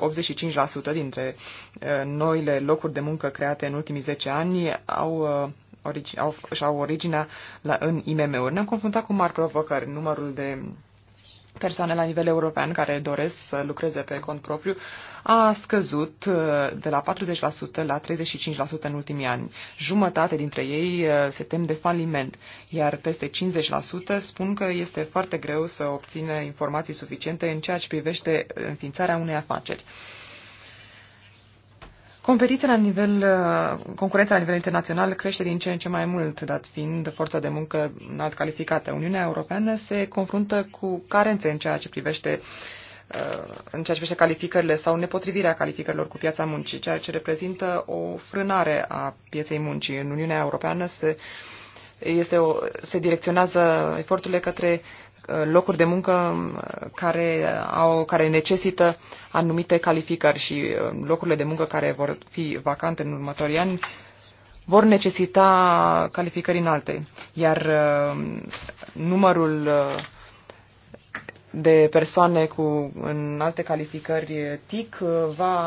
85% dintre uh, noile locuri de muncă create în ultimii 10 ani au uh, origi, au, și-au originea la, în IMM-uri. Ne-am confruntat cu mari provocări, numărul de persoane la nivel european care doresc să lucreze pe cont propriu a scăzut uh, de la 40% la 35% în ultimii ani. Jumătate dintre ei uh, se tem de faliment, iar peste 50% spun că este foarte greu să obțină informații suficiente în ceea ce privește înființarea unei afaceri. Competiția la nivel, uh, concurența la nivel internațional crește din ce în ce mai mult, dat fiind forța de muncă înalt calificată. Uniunea Europeană se confruntă cu carențe în ceea ce privește uh, în ceea ce privește calificările sau nepotrivirea calificărilor cu piața muncii, ceea ce reprezintă o frânare a pieței muncii. În Uniunea Europeană se, este o, se direcționează eforturile către locuri de muncă uh, care, au, care necesită anumite calificări și uh, locurile de muncă care vor fi vacante în următorii ani vor necesita calificări înalte, iar uh, numărul de persoane cu în alte calificări TIC va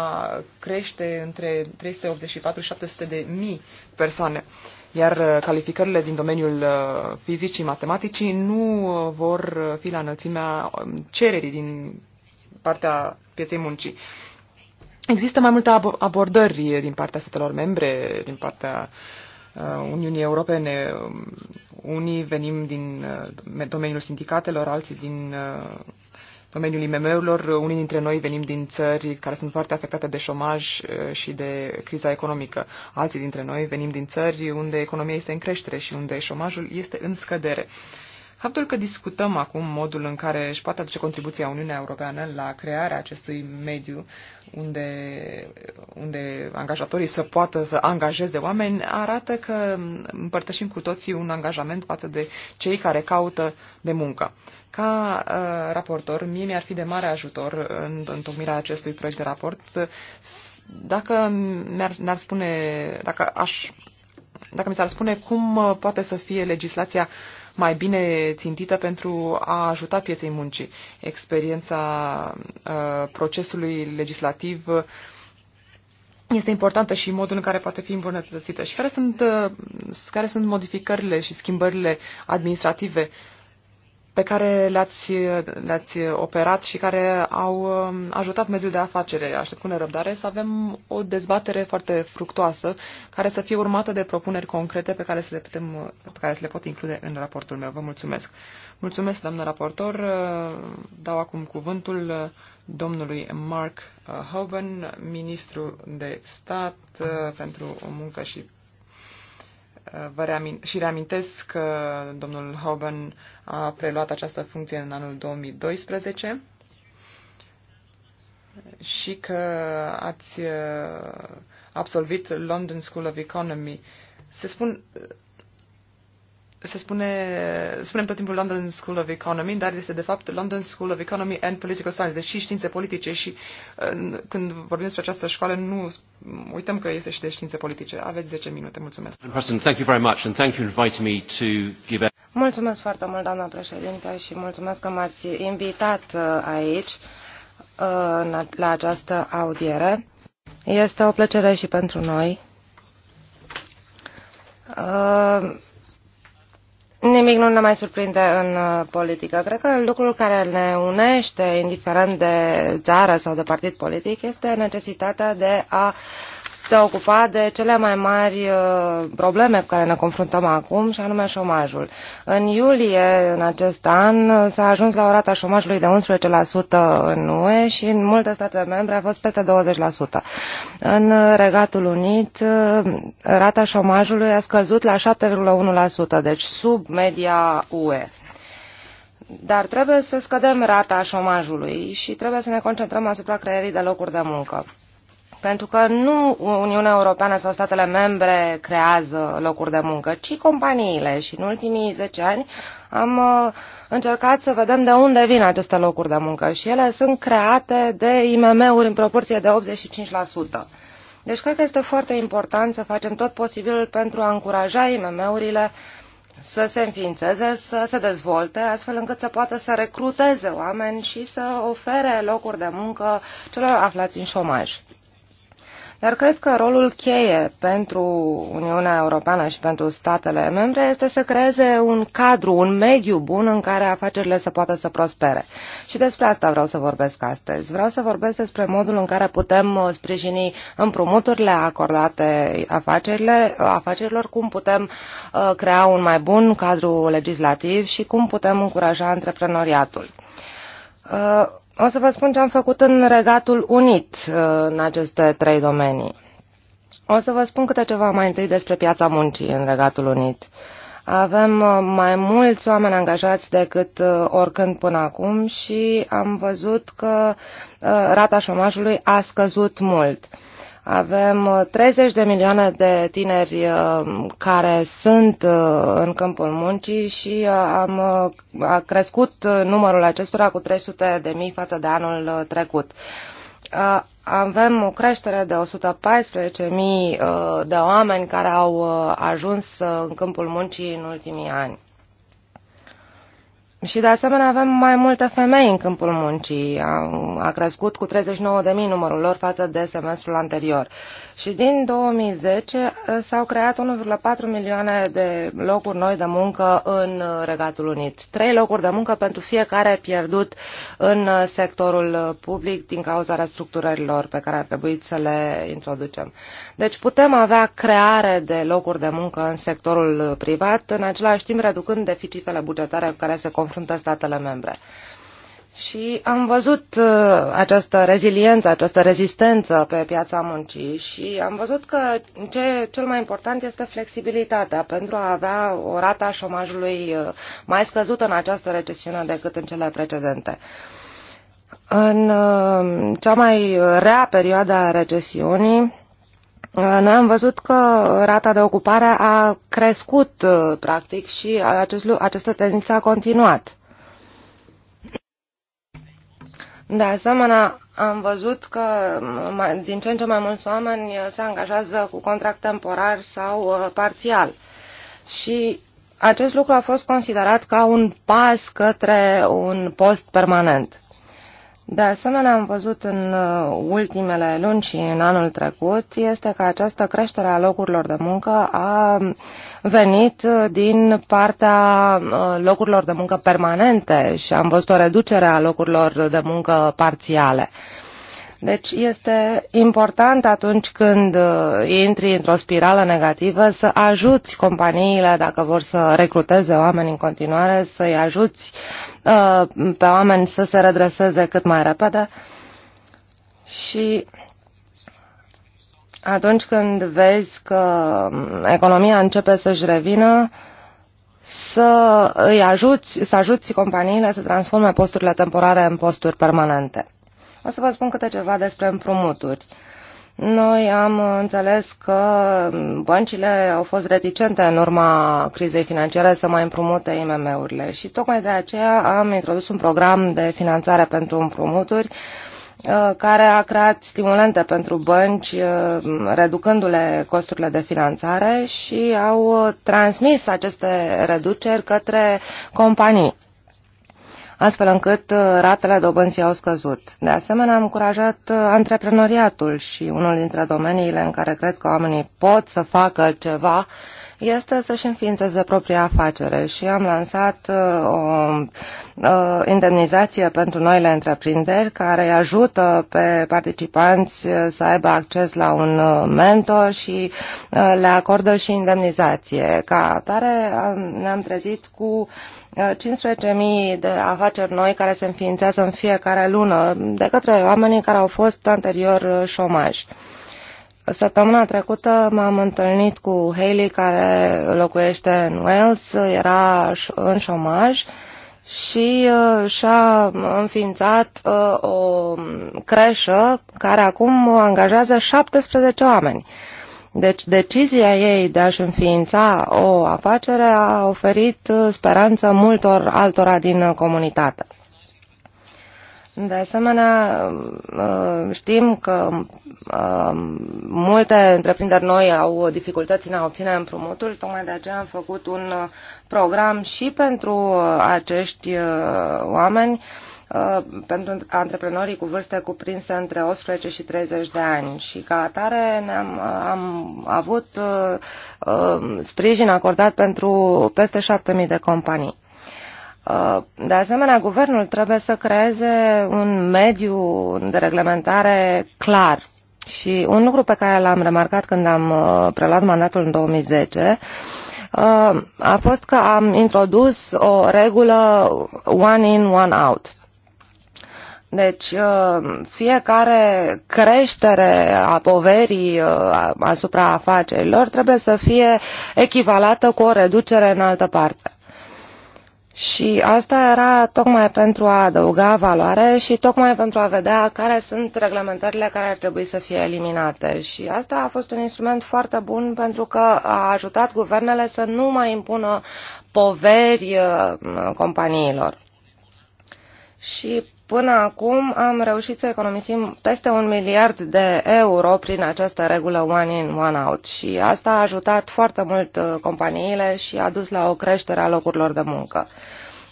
crește între 384 și 700 de mii persoane. Uh, iar uh, calificările din domeniul uh, fizicii, matematicii nu uh, vor fi la înălțimea um, cererii din partea pieței muncii. Există mai multe abordări din partea statelor membre, din partea Uniunii Europene. Um, unii venim din domeniul sindicatelor, alții din domeniul IMM-urilor. Unii dintre noi venim din țări care sunt foarte afectate de șomaj eh, și de criza economică. Alții dintre noi venim din țări unde economia este în creștere și unde șomajul este în scădere. Faptul că discutăm acum modul în care își poate aduce contribuția Uniunea Europeană la crearea acestui mediu unde, unde angajatorii să poată să angajeze oameni arată că împărtășim cu toții un angajament față de cei care caută de muncă. Ca uh, raportor, mie mi-ar fi de mare ajutor în întocmirea acestui proiect de raport dacă mi-ar, mi-ar spune, dacă aș dacă mi s-ar spune cum uh, poate să fie legislația mai bine țintită pentru a ajuta pieței muncii. Experiența uh, procesului legislativ uh, este importantă și modul în care poate fi îmbunătățită și care sunt, uh, care sunt modificările și schimbările administrative pe care le-ați, le-ați operat și care au um, ajutat mediul de afacere. Aștept cu nerăbdare să avem o dezbatere foarte fructoasă, care să fie urmată de propuneri concrete pe care să le, putem, pe care să le pot include în raportul meu. Vă mulțumesc. Mulțumesc, doamnă raportor. Uh, dau acum cuvântul uh, domnului Mark uh, Hoven, ministru de stat pentru muncă și Vă și reamintesc că domnul Hoban a preluat această funcție în anul 2012 și că ați uh, absolvit London School of Economy. Se spun, se spune, spunem tot timpul London School of Economy, dar este de fapt London School of Economy and Political Science, deci și științe politice și când vorbim despre această școală nu uităm că este și de științe politice. Aveți 10 minute, mulțumesc. Mulțumesc foarte mult, doamna președinte, și mulțumesc că m-ați invitat uh, aici uh, la această audiere. Este o plăcere și pentru noi uh, Nimic nu ne mai surprinde în uh, politică. Cred că lucrul care ne unește, indiferent de țară sau de partid politic, este necesitatea de a uh, se ocupa de cele mai mari uh, probleme cu care ne confruntăm acum, și anume șomajul. În iulie în acest an s-a ajuns la o rata șomajului de 11% în UE și în multe state membre a fost peste 20%. În Regatul Unit, uh, rata șomajului a scăzut la 7,1%, deci sub media UE dar trebuie să scădem rata șomajului și trebuie să ne concentrăm asupra creierii de locuri de muncă. Pentru că nu Uniunea Europeană sau statele membre creează locuri de muncă, ci companiile. Și în ultimii 10 ani am uh, încercat să vedem de unde vin aceste locuri de muncă și ele sunt create de IMM-uri în proporție de 85%. Deci cred că este foarte important să facem tot posibilul pentru a încuraja IMM-urile să se înființeze, să se dezvolte, astfel încât să poată să recruteze oameni și să ofere locuri de muncă celor aflați în șomaj. Dar cred că rolul cheie pentru Uniunea Europeană și pentru statele membre este să creeze un cadru, un mediu bun în care afacerile să poată să prospere. Și despre asta vreau să vorbesc astăzi. Vreau să vorbesc despre modul în care putem uh, sprijini împrumuturile acordate afacerile, uh, afacerilor, cum putem uh, crea un mai bun cadru legislativ și cum putem încuraja antreprenoriatul. O să vă spun ce am făcut în Regatul Unit uh, în aceste trei domenii. O să vă spun câte ceva mai întâi despre piața muncii în Regatul Unit. Avem uh, mai mulți oameni angajați decât uh, oricând până acum și am văzut că rata șomajului a scăzut mult. Avem 30 uh, de milioane de tineri uh, care sunt uh, în câmpul muncii și am, a crescut numărul acestora cu 300 de mii față de anul trecut. Avem o creștere de 114.000 de oameni care au ajuns în câmpul muncii în ultimii ani. Și de asemenea avem mai multe femei în câmpul muncii. A, a crescut cu 39.000 numărul lor față de semestrul anterior. Și din 2010 eh, s-au creat 1,4 milioane de locuri noi de muncă în eh, Regatul Unit. Trei locuri de muncă pentru fiecare pierdut în eh, sectorul public din cauza restructurărilor pe care ar trebui să le introducem. Deci putem avea creare de locuri de muncă în sectorul privat, în același timp reducând deficitele bugetare cu care se confruntă confruntă statele membre. Și am văzut uh, această reziliență, această rezistență pe piața muncii și am văzut că ce cel mai important este flexibilitatea pentru a avea o rata șomajului uh, mai scăzută în această recesiune decât în cele precedente. În uh, cea mai rea perioadă a recesiunii, Uh, noi am văzut că rata de ocupare a crescut, uh, practic, și acest, această tendință a continuat. De asemenea, am văzut că din ce în ce mai mulți oameni uh, se angajează cu contract temporar sau parțial. Și acest lucru a fost considerat ca un pas către un post permanent. De asemenea, am văzut în uh, ultimele luni și în anul trecut, este că această creștere a locurilor de muncă a venit uh, din partea uh, locurilor de muncă permanente și am văzut o reducere a locurilor de muncă parțiale. Deci este important atunci când intri într-o spirală negativă să ajuți companiile, dacă vor să recruteze oameni în continuare, să-i ajuți uh, Uh, pe oameni să se redreseze cât mai repede și atunci când vezi că um, economia începe să-și revină, să îi ajuți, să ajuți companiile să transforme posturile temporare în posturi permanente. O să vă spun câte ceva despre împrumuturi. Uh, noi am înțeles că băncile au fost reticente în urma crizei financiare să mai împrumute IMM-urile și tocmai de aceea am introdus un program de finanțare pentru împrumuturi uh, care a creat stimulente pentru bănci, uh, reducându-le costurile de finanțare și au transmis aceste reduceri către companii astfel încât uh, ratele dobânzii au scăzut. De asemenea, am încurajat uh, antreprenoriatul și unul dintre domeniile în care cred că oamenii pot să facă ceva este să-și înființeze propria afacere și am lansat uh, o indemnizație pentru noile întreprinderi care îi ajută pe participanți să aibă acces la un mentor și le acordă și indemnizație. Ca atare ne-am trezit cu uh, 15.000 de afaceri noi care se înființează în fiecare lună de către oamenii care au fost anterior șomaj. Săptămâna trecută m-am întâlnit cu Haley care locuiește în Wales, era în șomaj și uh, și-a înființat uh, o creșă care acum angajează 17 oameni. Deci decizia ei de a-și înființa o afacere a oferit speranță multor altora din comunitate. De asemenea, uh, știm că uh, multe întreprinderi noi au dificultăți în a obține împrumuturi, tocmai de aceea am făcut un program și pentru uh, acești oameni Uh, pentru antreprenorii cu vârste cuprinse între 18 și 30 de ani și ca atare ne-am uh, am avut uh, sprijin acordat pentru peste 7.000 de companii. De asemenea, guvernul trebuie să creeze un mediu de reglementare clar. Și un lucru pe care l-am remarcat când am preluat mandatul în 2010 a fost că am introdus o regulă one in, one out deci uh, fiecare creștere a poverii uh, asupra afacerilor trebuie să fie echivalată cu o reducere în altă parte. Și asta era tocmai pentru a adăuga valoare și tocmai pentru a vedea care sunt reglementările care ar trebui să fie eliminate. Și asta a fost un instrument foarte bun pentru că a ajutat guvernele să nu mai impună poveri uh, companiilor. Și Până acum am reușit să economisim peste un miliard de euro prin această regulă one in, one out și asta a ajutat foarte mult uh, companiile și a dus la o creștere a locurilor de muncă.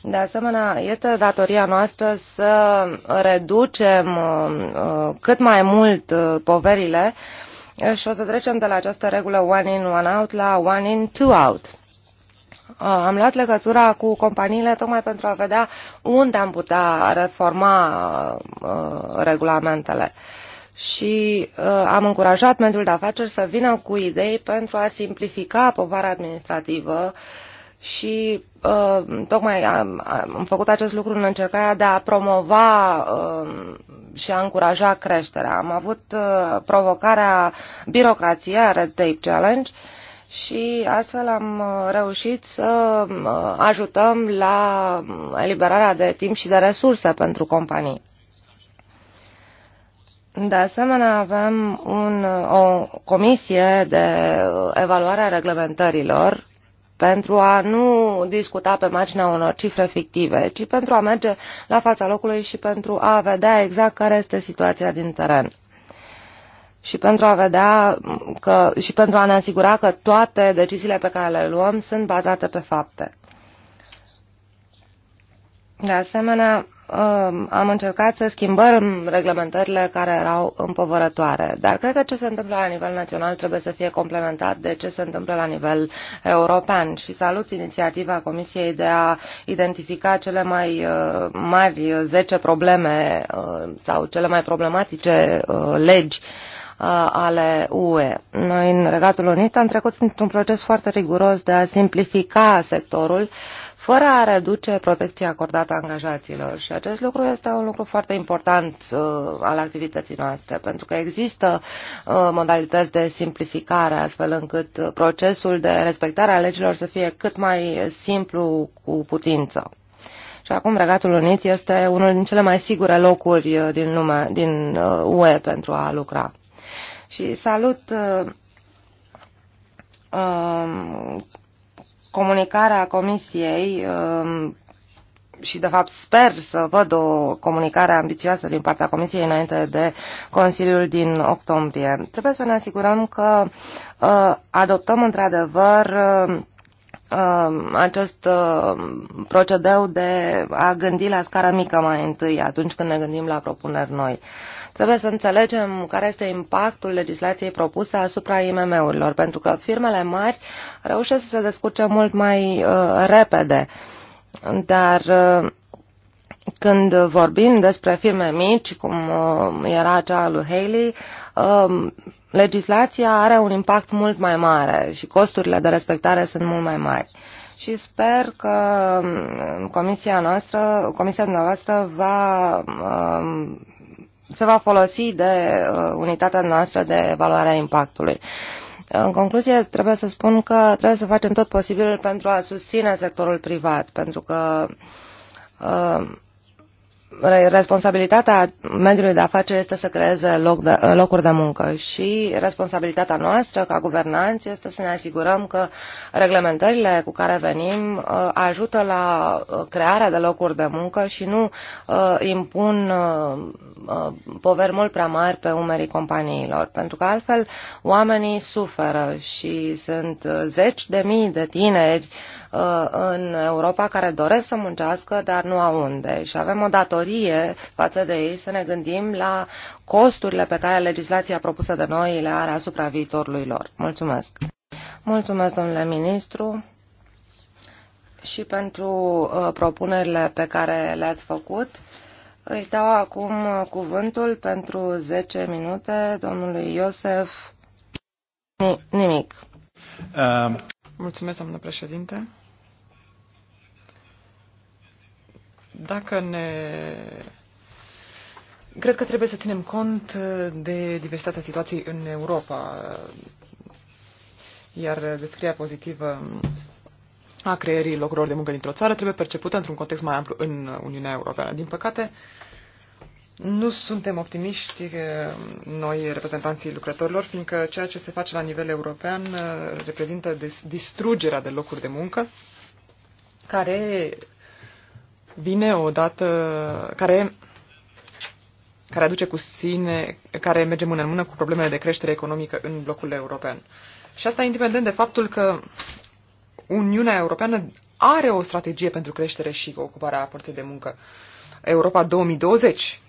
De asemenea, este datoria noastră să reducem uh, uh, cât mai mult poverile și o să trecem de la această regulă one in, one out la one in, two out Uh, am luat legătura cu companiile tocmai pentru a vedea unde am putea reforma uh, regulamentele. Și uh, am încurajat mediul de afaceri să vină cu idei pentru a simplifica povara administrativă și uh, tocmai am, am făcut acest lucru în încercarea de a promova uh, și a încuraja creșterea. Am avut uh, provocarea birocrației, Red Tape Challenge, uh, și astfel am uh, reușit să uh, ajutăm la um, eliberarea de timp și de resurse pentru companii. De asemenea, avem un, uh, o comisie de evaluare a reglementărilor pentru a nu discuta pe marginea unor cifre fictive, ci pentru a merge la fața locului și pentru a vedea exact care este situația din teren și pentru a vedea că, și pentru a ne asigura că toate deciziile pe care le luăm sunt bazate pe fapte. De asemenea, um, am încercat să schimbăm reglementările care erau împovărătoare, dar cred că ce se întâmplă la nivel național trebuie să fie complementat de ce se întâmplă la nivel european și salut inițiativa Comisiei de a identifica cele mai uh, mari 10 probleme uh, sau cele mai problematice uh, legi Uh, ale UE. Noi, în Regatul Unit, am trecut printr-un proces foarte riguros de a simplifica sectorul fără a reduce protecția acordată angajaților. Și acest lucru este un lucru foarte important uh, al activității noastre, pentru că există uh, modalități de simplificare, astfel încât procesul de respectare a legilor să fie cât mai simplu cu putință. Și acum Regatul Unit este unul din cele mai sigure locuri uh, din lume, din UE uh, pentru a lucra. Și salut uh, um, comunicarea Comisiei um, și de fapt sper să văd o comunicare ambițioasă din partea Comisiei înainte de Consiliul din octombrie. Trebuie să ne asigurăm că uh, adoptăm într-adevăr uh, um, acest uh, procedeu de a gândi la scară mică mai întâi atunci când ne gândim la propuneri noi. Uh, Trebuie să înțelegem care este impactul legislației propuse asupra IMM-urilor, pentru că firmele mari reușesc să se descurce mult mai uh, repede. Dar uh, când vorbim despre firme mici, cum uh, era cea a lui Haley, uh, legislația are un impact mult mai mare și costurile de respectare sunt mult mai mari. Și sper că um, comisia noastră, comisia noastră va um, se va folosi de uh, unitatea noastră de evaluare a impactului. În concluzie, trebuie să spun că trebuie să facem tot posibilul pentru a susține sectorul privat, pentru că uh, responsabilitatea mediului de afaceri este să creeze loc de, locuri de muncă și responsabilitatea noastră ca guvernanți este să ne asigurăm că reglementările cu care venim uh, ajută la uh, crearea de locuri de muncă și nu uh, impun poveri mult prea mari pe umerii companiilor, pentru că altfel oamenii suferă și sunt zeci de mii de tineri Uh, în Europa care doresc să muncească, dar nu au unde. Și avem o datorie față de ei să ne gândim la costurile pe care legislația propusă de noi le are asupra viitorului lor. Mulțumesc! Mulțumesc, domnule ministru, și pentru uh, propunerile pe care le-ați făcut. Îi dau acum uh, cuvântul pentru 10 minute domnului Iosef Nimic. Uh. Mulțumesc, domnule președinte. Dacă ne... Cred că trebuie să ținem cont uh, de diversitatea situației în Europa, iar descrierea pozitivă a creierii locurilor de muncă dintr-o țară trebuie percepută într-un context mai amplu în Uniunea Europeană. Din păcate, nu suntem optimiști uh, noi, reprezentanții lucrătorilor, fiindcă ceea ce se face la nivel european uh, reprezintă distrugerea de locuri de muncă, care vine odată, care, care aduce cu sine, care merge mână în mână cu problemele de creștere economică în blocul european. Și asta independent de faptul că Uniunea Europeană are o strategie pentru creștere și ocuparea forței de muncă. Europa 2020.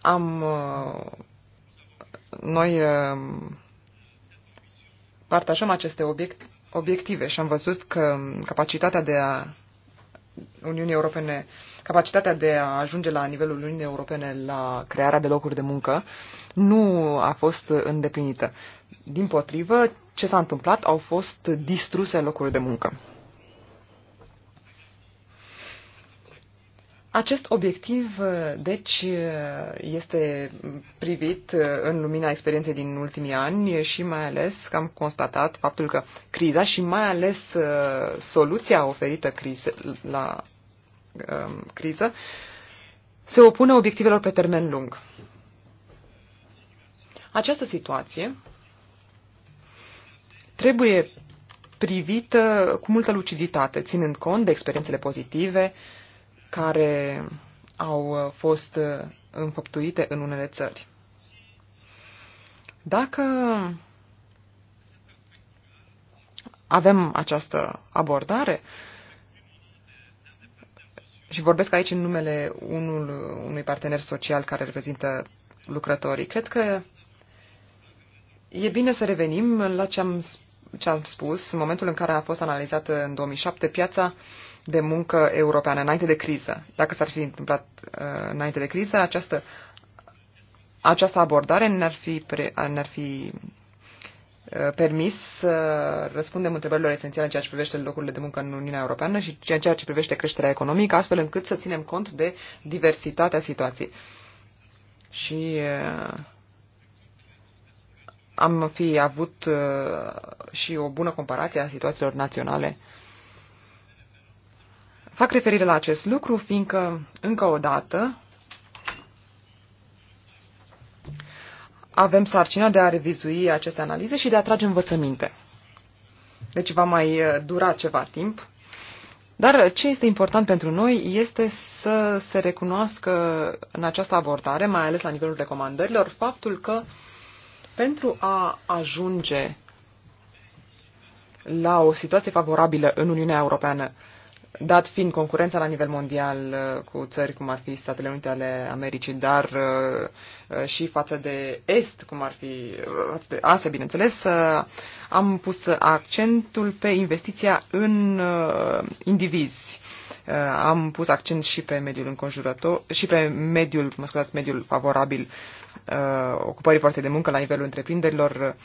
Am uh, noi um, partajăm aceste obiect, obiective și am văzut că capacitatea de a Uniunii Europene, capacitatea de a ajunge la nivelul Uniunii Europene la crearea de locuri de muncă nu a fost îndeplinită. Din potrivă, ce s-a întâmplat au fost distruse locuri de muncă. Acest obiectiv, deci, este privit în lumina experienței din ultimii ani și mai ales că am constatat faptul că criza și mai ales uh, soluția oferită crize, la um, criză se opune obiectivelor pe termen lung. Această situație trebuie privită cu multă luciditate, ținând cont de experiențele pozitive uh, care au uh, fost uh, înfăptuite în unele țări. Dacă avem această abordare, și vorbesc aici în numele unul, unui partener social care reprezintă lucrătorii, cred că e bine să revenim la ce am, ce am spus în momentul în care a fost analizată în 2007 piața uh, de muncă europeană înainte de criză. Dacă s-ar fi întâmplat uh, înainte de criză, această, această abordare ne-ar fi, pre, ne-ar fi uh, permis să răspundem întrebărilor esențiale în ceea ce privește locurile de muncă în Uniunea Europeană și în ceea ce privește creșterea economică, astfel încât să ținem cont de diversitatea situației. Și uh, am fi avut uh, și o bună comparație a situațiilor naționale uh, Fac referire la acest lucru, fiindcă, încă o dată, avem sarcina de a revizui aceste analize și de a trage învățăminte. Deci va mai uh, dura ceva timp. Dar uh, ce este important pentru noi este să se recunoască în această abordare, mai ales la nivelul recomandărilor, faptul că pentru a ajunge la o situație favorabilă în Uniunea Europeană dat fiind concurența la nivel mondial uh, cu țări cum ar fi Statele Unite ale Americii, dar uh, uh, și față de Est, cum ar fi față de Asia, bineînțeles, am pus accentul pe investiția în indivizi. Am pus accent și pe mediul înconjurător, și pe mediul, mă scuzați, mediul favorabil ocupării forței de muncă la nivelul întreprinderilor,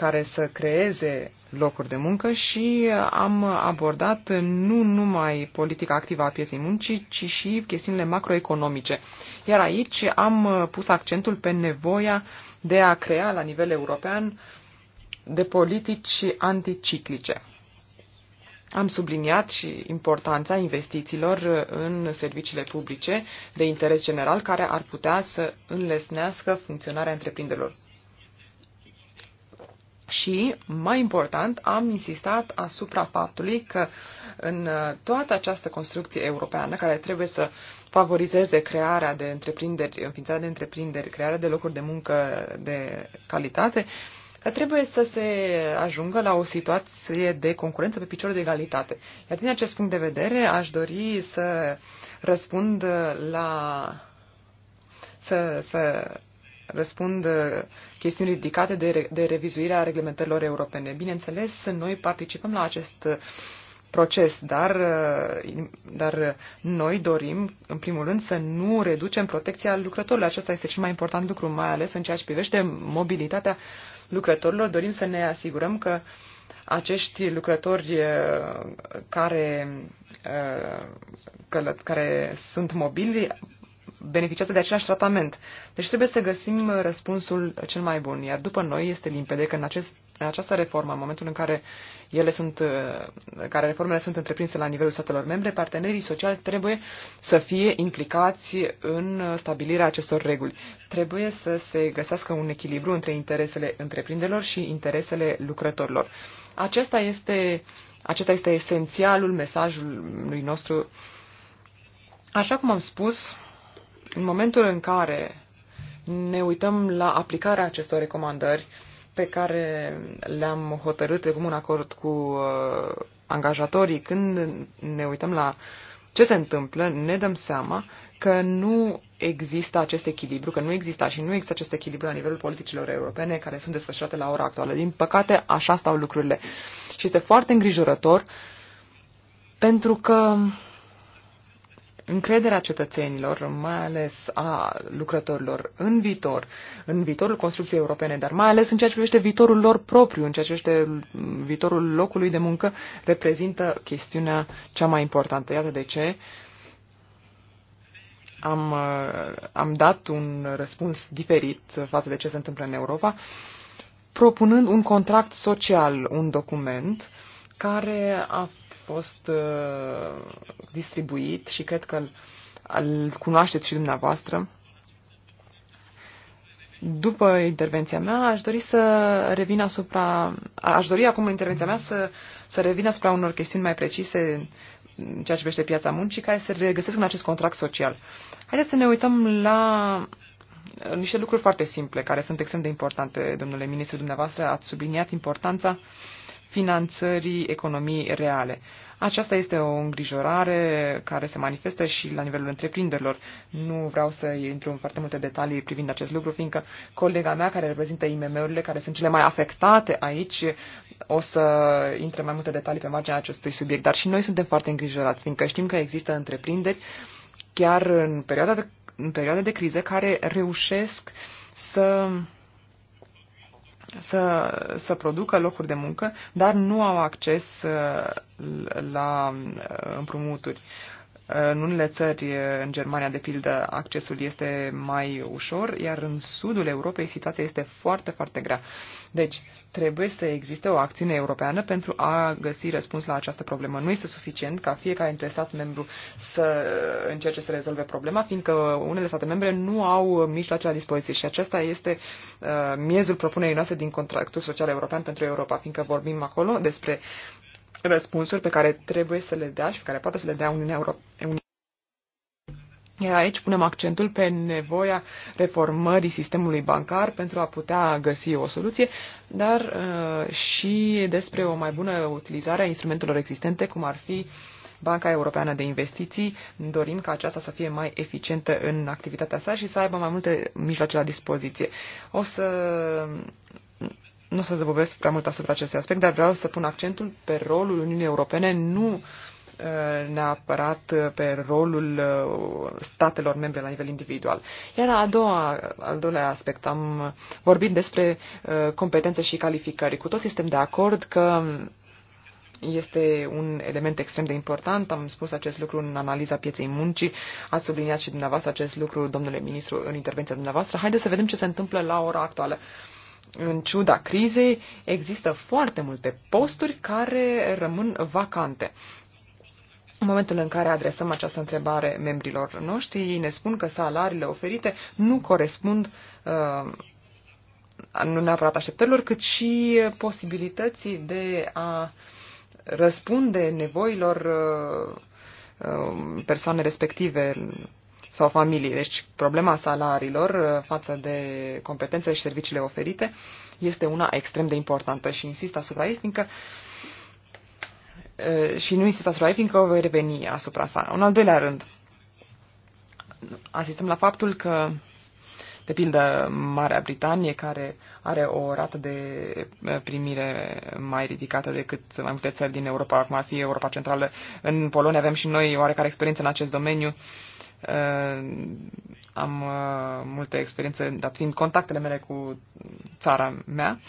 care să creeze locuri de muncă și am abordat nu numai politica activă a pieței muncii, ci și chestiunile macroeconomice. Iar aici am pus accentul pe nevoia de a crea la nivel european de politici anticiclice. Am subliniat și importanța investițiilor în serviciile publice de interes general care ar putea să înlesnească funcționarea întreprinderilor și, mai important, am insistat asupra faptului că în uh, toată această construcție europeană, care trebuie să favorizeze crearea de întreprinderi, înființarea de întreprinderi, crearea de locuri de muncă de calitate, că trebuie să se ajungă la o situație de concurență pe picior de egalitate. Iar din acest punct de vedere, aș dori să răspund la să, să răspund uh, chestiuni ridicate de, re, de revizuirea reglementărilor europene. Bineînțeles, noi participăm la acest uh, proces, dar, uh, dar noi dorim, în primul rând, să nu reducem protecția lucrătorilor. Acesta este cel mai important lucru, mai ales în ceea ce privește mobilitatea lucrătorilor. Dorim să ne asigurăm că acești lucrători care, care sunt mobili beneficiază de același tratament. Deci trebuie să găsim răspunsul cel mai bun. Iar după noi este limpede că în, acest, în această reformă, în momentul în care, ele sunt, uh, care reformele sunt întreprinse la nivelul statelor membre, partenerii sociali trebuie să fie implicați în stabilirea acestor reguli. Trebuie să se găsească un echilibru între interesele întreprinderilor și interesele lucrătorilor. Acesta este, acesta este esențialul mesajului nostru. Așa cum am spus, în momentul în care ne uităm la aplicarea acestor recomandări pe care le-am hotărât de comun acord cu uh, angajatorii, când ne uităm la ce se întâmplă, ne dăm seama că nu există acest echilibru, că nu exista și nu există acest echilibru la nivelul politicilor europene care sunt desfășurate la ora actuală. Din păcate, așa stau lucrurile. Și este foarte îngrijorător pentru că încrederea cetățenilor, mai ales a lucrătorilor în viitor, în viitorul construcției europene, dar mai ales în ceea ce privește viitorul lor propriu, în ceea ce privește viitorul locului de muncă, reprezintă chestiunea cea mai importantă. Iată de ce am, am dat un răspuns diferit față de ce se întâmplă în Europa, propunând un contract social, un document care a fost uh, distribuit și cred că îl cunoașteți și dumneavoastră. După intervenția mea, aș dori să revin asupra, aș dori acum în intervenția mea să, să revin asupra unor chestiuni mai precise în ceea ce privește piața muncii, care se regăsesc în acest contract social. Haideți să ne uităm la niște lucruri foarte simple, care sunt extrem de importante, domnule ministru, dumneavoastră ați subliniat importanța uh, finanțării economiei reale. Aceasta este o îngrijorare care se manifestă și la nivelul întreprinderilor. Nu vreau să intru în foarte multe detalii privind acest lucru, fiindcă colega mea care reprezintă IMM-urile, care sunt cele mai afectate aici, o să intre mai multe detalii pe marginea acestui subiect. Dar și noi suntem foarte îngrijorați, fiindcă știm că există întreprinderi, chiar în perioada de, în perioada de criză, care reușesc să să, să producă locuri de muncă, dar nu au acces uh, la uh, împrumuturi. În unele țări, în Germania, de pildă, accesul este mai ușor, iar în sudul Europei situația este foarte, foarte grea. Deci, trebuie să existe o acțiune europeană pentru a găsi răspuns la această problemă. Nu este suficient ca fiecare dintre stat membru să încerce să rezolve problema, fiindcă unele state membre nu au mijloace la dispoziție și acesta este uh, miezul propunerii noastre din contractul social european pentru Europa, fiindcă vorbim acolo despre răspunsuri pe care trebuie să le dea și pe care poate să le dea Uniunea Europeană. Iar aici punem accentul pe nevoia reformării sistemului bancar pentru a putea găsi o soluție, dar uh, și despre o mai bună utilizare a instrumentelor existente, cum ar fi Banca Europeană de Investiții. Dorim ca aceasta să fie mai eficientă în activitatea sa și să aibă mai multe mijloace la dispoziție. O să nu o să zăbovesc prea mult asupra acestui aspect, dar vreau să pun accentul pe rolul Uniunii Europene, nu uh, neapărat pe rolul uh, statelor membre la nivel individual. Iar a doua, al doilea aspect, am vorbit despre uh, competențe și calificări. Cu toți suntem de acord că este un element extrem de important. Am spus acest lucru în analiza pieței muncii. Ați subliniat și dumneavoastră acest lucru, domnule ministru, în intervenția dumneavoastră. Haideți să vedem ce se întâmplă la ora actuală. Uh, în ciuda crizei, există foarte multe posturi care rămân vacante. În momentul în care adresăm această întrebare membrilor noștri, ei ne spun că salariile oferite nu corespund uh, nu neapărat așteptărilor, cât și posibilității de a răspunde nevoilor uh, uh persoane respective sau familiei. Deci problema salariilor uh, față de competențe și serviciile oferite este una extrem de importantă și insist asupra ei, fiindcă uh, și nu insist asupra ei, fiindcă o voi reveni asupra sa. În al doilea rând, asistăm la faptul că de pildă Marea Britanie, care are o rată de uh, primire mai ridicată decât mai multe țări din Europa, cum ar fi Europa Centrală. În Polonia avem și noi oarecare experiență în acest domeniu. Uh, Uh, am uh, multă experiență, dat fiind contactele mele cu țara mea,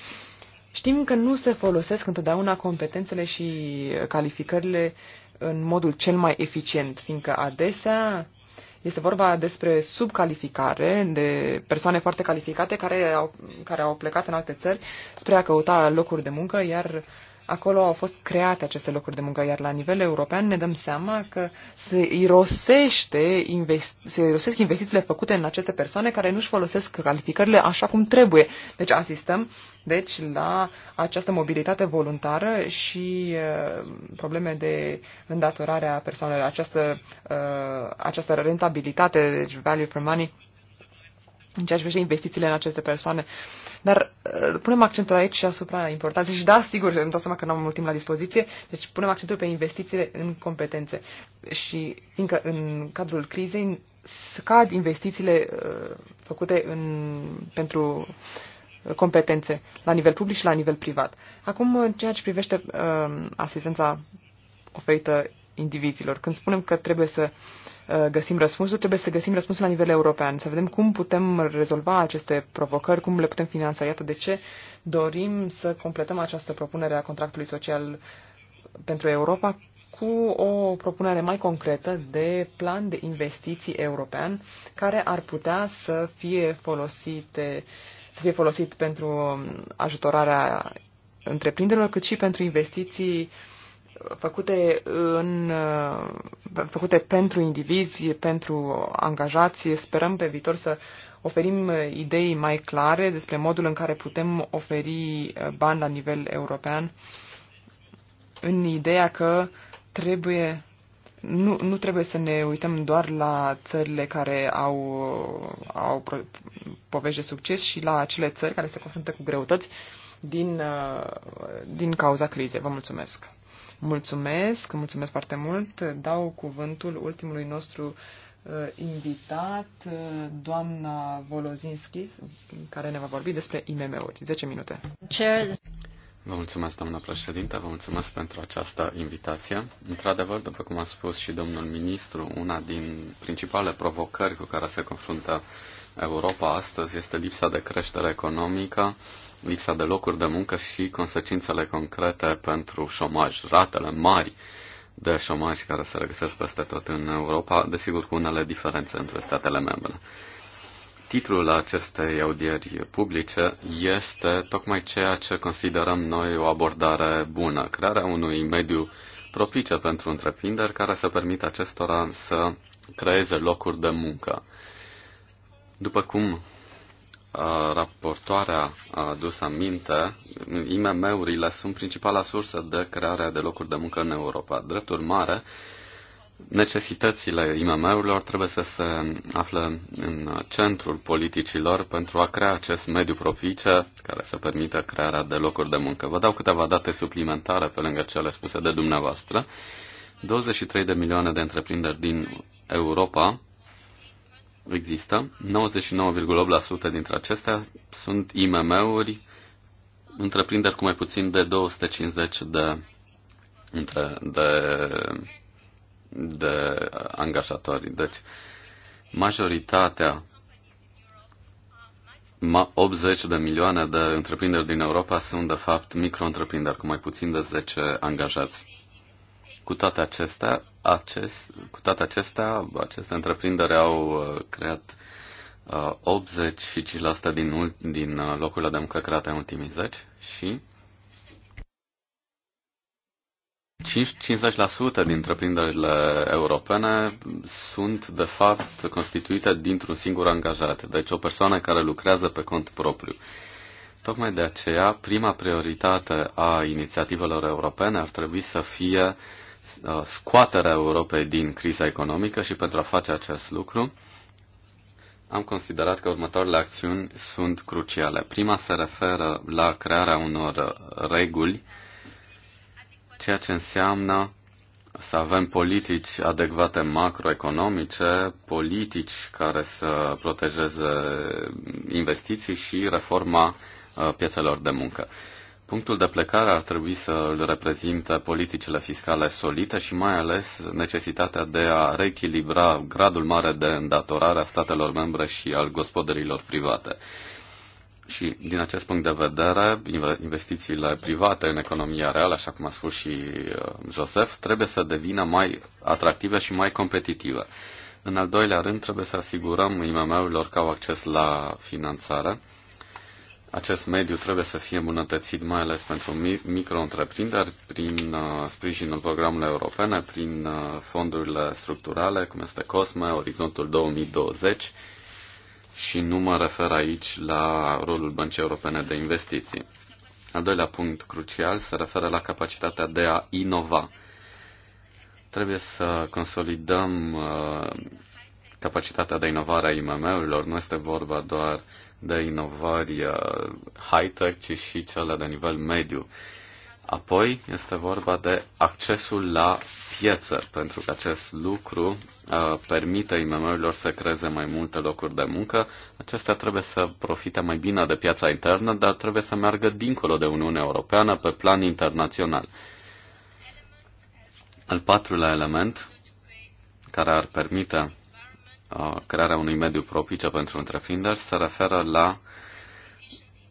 știm că nu se folosesc întotdeauna competențele și calificările în modul cel mai eficient, fiindcă adesea este vorba despre subcalificare, de persoane foarte calificate care au, care au plecat în alte țări spre a căuta locuri de muncă, iar acolo au fost create aceste locuri de muncă, iar la nivel european ne dăm seama că se, irosește invest, se irosesc investițiile făcute în aceste persoane care nu-și folosesc calificările așa cum trebuie. Deci asistăm deci, la această mobilitate voluntară și uh, probleme de îndatorare a persoanelor, această, uh, această rentabilitate, deci value for money, în ceea ce privește investițiile în aceste persoane. Dar uh, punem accentul aici și asupra importanței. Și da, sigur, îmi dau seama că nu am mult timp la dispoziție, deci punem accentul pe investițiile în competențe. Și fiindcă în cadrul crizei scad investițiile uh, făcute în, pentru uh, competențe la nivel public și la nivel privat. Acum, în ceea ce privește uh, asistența oferită indivizilor, când spunem că trebuie să uh, Uh, găsim răspunsul, trebuie să găsim răspunsul la nivel european, să vedem cum putem rezolva aceste provocări, cum le putem finanța. Iată de ce dorim să completăm această propunere a contractului social pentru Europa cu o propunere mai concretă de plan de investiții european care ar putea să fie folosite să fie folosit pentru ajutorarea întreprinderilor, cât și pentru investiții uh, făcute, în, făcute pentru indivizi, pentru angajați. Sperăm pe viitor să oferim idei mai clare despre modul în care putem oferi bani la nivel european în ideea că trebuie nu, nu trebuie să ne uităm doar la țările care au, au povești de succes și la acele țări care se confruntă cu greutăți din, din cauza crizei. Vă mulțumesc! Mulțumesc, mulțumesc foarte mult. Dau cuvântul ultimului nostru uh, invitat, uh, doamna Volozinski, care ne va vorbi despre IMM-uri. 10 minute. Chair. Vă mulțumesc, doamna președinte, vă mulțumesc pentru această invitație. Într-adevăr, după cum a spus și domnul ministru, una din principale provocări cu care se confruntă Europa astăzi este lipsa de creștere economică, lipsa de locuri de muncă și consecințele concrete pentru șomaj, ratele mari de șomaj care se regăsesc peste tot în Europa, desigur cu unele diferențe între statele membre. Titlul acestei audieri publice este tocmai ceea ce considerăm noi o abordare bună, crearea unui mediu propice pentru întreprinderi care să permită acestora să creeze locuri de muncă. După cum raportoarea a adus aminte, IMM-urile sunt principala sursă de creare de locuri de muncă în Europa. Drept urmare, necesitățile IMM-urilor trebuie să se afle în centrul politicilor pentru a crea acest mediu propice care să permită crearea de locuri de muncă. Vă dau câteva date suplimentare pe lângă cele spuse de dumneavoastră. 23 de milioane de întreprinderi din Europa există. 99,8% dintre acestea sunt IMM-uri, întreprinderi cu mai puțin de 250 de, între, de, de angajatori. Deci, majoritatea 80 de milioane de întreprinderi din Europa sunt, de fapt, micro-întreprinderi cu mai puțin de 10 angajați. Cu toate acestea, acest, cu toate acestea aceste întreprindere au uh, creat 85% uh, din, din uh, locurile de muncă create în ultimii 10 și 50% din întreprinderile europene sunt, de fapt, constituite dintr-un singur angajat, deci o persoană care lucrează pe cont propriu. Tocmai de aceea, prima prioritate a inițiativelor europene ar trebui să fie uh, Uh, scoaterea Europei din criza economică și pentru a face acest lucru, am considerat că următoarele acțiuni sunt cruciale. Prima se referă la crearea unor reguli, ceea ce înseamnă să avem politici adecvate macroeconomice, politici care să protejeze investiții și reforma uh, piețelor de muncă. Punctul de plecare ar trebui să îl reprezinte politicile fiscale solide și mai ales necesitatea de a reechilibra gradul mare de îndatorare a statelor membre și al gospodărilor private. Și din acest punct de vedere, investițiile private în economia reală, așa cum a spus și uh, Joseph, trebuie să devină mai atractive și mai competitive. În al doilea rând, trebuie să asigurăm IMM-urilor că au acces la finanțare acest mediu trebuie să fie îmbunătățit mai ales pentru micro-întreprinderi prin uh, sprijinul programului europene, prin uh, fondurile structurale, cum este COSME, Orizontul 2020 și nu mă refer aici la rolul Băncii Europene de Investiții. Al doilea punct crucial se referă la capacitatea de a inova. Trebuie să consolidăm uh, capacitatea de inovare a IMM-urilor. Nu este vorba doar de inovări uh, high-tech, ci și cele de nivel mediu. Apoi este vorba de accesul la piețe, pentru că acest lucru uh, permite IMM-urilor să creeze mai multe locuri de muncă. Acestea trebuie să profite mai bine de piața internă, dar trebuie să meargă dincolo de Uniunea Europeană pe plan internațional. Al patrulea element care ar permite crearea unui mediu propice pentru întreprinderi se referă la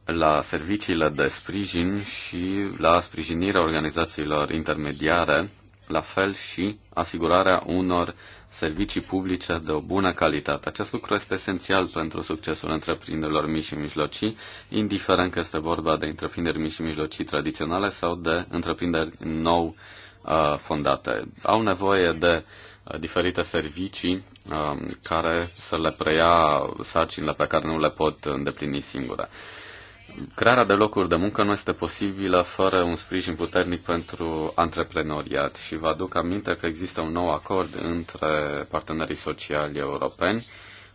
la serviciile de sprijin și la sprijinirea organizațiilor intermediare, la fel și asigurarea unor servicii publice de o bună calitate. Acest lucru este esențial pentru succesul întreprinderilor mici și mijlocii, indiferent că este vorba de întreprinderi mici și mijlocii tradiționale sau de întreprinderi nou uh, fondate. Au nevoie de uh, diferite servicii um, care să le preia sarcinile pe care nu le pot îndeplini singure. Crearea de locuri de muncă nu este posibilă fără un sprijin puternic pentru antreprenoriat și vă aduc aminte că există un nou acord între partenerii sociali europeni,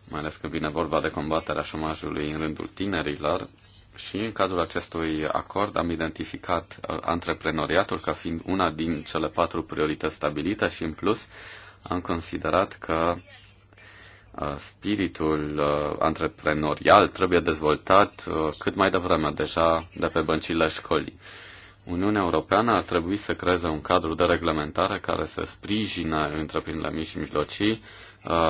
mai ales când vine vorba de combaterea șomajului în rândul tinerilor, și în cadrul acestui acord am identificat uh, antreprenoriatul ca fiind una din cele patru priorități stabilite și, în plus, am considerat că uh, spiritul uh, antreprenorial trebuie dezvoltat uh, cât mai devreme, deja de pe băncile școlii. Uniunea Europeană ar trebui să creeze un cadru de reglementare care să sprijine întreprinderile mici și mijlocii,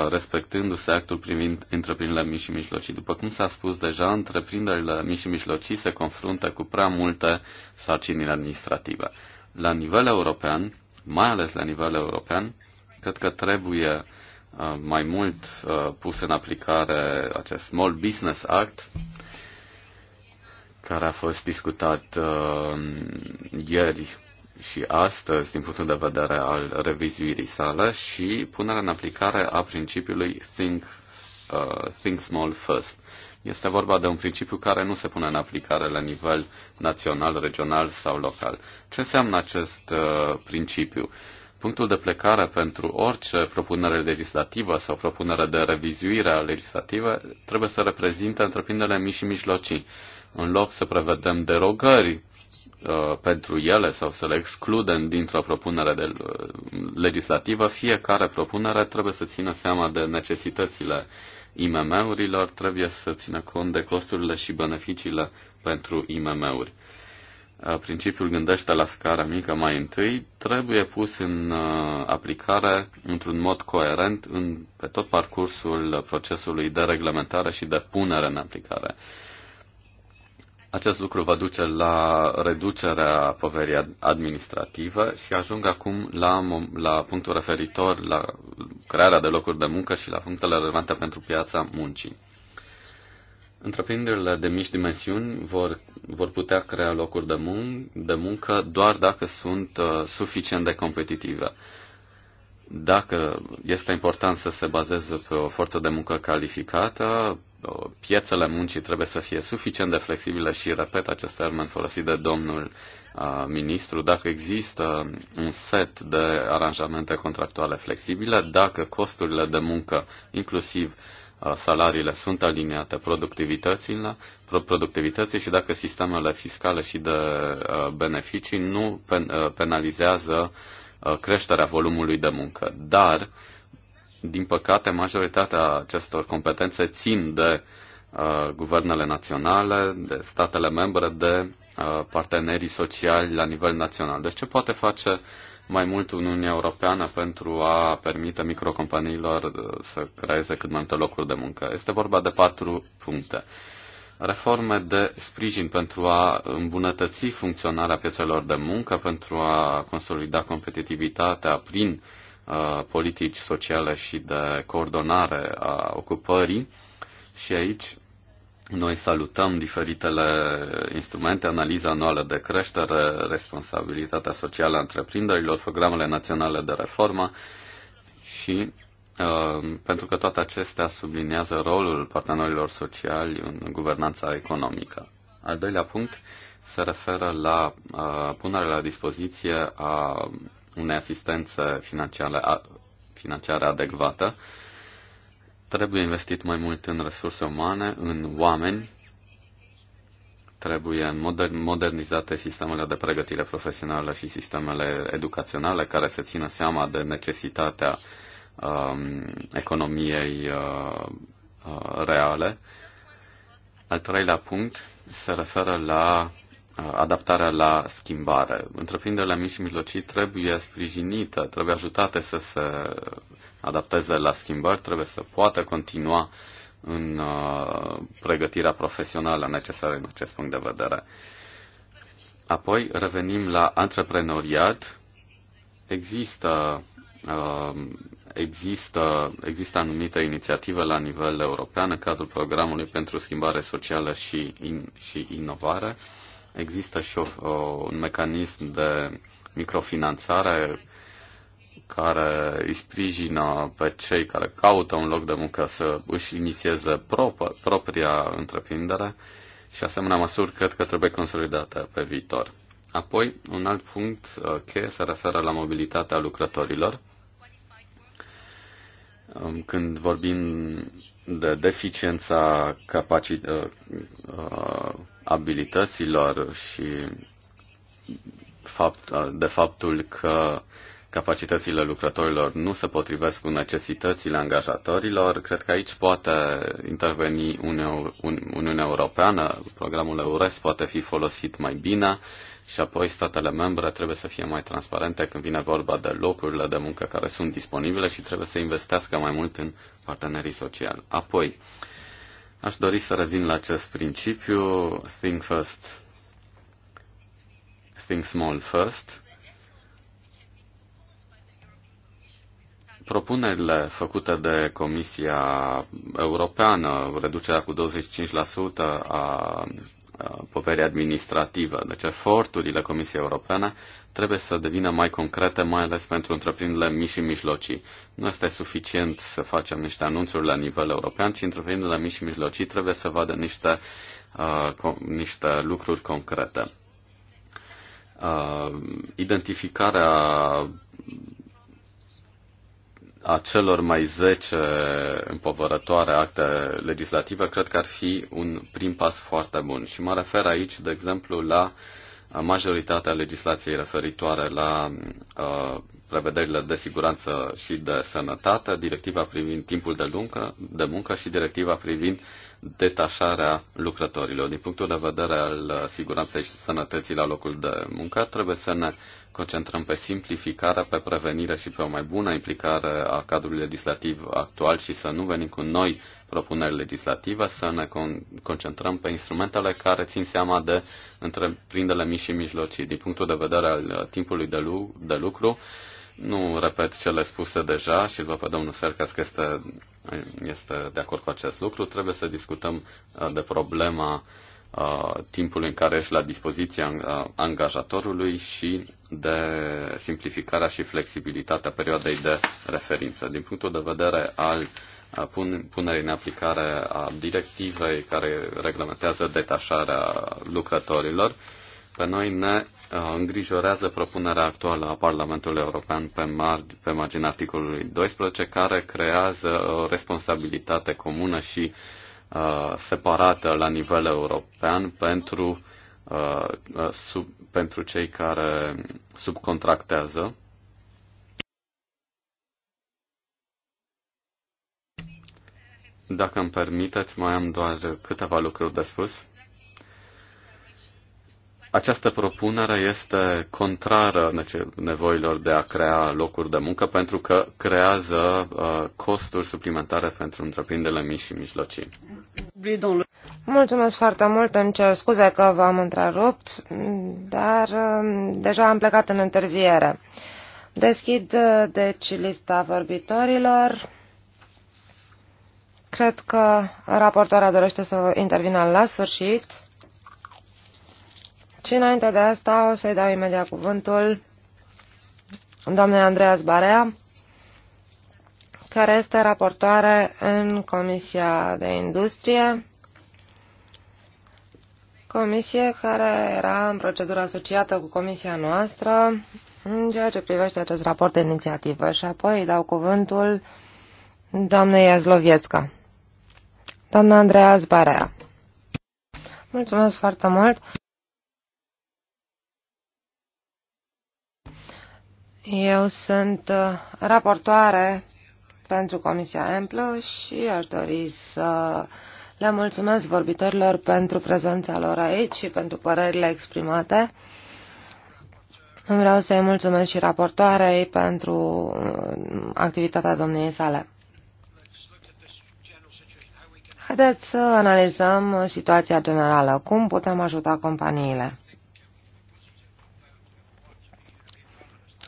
respectându-se actul privind întreprinderile mici și mijlocii. După cum s-a spus deja, întreprinderile mici și mijlocii se confruntă cu prea multe sarcini administrative. La nivel european, mai ales la nivel european, Cred că trebuie uh, mai mult uh, pus în aplicare acest Small Business Act care a fost discutat uh, ieri și astăzi din punctul de vedere al revizuirii sale și punerea în aplicare a principiului Think, uh, think Small First. Este vorba de un principiu care nu se pune în aplicare la nivel național, regional sau local. Ce înseamnă acest uh, principiu? Uh, punctul de plecare pentru orice propunere legislativă sau propunere de revizuire a legislativă trebuie să reprezinte întreprinderile mici și mijlocii. În loc să prevedem derogări uh, pentru ele sau să le excludem dintr-o propunere de uh, legislativă, fiecare propunere trebuie să țină seama de necesitățile IMM-urilor, trebuie să țină cont de costurile și beneficiile pentru IMM-uri principiul gândește la scară mică mai întâi trebuie pus în aplicare într-un mod coerent în, pe tot parcursul procesului de reglementare și de punere în aplicare. Acest lucru va duce la reducerea poverii administrative și ajung acum la, la punctul referitor la crearea de locuri de muncă și la punctele relevante pentru piața muncii. Întreprinderile de mici dimensiuni vor, vor putea crea locuri de, mun- de muncă doar dacă sunt uh, suficient de competitive. Dacă este important să se bazeze pe o forță de muncă calificată, piețele muncii trebuie să fie suficient de flexibile și, repet, acest termen folosit de domnul uh, ministru, dacă există un set de aranjamente contractuale flexibile, dacă costurile de muncă, inclusiv uh, salariile sunt aliniate productivității, productivității și dacă sistemele fiscale și de uh, beneficii nu uh, penalizează uh, creșterea volumului de muncă. Dar, din păcate, majoritatea acestor competențe țin de guvernele naționale, de statele membre, de partenerii sociali la nivel național. Deci ce poate face uh, mai mult Uniunea Europeană pentru a permite microcompaniilor uh, să creeze cât mai multe locuri de muncă. Este vorba de patru puncte. Reforme de sprijin pentru a îmbunătăți funcționarea piețelor de muncă, pentru a consolida competitivitatea prin uh, politici sociale și de coordonare a ocupării. Și aici noi salutăm diferitele instrumente, analiza anuală de creștere, responsabilitatea socială a întreprinderilor, programele naționale de reformă și uh, pentru că toate acestea subliniază rolul partenerilor sociali în guvernanța economică. Al doilea punct se referă la uh, punerea la dispoziție a unei asistențe financiare, financiare adecvată Trebuie investit mai mult în resurse umane, în oameni, trebuie modernizate sistemele de pregătire profesională și sistemele educaționale care să se țină seama de necesitatea um, economiei uh, uh, reale. Al treilea punct se referă la uh, adaptarea la schimbare. Întreprinderile mici și mijlocii trebuie sprijinite, trebuie ajutate să se adapteze la schimbări, trebuie să poată continua în uh, pregătirea profesională necesară în acest punct de vedere. Apoi revenim la antreprenoriat. Există, uh, există, există anumite inițiative la nivel european în cadrul programului pentru schimbare socială și, in, și inovare. Există și o, o, un mecanism de microfinanțare care îi sprijină pe cei care caută un loc de muncă să își inițieze prop- propria întreprindere și asemenea măsuri cred că trebuie consolidate pe viitor. Apoi, un alt punct uh, cheie se referă la mobilitatea lucrătorilor. Um, când vorbim de deficiența capaci- uh, uh, abilităților și de faptul că capacitățile lucrătorilor nu se potrivesc cu necesitățile angajatorilor, cred că aici poate interveni Uniunea Europeană, programul EURES poate fi folosit mai bine și apoi statele membre trebuie să fie mai transparente când vine vorba de locurile de muncă care sunt disponibile și trebuie să investească mai mult în partenerii sociali. Apoi, aș dori să revin la acest principiu, think first, think small first, Propunerile făcute de Comisia Europeană, reducerea cu 25% a poverii administrative, deci eforturile Comisiei Europene trebuie să devină mai concrete, mai ales pentru întreprinderile mici și mijlocii. Nu este suficient să facem niște anunțuri la nivel european, ci întreprinderile mici și mijlocii trebuie să vadă niște, uh, niște lucruri concrete. Uh, identificarea a celor mai 10 împovărătoare acte legislative, cred că ar fi un prim pas foarte bun. Și mă refer aici, de exemplu, la majoritatea legislației referitoare la uh, prevederile de siguranță și de sănătate, directiva privind timpul de, luncă, de muncă și directiva privind detașarea lucrătorilor. Din punctul de vedere al siguranței și sănătății la locul de muncă, trebuie să ne concentrăm pe simplificare, pe prevenire și pe o mai bună implicare a cadrului legislativ actual și să nu venim cu noi propuneri legislative, să ne con- concentrăm pe instrumentele care țin seama de întreprinderile mici și mijlocii. Din punctul de vedere al timpului de, lu- de lucru, nu repet cele spuse deja și vă pe domnul Sercas că este, este de acord cu acest lucru. Trebuie să discutăm uh, de problema uh, timpului în care ești la dispoziția uh, angajatorului și de simplificarea și flexibilitatea perioadei de referință. Din punctul de vedere al punerii în aplicare a directivei care reglementează detașarea lucrătorilor, pe noi ne uh, îngrijorează propunerea actuală a Parlamentului European pe, mar- pe marginea articolului 12, care creează o responsabilitate comună și uh, separată la nivel european pentru, uh, uh, sub, pentru cei care subcontractează. Dacă îmi permiteți, mai am doar câteva lucruri de spus. Această propunere este contrară nevoilor de a crea locuri de muncă pentru că creează uh, costuri suplimentare pentru întreprinderile mici și mijlocii. Mulțumesc foarte mult, îmi cer scuze că v-am întrerupt, dar uh, deja am plecat în întârziere. Deschid uh, deci lista vorbitorilor. Cred că raportoarea dorește să intervină la sfârșit. Și înainte de asta o să-i dau imediat cuvântul doamnei Andreas Barea, care este raportoare în Comisia de Industrie, comisie care era în procedură asociată cu comisia noastră în ceea ce privește acest raport de inițiativă. Și apoi îi dau cuvântul doamnei Iazloviețca. Doamna Andreea Zbarea. Mulțumesc foarte mult. Eu sunt uh, raportoare pentru Comisia Emplă și aș dori să le mulțumesc vorbitorilor pentru prezența lor aici și pentru părerile exprimate. vreau să-i mulțumesc și raportoarei pentru uh, activitatea domniei sale. Haideți să analizăm situația generală. Cum putem ajuta companiile?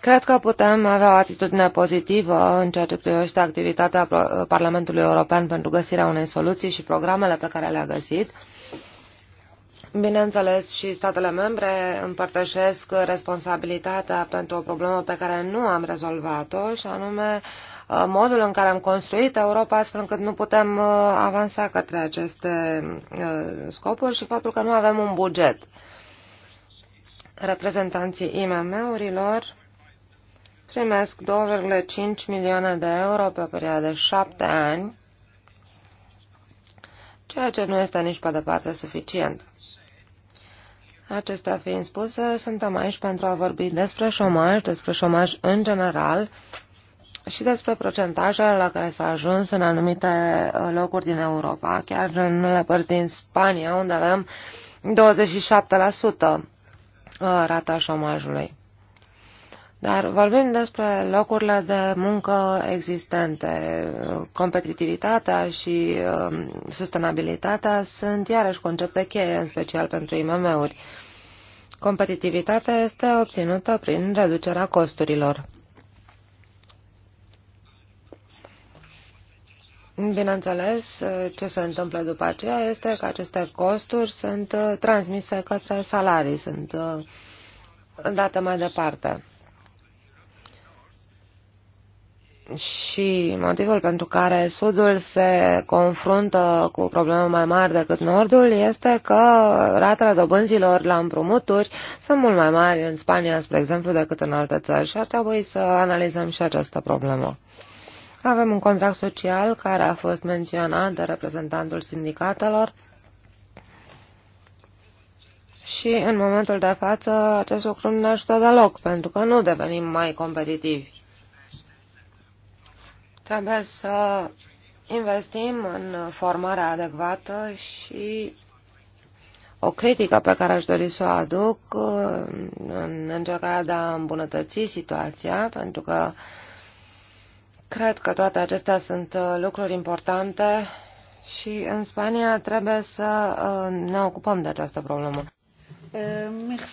Cred că putem avea o atitudine pozitivă în ceea ce privește activitatea Parlamentului European pentru găsirea unei soluții și programele pe care le-a găsit. Bineînțeles, și statele membre împărtășesc responsabilitatea pentru o problemă pe care nu am rezolvat-o, și anume uh, modul în care am construit Europa astfel încât nu putem uh, avansa către aceste uh, scopuri și faptul că nu avem un buget. Reprezentanții IMM-urilor primesc 2,5 milioane de euro pe o perioadă de 7 ani, ceea ce nu este nici pe departe suficient. Acestea fiind spuse, suntem aici pentru a vorbi despre șomaj, despre șomaj în general și despre procentajele la care s-a ajuns în anumite uh, locuri din Europa, chiar în unele părți din Spania, unde avem 27% uh, rata șomajului. Dar vorbim despre locurile de muncă existente. Competitivitatea și um, sustenabilitatea sunt iarăși concepte cheie, în special pentru IMM-uri. Competitivitatea este obținută prin reducerea costurilor. Bineînțeles, ce se întâmplă după aceea este că aceste costuri sunt transmise către salarii, sunt uh, date mai departe. și motivul pentru care Sudul se confruntă cu probleme mai mari decât Nordul este că ratele dobânzilor la împrumuturi sunt mult mai mari în Spania, spre exemplu, decât în alte țări și ar trebui să analizăm și această problemă. Avem un contract social care a fost menționat de reprezentantul sindicatelor și în momentul de față acest lucru nu ne ajută deloc, pentru că nu devenim mai competitivi Trebuie să investim în formarea adecvată și o critică pe care aș dori să o aduc uh, în încercarea de a îmbunătăți situația, pentru că cred că toate acestea sunt uh, lucruri importante și în Spania trebuie să uh, ne ocupăm de această problemă. Merci.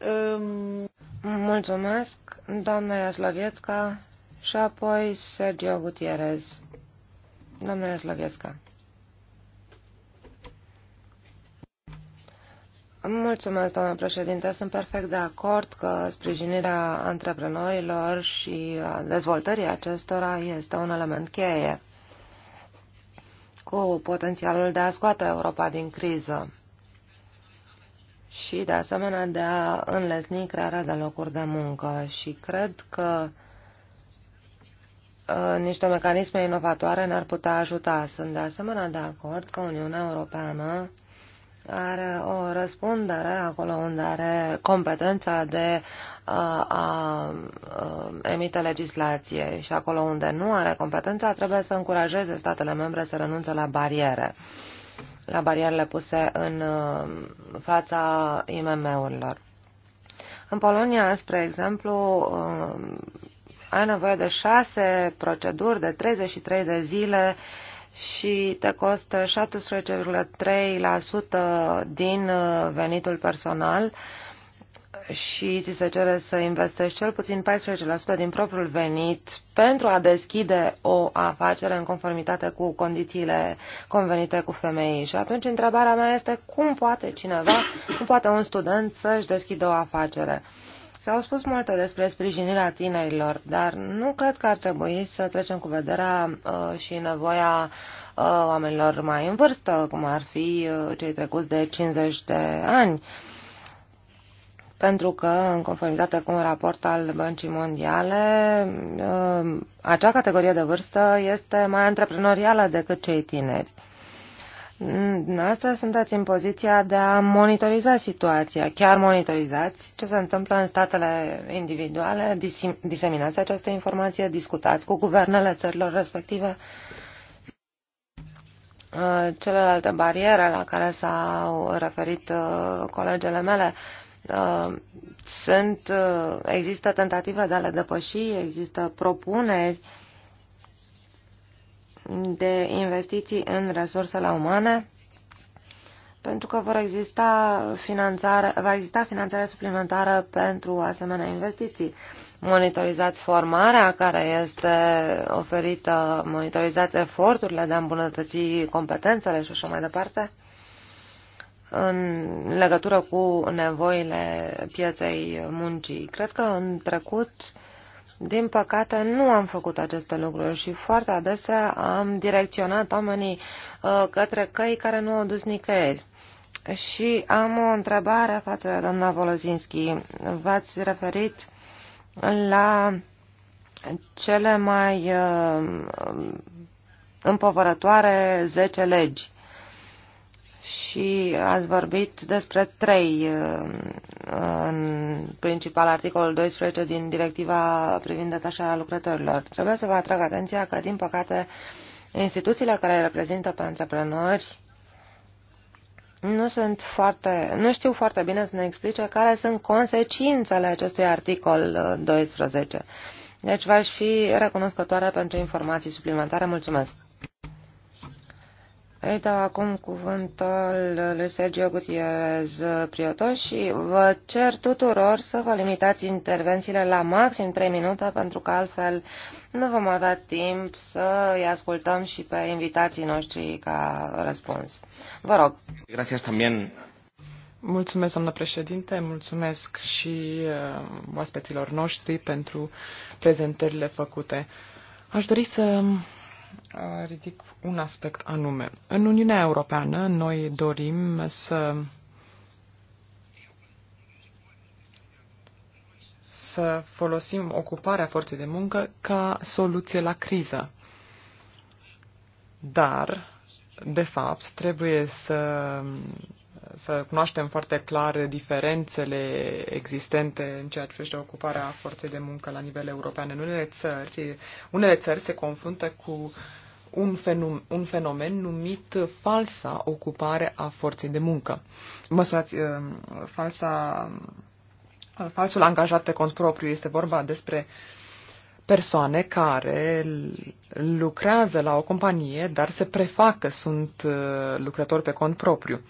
Um. Mulțumesc, doamna Iaslovietca și apoi Sergio Gutierrez. Domnule Sloviesca. Mulțumesc, doamnă președinte. Sunt perfect de acord că sprijinirea antreprenorilor și dezvoltării acestora este un element cheie cu potențialul de a scoate Europa din criză și, de asemenea, de a înlesni crearea de locuri de muncă. Și cred că Uh, niște mecanisme inovatoare ne-ar putea ajuta. Sunt de asemenea de acord că Uniunea Europeană are o răspundere acolo unde are competența de uh, a, a uh, emite legislație și acolo unde nu are competența trebuie să încurajeze statele membre să renunțe la bariere, la barierele puse în fața IMM-urilor. În Polonia, spre exemplu, ai nevoie de șase proceduri de 33 de zile și te costă 17,3% din uh, venitul personal și ți se cere să investești cel puțin 14% din propriul venit pentru a deschide o afacere în conformitate cu condițiile convenite cu femeii Și atunci întrebarea mea este cum poate cineva, cum poate un student să-și deschidă o afacere. Uh, S-au spus multe despre sprijinirea tinerilor, dar nu cred că ar trebui să trecem cu vederea uh, și nevoia uh, oamenilor mai în vârstă, cum ar fi uh, cei trecuți de 50 de ani. Pentru că, în conformitate cu un raport al Băncii Mondiale, uh, acea categorie de vârstă este mai antreprenorială decât cei tineri. Asta sunteți în poziția de a monitoriza situația. Chiar monitorizați ce se întâmplă în statele individuale, diseminați această informație, discutați cu guvernele țărilor respective uh, celelalte bariere la care s-au referit uh, colegele mele. Uh, sunt, există tentative de a le depăși, există propuneri de investiții în resursele umane, pentru că vor exista finanțare, va exista finanțare suplimentară pentru asemenea investiții. Monitorizați formarea care este oferită, monitorizați eforturile de a îmbunătăți competențele și așa mai departe în legătură cu nevoile pieței muncii. Cred că în trecut uh, din păcate, nu am făcut aceste lucruri și foarte adesea am direcționat oamenii uh, către căi care nu au dus nicăieri. Și am o întrebare față de doamna Volozinski. V-ați referit la cele mai uh, împovărătoare 10 legi și ați vorbit despre trei uh, în principal articolul 12 din directiva privind detașarea lucrătorilor. Trebuie să vă atrag atenția că, din păcate, instituțiile care reprezintă pe antreprenori nu sunt foarte, nu știu foarte bine să ne explice care sunt consecințele acestui articol 12. Uh, deci v-aș fi recunoscătoare pentru informații suplimentare. Mulțumesc! Îi dau acum cuvântul lui Sergio Gutierrez Prioto și vă cer tuturor să vă limitați intervențiile la maxim 3 minute, pentru că altfel nu vom avea timp să îi ascultăm și pe invitații noștri ca răspuns. Vă rog. Gracias también. Mulțumesc, doamnă președinte, mulțumesc și uh, oaspeților noștri pentru prezentările făcute. Aș dori să ridic un aspect anume. În Uniunea Europeană noi dorim să să folosim ocuparea forței de muncă ca soluție la criză. Dar, de fapt, trebuie să să cunoaștem foarte clar diferențele existente în ceea ce privește ocuparea forței de muncă la nivel european. În unele țări, unele țări se confruntă cu un, fenomen, un fenomen numit falsa ocupare a forței de muncă. Măsurați, uh, falsa, uh, falsul angajat pe cont propriu este vorba despre persoane care lucrează la o companie, dar se prefac sunt uh, lucrători pe cont propriu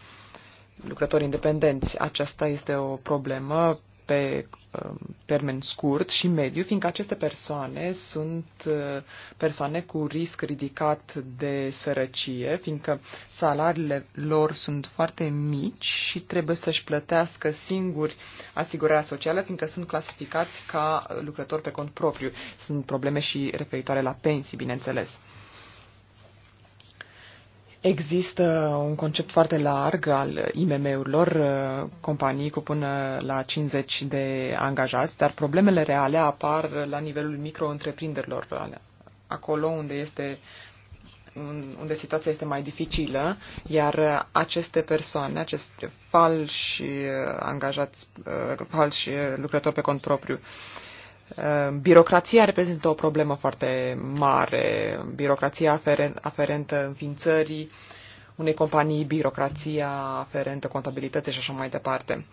lucrători independenți. Aceasta este o problemă pe um, termen scurt și mediu, fiindcă aceste persoane sunt uh, persoane cu risc ridicat de sărăcie, fiindcă salariile lor sunt foarte mici și trebuie să-și plătească singuri asigurarea socială, fiindcă sunt clasificați ca lucrători pe cont propriu. Sunt probleme și referitoare la pensii, bineînțeles. Există un concept foarte larg al IMM-urilor, uh, companii cu până la 50 de angajați, dar problemele reale apar la nivelul micro-întreprinderilor, acolo unde este unde situația este mai dificilă, iar aceste persoane, aceste falși uh, angajați, uh, falși lucrători pe cont propriu, uh, Ehm, birocrația reprezintă o problemă foarte mare, birocrația aferentă înființării unei companii, birocrația aferentă contabilității și așa mai departe.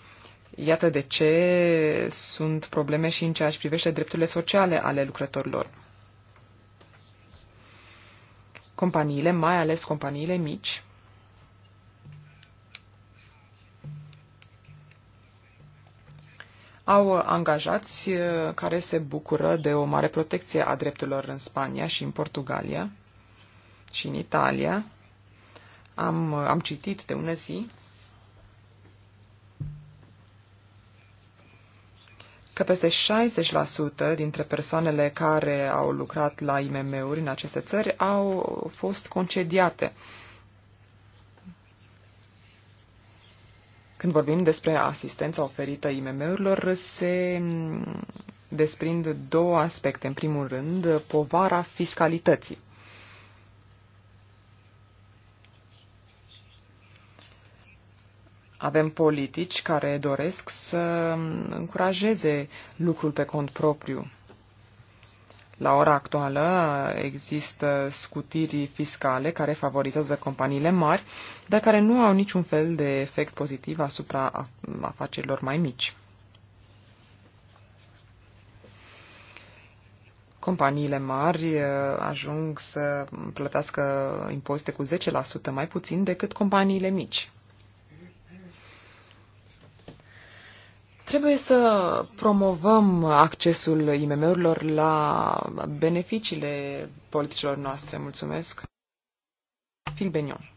Iată de ce sunt probleme și în ceea ce privește drepturile sociale ale lucrătorilor. Companiile, mai ales companiile mici, au angajați uh, care se bucură de o mare protecție a drepturilor în Spania și în Portugalia și în Italia. Am, uh, am citit de ună zi că peste 60% dintre persoanele care au lucrat la IMM-uri în aceste țări au fost concediate Când vorbim despre asistența oferită IMM-urilor, se desprind două aspecte. În primul rând, povara fiscalității. Avem politici care doresc să încurajeze lucrul pe cont propriu. La ora actuală există scutiri fiscale care favorizează companiile mari, dar care nu au niciun fel de efect pozitiv asupra afacerilor mai mici. Companiile mari uh, ajung să plătească impozite cu 10% mai puțin decât companiile mici. Trebuie să promovăm accesul IMM-urilor la beneficiile politicilor noastre. Mulțumesc. Phil Benion.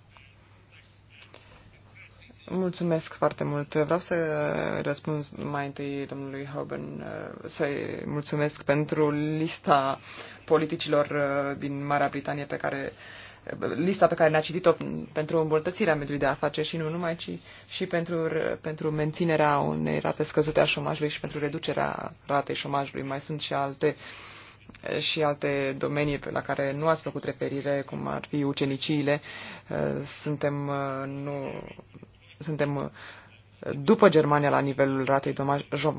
Mulțumesc foarte mult. Vreau să răspund mai întâi domnului Hoban, uh, să-i mulțumesc pentru lista politicilor uh, din Marea Britanie pe care uh, lista pe care ne-a citit-o pentru îmbunătățirea mediului de afaceri și nu numai, ci și pentru, pentru menținerea unei rate scăzute a șomajului și pentru reducerea ratei șomajului. Mai sunt și alte și alte domenii pe la care nu ați făcut referire, cum ar fi uceniciile. Suntem, nu, suntem după Germania la nivelul ratei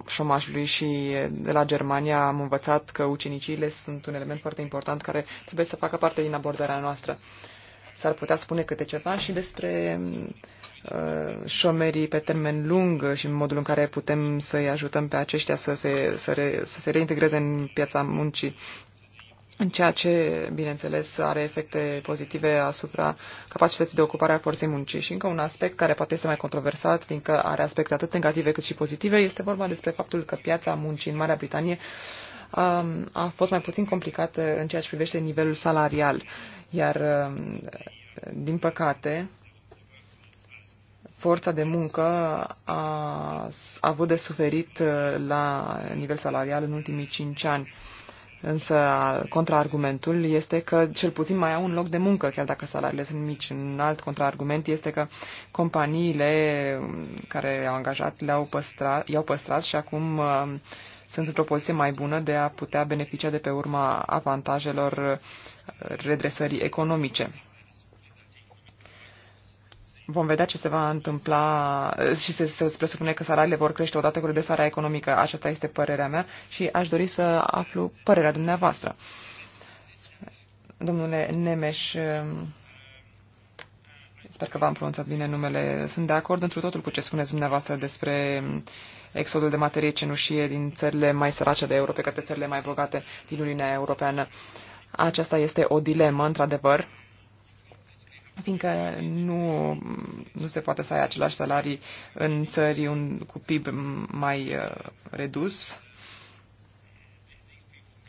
șomajului și de la Germania am învățat că uceniciile sunt un element foarte important care trebuie să facă parte din abordarea noastră. S-ar putea spune câte ceva și despre uh, șomerii pe termen lung și modul în care putem să-i ajutăm pe aceștia să se, să, re, să se reintegreze în piața muncii în ceea ce, bineînțeles, are efecte pozitive asupra capacității de ocupare a forței muncii. Și încă un aspect care poate este mai controversat, fiindcă are aspecte atât negative cât și pozitive, este vorba despre faptul că piața muncii în Marea Britanie um, a fost mai puțin complicată în ceea ce privește nivelul salarial. Iar, um, din păcate, forța de muncă a, a avut de suferit uh, la nivel salarial în ultimii cinci ani. Însă contraargumentul este că cel puțin mai au un loc de muncă, chiar dacă salariile sunt mici. Un alt contraargument este că companiile care au angajat le-au păstrat, i-au păstrat și acum uh, sunt într-o poziție mai bună de a putea beneficia de pe urma avantajelor redresării economice vom vedea ce se va întâmpla și se, se presupune că salariile vor crește odată cu redesarea economică. Aceasta este părerea mea și aș dori să aflu părerea dumneavoastră. Domnule Nemes, sper că v-am pronunțat bine numele, sunt de acord întru totul cu ce spuneți dumneavoastră despre exodul de materie cenușie din țările mai sărace de Europa către țările mai bogate din Uniunea Europeană. Aceasta este o dilemă, într-adevăr, fiindcă nu, nu se poate să ai același salarii în țări un, cu PIB mai uh, redus,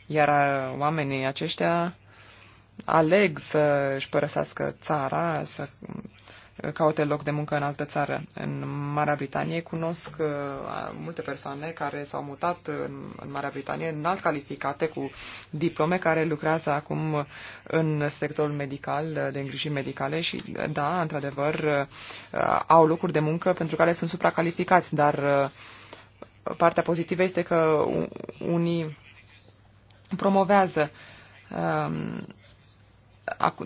iar uh, oamenii aceștia aleg să își părăsească țara, să caute loc de muncă în altă țară. În Marea Britanie cunosc uh, multe persoane care s-au mutat în Marea Britanie înalt calificate cu diplome care lucrează acum în sectorul medical, uh, de îngrijiri medicale și, da, într-adevăr, uh, au locuri de muncă pentru care sunt supracalificați, dar partea pozitivă este că unii promovează um,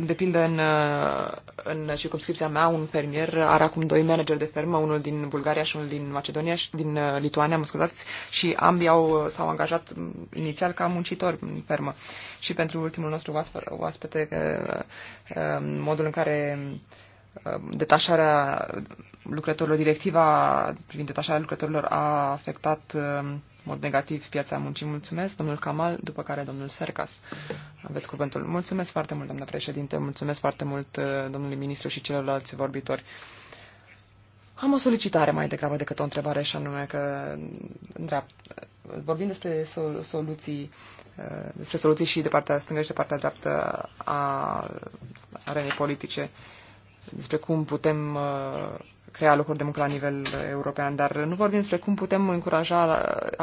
depinde în, uh, în circumscripția mea, un fermier are acum doi manageri de fermă, unul din Bulgaria și unul din Macedonia și din uh, Lituania, mă scuzați, și ambii au, uh, s-au angajat inițial ca muncitori în fermă. Și pentru ultimul nostru oaspete, modul în care detașarea lucrătorilor, directiva privind detașarea lucrătorilor a afectat mod negativ piața muncii. Mulțumesc, domnul Kamal, după care domnul Sercas. Aveți cuvântul. Mulțumesc foarte mult, doamna președinte, mulțumesc foarte mult uh, domnului ministru și celorlalți vorbitori. Am o solicitare mai degrabă decât o întrebare și anume că îndreapt, vorbim despre soluții uh, despre soluții și de partea stângă și de partea dreaptă a arenei politice, despre cum putem uh, crea locuri de muncă la nivel european, dar nu vorbim despre cum putem încuraja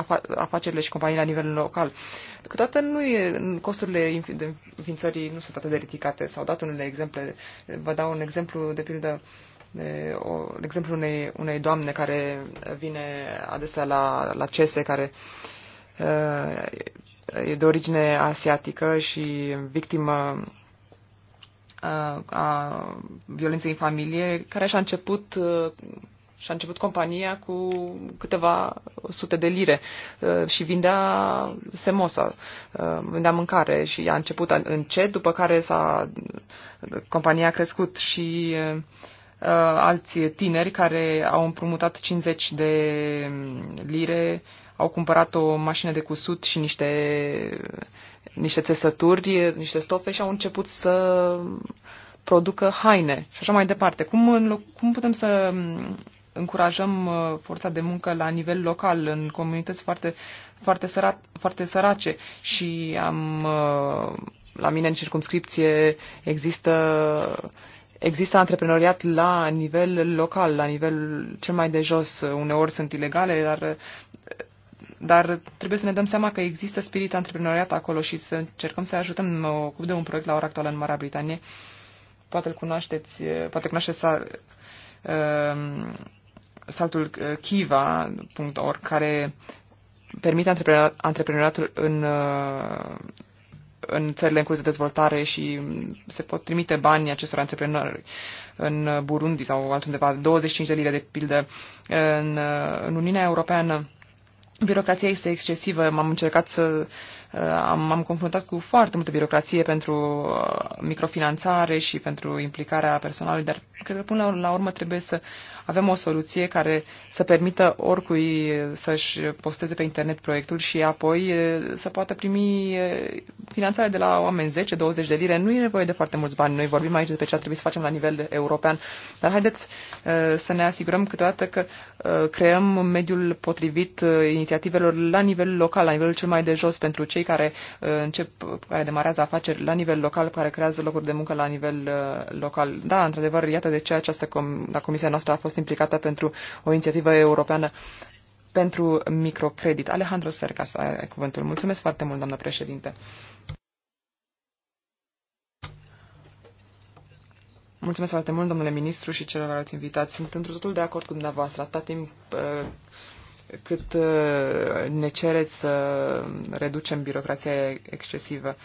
uh, afacerile și companiile la nivel local. Câteodată nu e, costurile de înființării nu sunt atât de ridicate. S-au dat unele exemple. Vă dau un exemplu, de pildă, de, o, de exemplu unei, unei doamne care vine adesea la, la CESE, care uh, e de origine asiatică și victimă Uh, a violenței în familie, care și-a început uh, și-a început compania cu câteva sute de lire uh, și vindea semosa, vindea mâncare și a început încet, după care s-a, compania a crescut și alți tineri care au împrumutat 50 de lire, au cumpărat o mașină de cusut și niște niște țesături, niște stofe și au început să producă haine și așa mai departe. Cum, în, cum putem să mm, încurajăm uh, forța de muncă la nivel local, în comunități foarte, foarte, sărat, foarte sărace și am, uh, la mine în circumscripție există Există antreprenoriat la nivel local, la nivel cel mai de jos, uneori sunt ilegale, dar dar trebuie să ne dăm seama că există spirit antreprenoriat acolo și să încercăm să ajutăm. Mă ocup de un proiect la ora actuală în Marea Britanie. Poate îl cunoașteți, eh, poate cunoașteți sa, uh, saltul eh, kiva.org care permite antreprenor, antreprenoriatul în uh, în țările în curs de dezvoltare și se pot trimite banii acestor antreprenori în Burundi sau altundeva, 25 de lire de pildă. În, în Uniunea Europeană Birocrația este excesivă. M-am încercat să uh, m-am confruntat cu foarte multă birocrație pentru uh, microfinanțare și pentru implicarea personalului, dar Cred că până la urmă trebuie să avem o soluție care să permită oricui să-și posteze pe internet proiectul și apoi să poată primi finanțare de la oameni 10-20 de lire. Nu e nevoie de foarte mulți bani. Noi vorbim aici despre ce ar trebui să facem la nivel european. Dar haideți să ne asigurăm câteodată că creăm mediul potrivit inițiativelor la nivel local, la nivelul cel mai de jos pentru cei care încep, care demarează afaceri la nivel local, care creează locuri de muncă la nivel local. Da, într-adevăr, iată de ce această com la da, comisia noastră a fost implicată pentru o inițiativă europeană pentru microcredit. Alejandro Sercas, ai cuvântul. Mulțumesc foarte mult, doamnă președinte. Mulțumesc foarte mult, domnule ministru și celorlalți invitați. Sunt într totul de acord cu dumneavoastră. Atâta timp uh, cât uh, ne cereți să reducem birocrația excesivă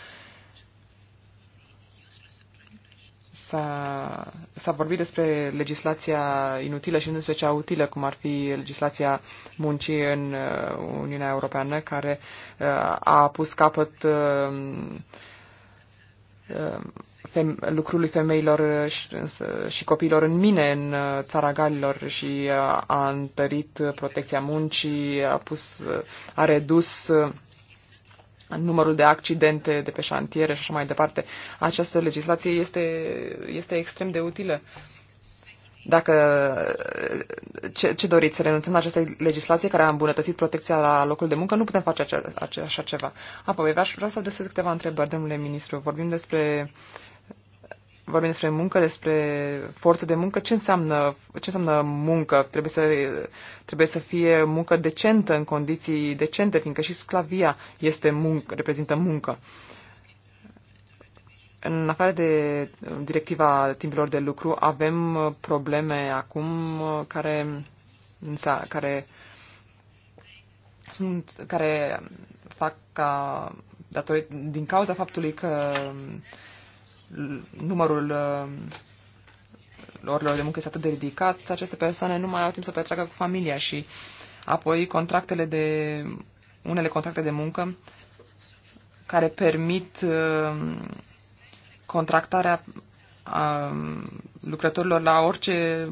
S-a, s-a vorbit despre legislația inutilă și nu despre cea utilă, cum ar fi legislația muncii în uh, Uniunea Europeană, care uh, a pus capăt uh, lucrului femeilor și, și copiilor în mine, în țara Galilor și a întărit protecția muncii, a, pus, a redus numărul de accidente de pe șantiere și așa mai departe. Această legislație este, este extrem de utilă. Dacă ce, ce doriți, să renunțăm la această legislație care a îmbunătățit protecția la locul de muncă, nu putem face așa, așa ceva. Apoi, aș vrea să adresez câteva întrebări, domnule ministru. Vorbim despre vorbim despre muncă, despre forță de muncă, ce înseamnă, ce înseamnă muncă? Trebuie să, trebuie să fie muncă decentă, în condiții decente, fiindcă și sclavia este muncă, reprezintă muncă. În afară de directiva timpilor de lucru, avem probleme acum care, care, sunt, care fac ca, datorită, din cauza faptului că numărul uh, orilor de muncă este atât de ridicat, aceste persoane nu mai au timp să petreacă cu familia și apoi contractele de, unele contracte de muncă care permit uh, contractarea a uh, lucrătorilor la orice,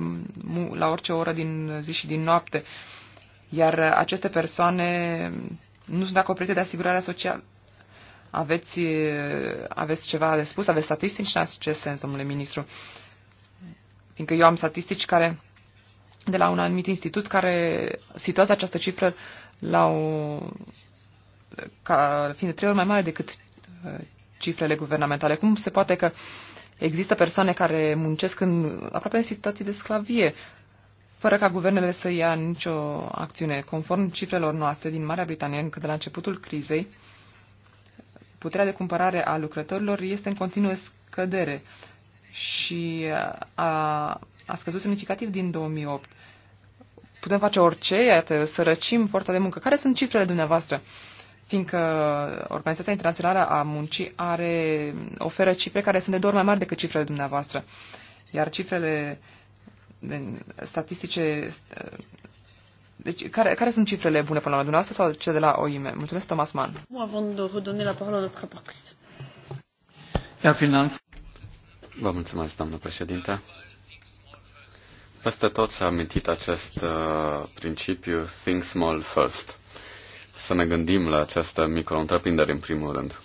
la orice oră din zi și din noapte. Iar aceste persoane nu sunt acoperite de asigurarea socială aveți, aveți ceva de spus? Aveți statistici în acest sens, domnule ministru? Fiindcă eu am statistici care de la un anumit institut care situează această cifră la o, ca fiind de trei ori mai mare decât uh, cifrele guvernamentale. Cum se poate că există persoane care muncesc în aproape în situații de sclavie, fără ca guvernele să ia nicio acțiune. Conform cifrelor noastre din Marea Britanie, încă de la începutul crizei, puterea de cumpărare a lucrătorilor este în continuă scădere și a, a scăzut semnificativ din 2008. Putem face orice, iată, răcim forța de muncă. Care sunt cifrele dumneavoastră? Fiindcă Organizația Internațională a Muncii are, oferă cifre care sunt de două ori mai mari decât cifrele dumneavoastră. Iar cifrele statistice deci, care, care sunt cifrele bune până la dumneavoastră sau cele de la OIM? Mulțumesc, Thomas Mann. Avant de redone la parola à notre rapportrice. Ia final. Vă mulțumesc, doamnă președinte. Peste tot s-a amintit acest uh, principiu, think small first. Să ne gândim la această micro în primul rând.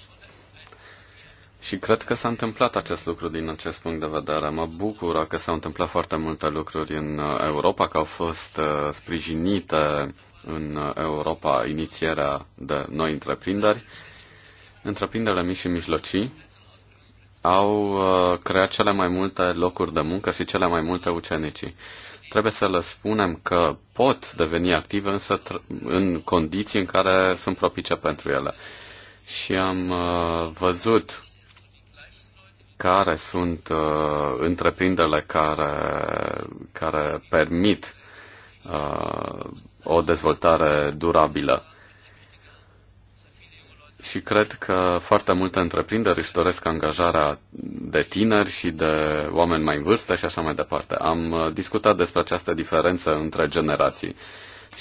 Și cred că s-a întâmplat acest lucru din acest punct de vedere. Mă bucură că s-au întâmplat foarte multe lucruri în uh, Europa, că au fost uh, sprijinite în uh, Europa inițierea de noi întreprinderi. Întreprinderile mici și mijlocii au creat cele mai multe locuri de muncă și cele mai multe ucenicii. Trebuie să le spunem că pot deveni active, însă în condiții în care sunt propice pentru ele. Și am văzut care sunt uh, întreprinderile care, care permit uh, o dezvoltare durabilă. Și cred că foarte multe întreprinderi își doresc angajarea de tineri și de oameni mai în vârstă și așa mai departe. Am uh, discutat despre această diferență între generații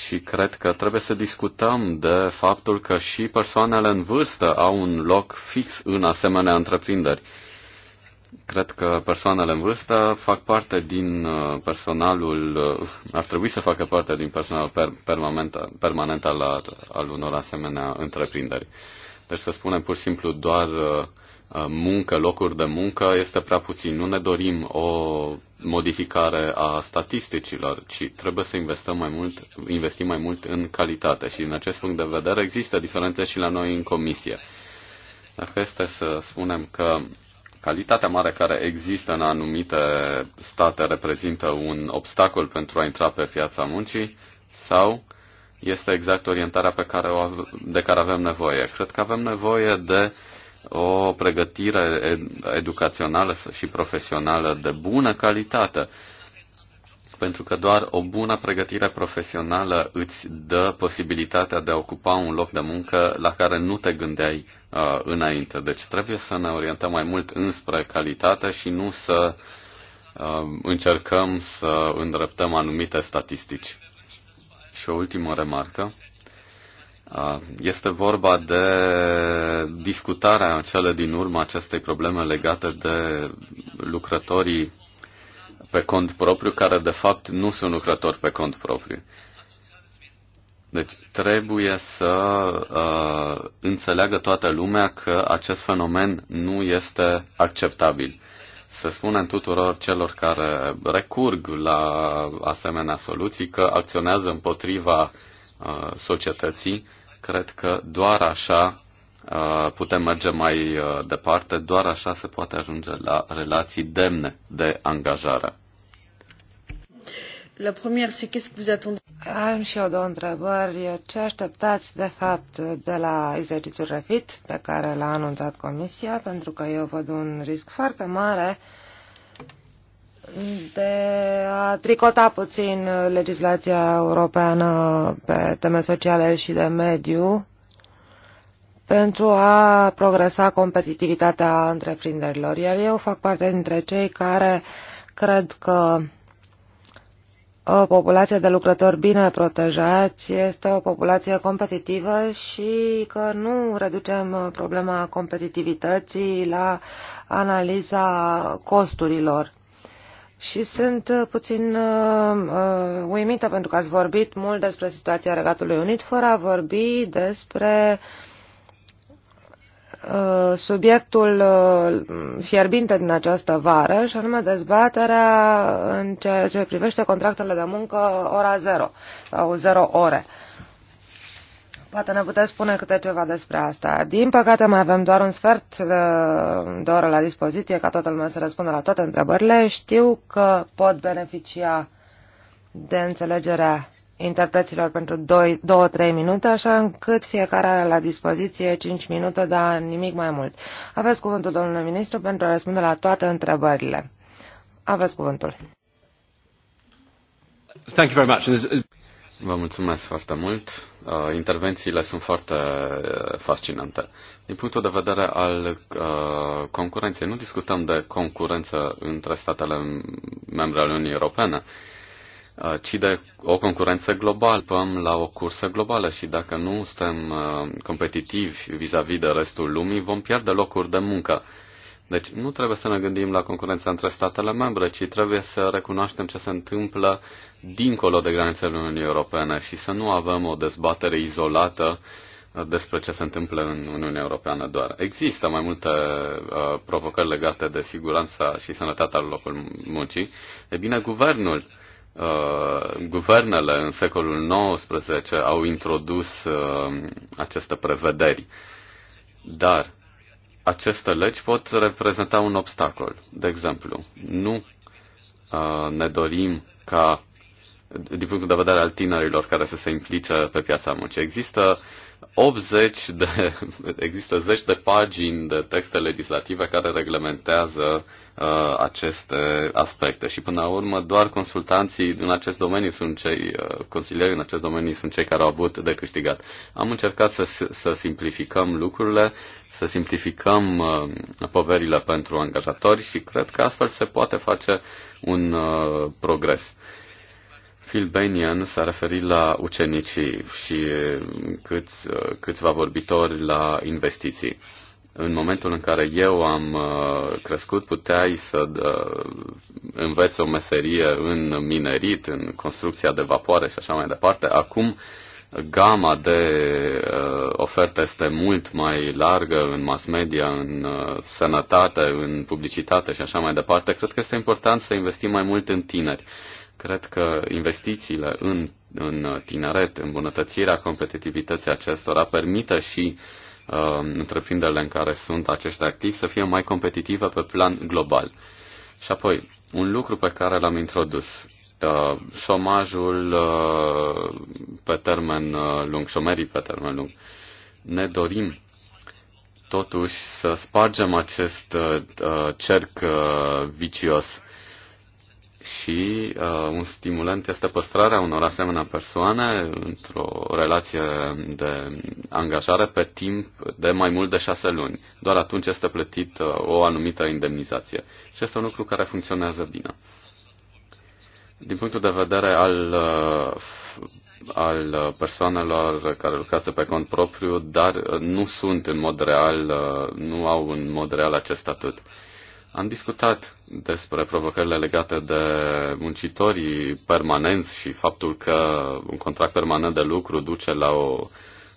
și cred că trebuie să discutăm de faptul că și persoanele în vârstă au un loc fix în asemenea întreprinderi. Uh, Cred că persoanele în vârstă fac parte din uh, personalul, uh, ar trebui să facă parte din personalul per, permanent, permanent al, al unor asemenea întreprinderi. Deci să spunem pur și simplu doar uh, muncă, locuri de muncă, este prea puțin. Nu ne dorim o modificare a statisticilor, ci trebuie să investăm mai mult, investim mai mult în calitate. Și din acest punct de vedere există diferențe și la noi în comisie. Dacă este să spunem că calitatea mare care există în anumite state reprezintă un obstacol pentru a intra pe piața muncii sau este exact orientarea pe care o, de care avem nevoie. Cred că avem nevoie de o pregătire educațională și profesională de bună calitate pentru că doar o bună pregătire profesională îți dă posibilitatea de a ocupa un loc de muncă la care nu te gândeai uh, înainte. Deci trebuie să ne orientăm mai mult înspre calitate și nu să uh, încercăm să îndreptăm anumite statistici. Și o ultimă remarcă. Uh, este vorba de discutarea în cele din urmă acestei probleme legate de lucrătorii pe cont propriu, care de fapt nu sunt lucrători pe cont propriu. Deci trebuie să uh, înțeleagă toată lumea că acest fenomen nu este acceptabil. Să spunem tuturor celor care recurg la asemenea soluții că acționează împotriva uh, societății, cred că doar așa Uh, putem merge mai uh, departe, doar așa se poate ajunge la relații demne de angajare. La première, c'est qu'est-ce que vous attendez? Am și eu două întrebări. Ce așteptați, de fapt, de la exercițiul REFIT pe care l-a anunțat Comisia? Pentru că eu văd un risc foarte mare de a tricota puțin legislația europeană pe teme sociale și de mediu pentru a progresa competitivitatea întreprinderilor. Iar eu fac parte dintre cei care cred că o populație de lucrători bine protejați este o populație competitivă și că nu reducem problema competitivității la analiza costurilor. Și sunt puțin uh, uimită pentru că ați vorbit mult despre situația Regatului Unit fără a vorbi despre uh, Uh, subiectul uh, fierbinte din această vară, și anume dezbaterea în ceea ce privește contractele de muncă ora zero sau zero ore. Poate ne puteți spune câte ceva despre asta. Din păcate mai avem doar un sfert uh, de oră la dispoziție ca toată lumea să răspundă la toate întrebările. Știu că pot beneficia de înțelegerea interpreților pentru 2-3 minute, așa încât fiecare are la dispoziție 5 minute, dar nimic mai mult. Aveți cuvântul, domnule ministru, pentru a răspunde la toate întrebările. Aveți cuvântul. Thank you very much. Vă mulțumesc foarte mult. Uh, intervențiile sunt foarte uh, fascinante. Din punctul de vedere al uh, concurenței, nu discutăm de concurență între statele membre ale Uniunii Europene, Uh, ci de o concurență globală, păm la o cursă globală și dacă nu suntem uh, competitivi vis-a-vis -vis de restul lumii, vom pierde locuri de muncă. Deci nu trebuie să ne gândim la concurența între statele membre, ci trebuie să recunoaștem ce se întâmplă dincolo de granițele Uniunii Europene și să nu avem o dezbatere izolată uh, despre ce se întâmplă în Uniunea Europeană doar. Există mai multe uh, provocări legate de siguranța și sănătatea locului muncii. E bine, guvernul Uh, guvernele în secolul XIX au introdus uh, aceste prevederi, dar aceste legi pot reprezenta un obstacol. De exemplu, nu uh, ne dorim ca, din punctul de vedere al tinerilor care să se implice pe piața muncii, există 80 de, [laughs] există zeci de pagini de texte legislative care reglementează Uh, aceste aspecte. Și până la urmă, doar consultanții în acest domeniu sunt cei, uh, consilierii în acest domeniu sunt cei care au avut de câștigat. Am încercat să, să simplificăm lucrurile, să simplificăm uh, poverile pentru angajatori și cred că astfel se poate face un progres. Phil Banion s-a referit la ucenicii și câți, câțiva vorbitori la investiții în momentul în care eu am uh, crescut, puteai să uh, înveți o meserie în minerit, în construcția de vapoare și așa mai departe. Acum gama de uh, oferte este mult mai largă în mass media, în sănătate, în publicitate și așa mai departe. Cred că este important să investim mai mult în tineri. Cred că investițiile în, în tineret, îmbunătățirea competitivității acestora permită și uh, Uh, întreprinderile în care sunt acești activi să fie mai competitive pe plan global. Și apoi, un lucru pe care l-am introdus, uh, șomajul uh, pe termen uh, lung, șomerii pe termen lung. Ne dorim totuși să spargem acest uh, uh cerc uh, vicios și uh, un stimulant este păstrarea unor asemenea persoane într-o relație de angajare pe timp de mai mult de șase luni. Doar atunci este plătit uh, o anumită indemnizație. Și este un lucru care funcționează bine. Din punctul de vedere al, uh, al persoanelor care lucrează pe cont propriu, dar nu sunt în mod real, uh, nu au în mod real acest statut. Am discutat despre provocările legate de muncitorii permanenți și faptul că un contract permanent de lucru duce la o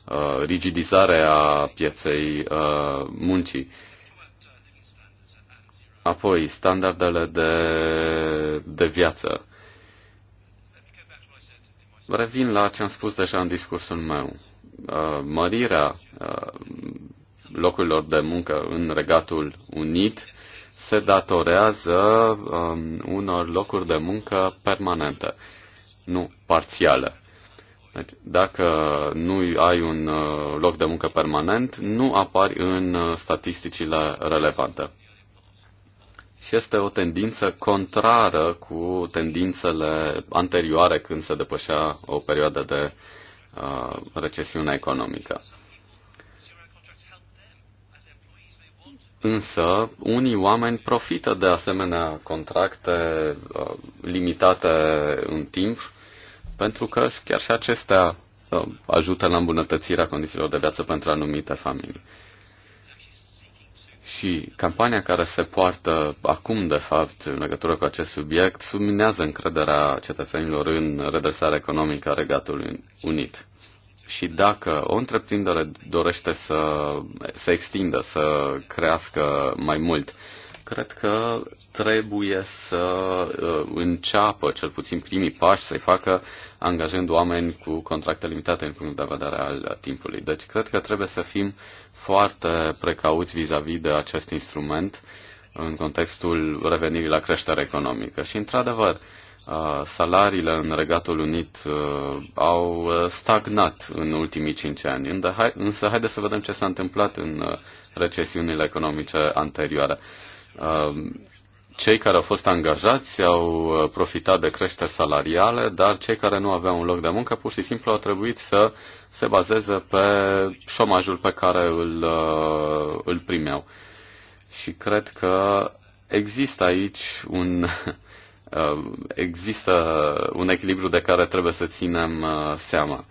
uh, rigidizare a pieței uh, muncii. Apoi, standardele de, de viață. Revin la ce am spus deja în discursul meu. Uh, mărirea uh, locurilor de muncă în Regatul Unit se datorează um, unor locuri de muncă permanente, nu parțiale. Deci, dacă nu ai un uh, loc de muncă permanent, nu apari în uh, statisticile relevante. Și este o tendință contrară cu tendințele anterioare când se depășea o perioadă de uh, recesiune economică. Însă, unii oameni profită de asemenea contracte uh, limitate în timp, pentru că chiar și acestea uh, ajută la îmbunătățirea condițiilor de viață pentru anumite familii. Și campania care se poartă acum, de fapt, în legătură cu acest subiect, subminează încrederea cetățenilor în redresarea economică a Regatului Unit. Și dacă o întreprindere dorește să se extindă, să crească mai mult, cred că trebuie să uh, înceapă cel puțin primii pași să-i facă angajând oameni cu contracte limitate în punct de vedere al timpului. Deci cred că trebuie să fim foarte precauți vis-a-vis -vis de acest instrument în contextul revenirii la creștere economică. Și într-adevăr, Uh, salariile în Regatul Unit uh, au uh, stagnat în ultimii cinci ani. Însă haideți să vedem ce s-a întâmplat în recesiunile economice anterioare. Cei care au fost angajați au profitat de creșteri salariale, dar cei care nu aveau un loc de muncă pur și simplu au trebuit să se bazeze pe șomajul pe care îl, îl primeau. Și cred că există aici un, [laughs] Uh, există un echilibru de care trebuie să ținem uh, seama.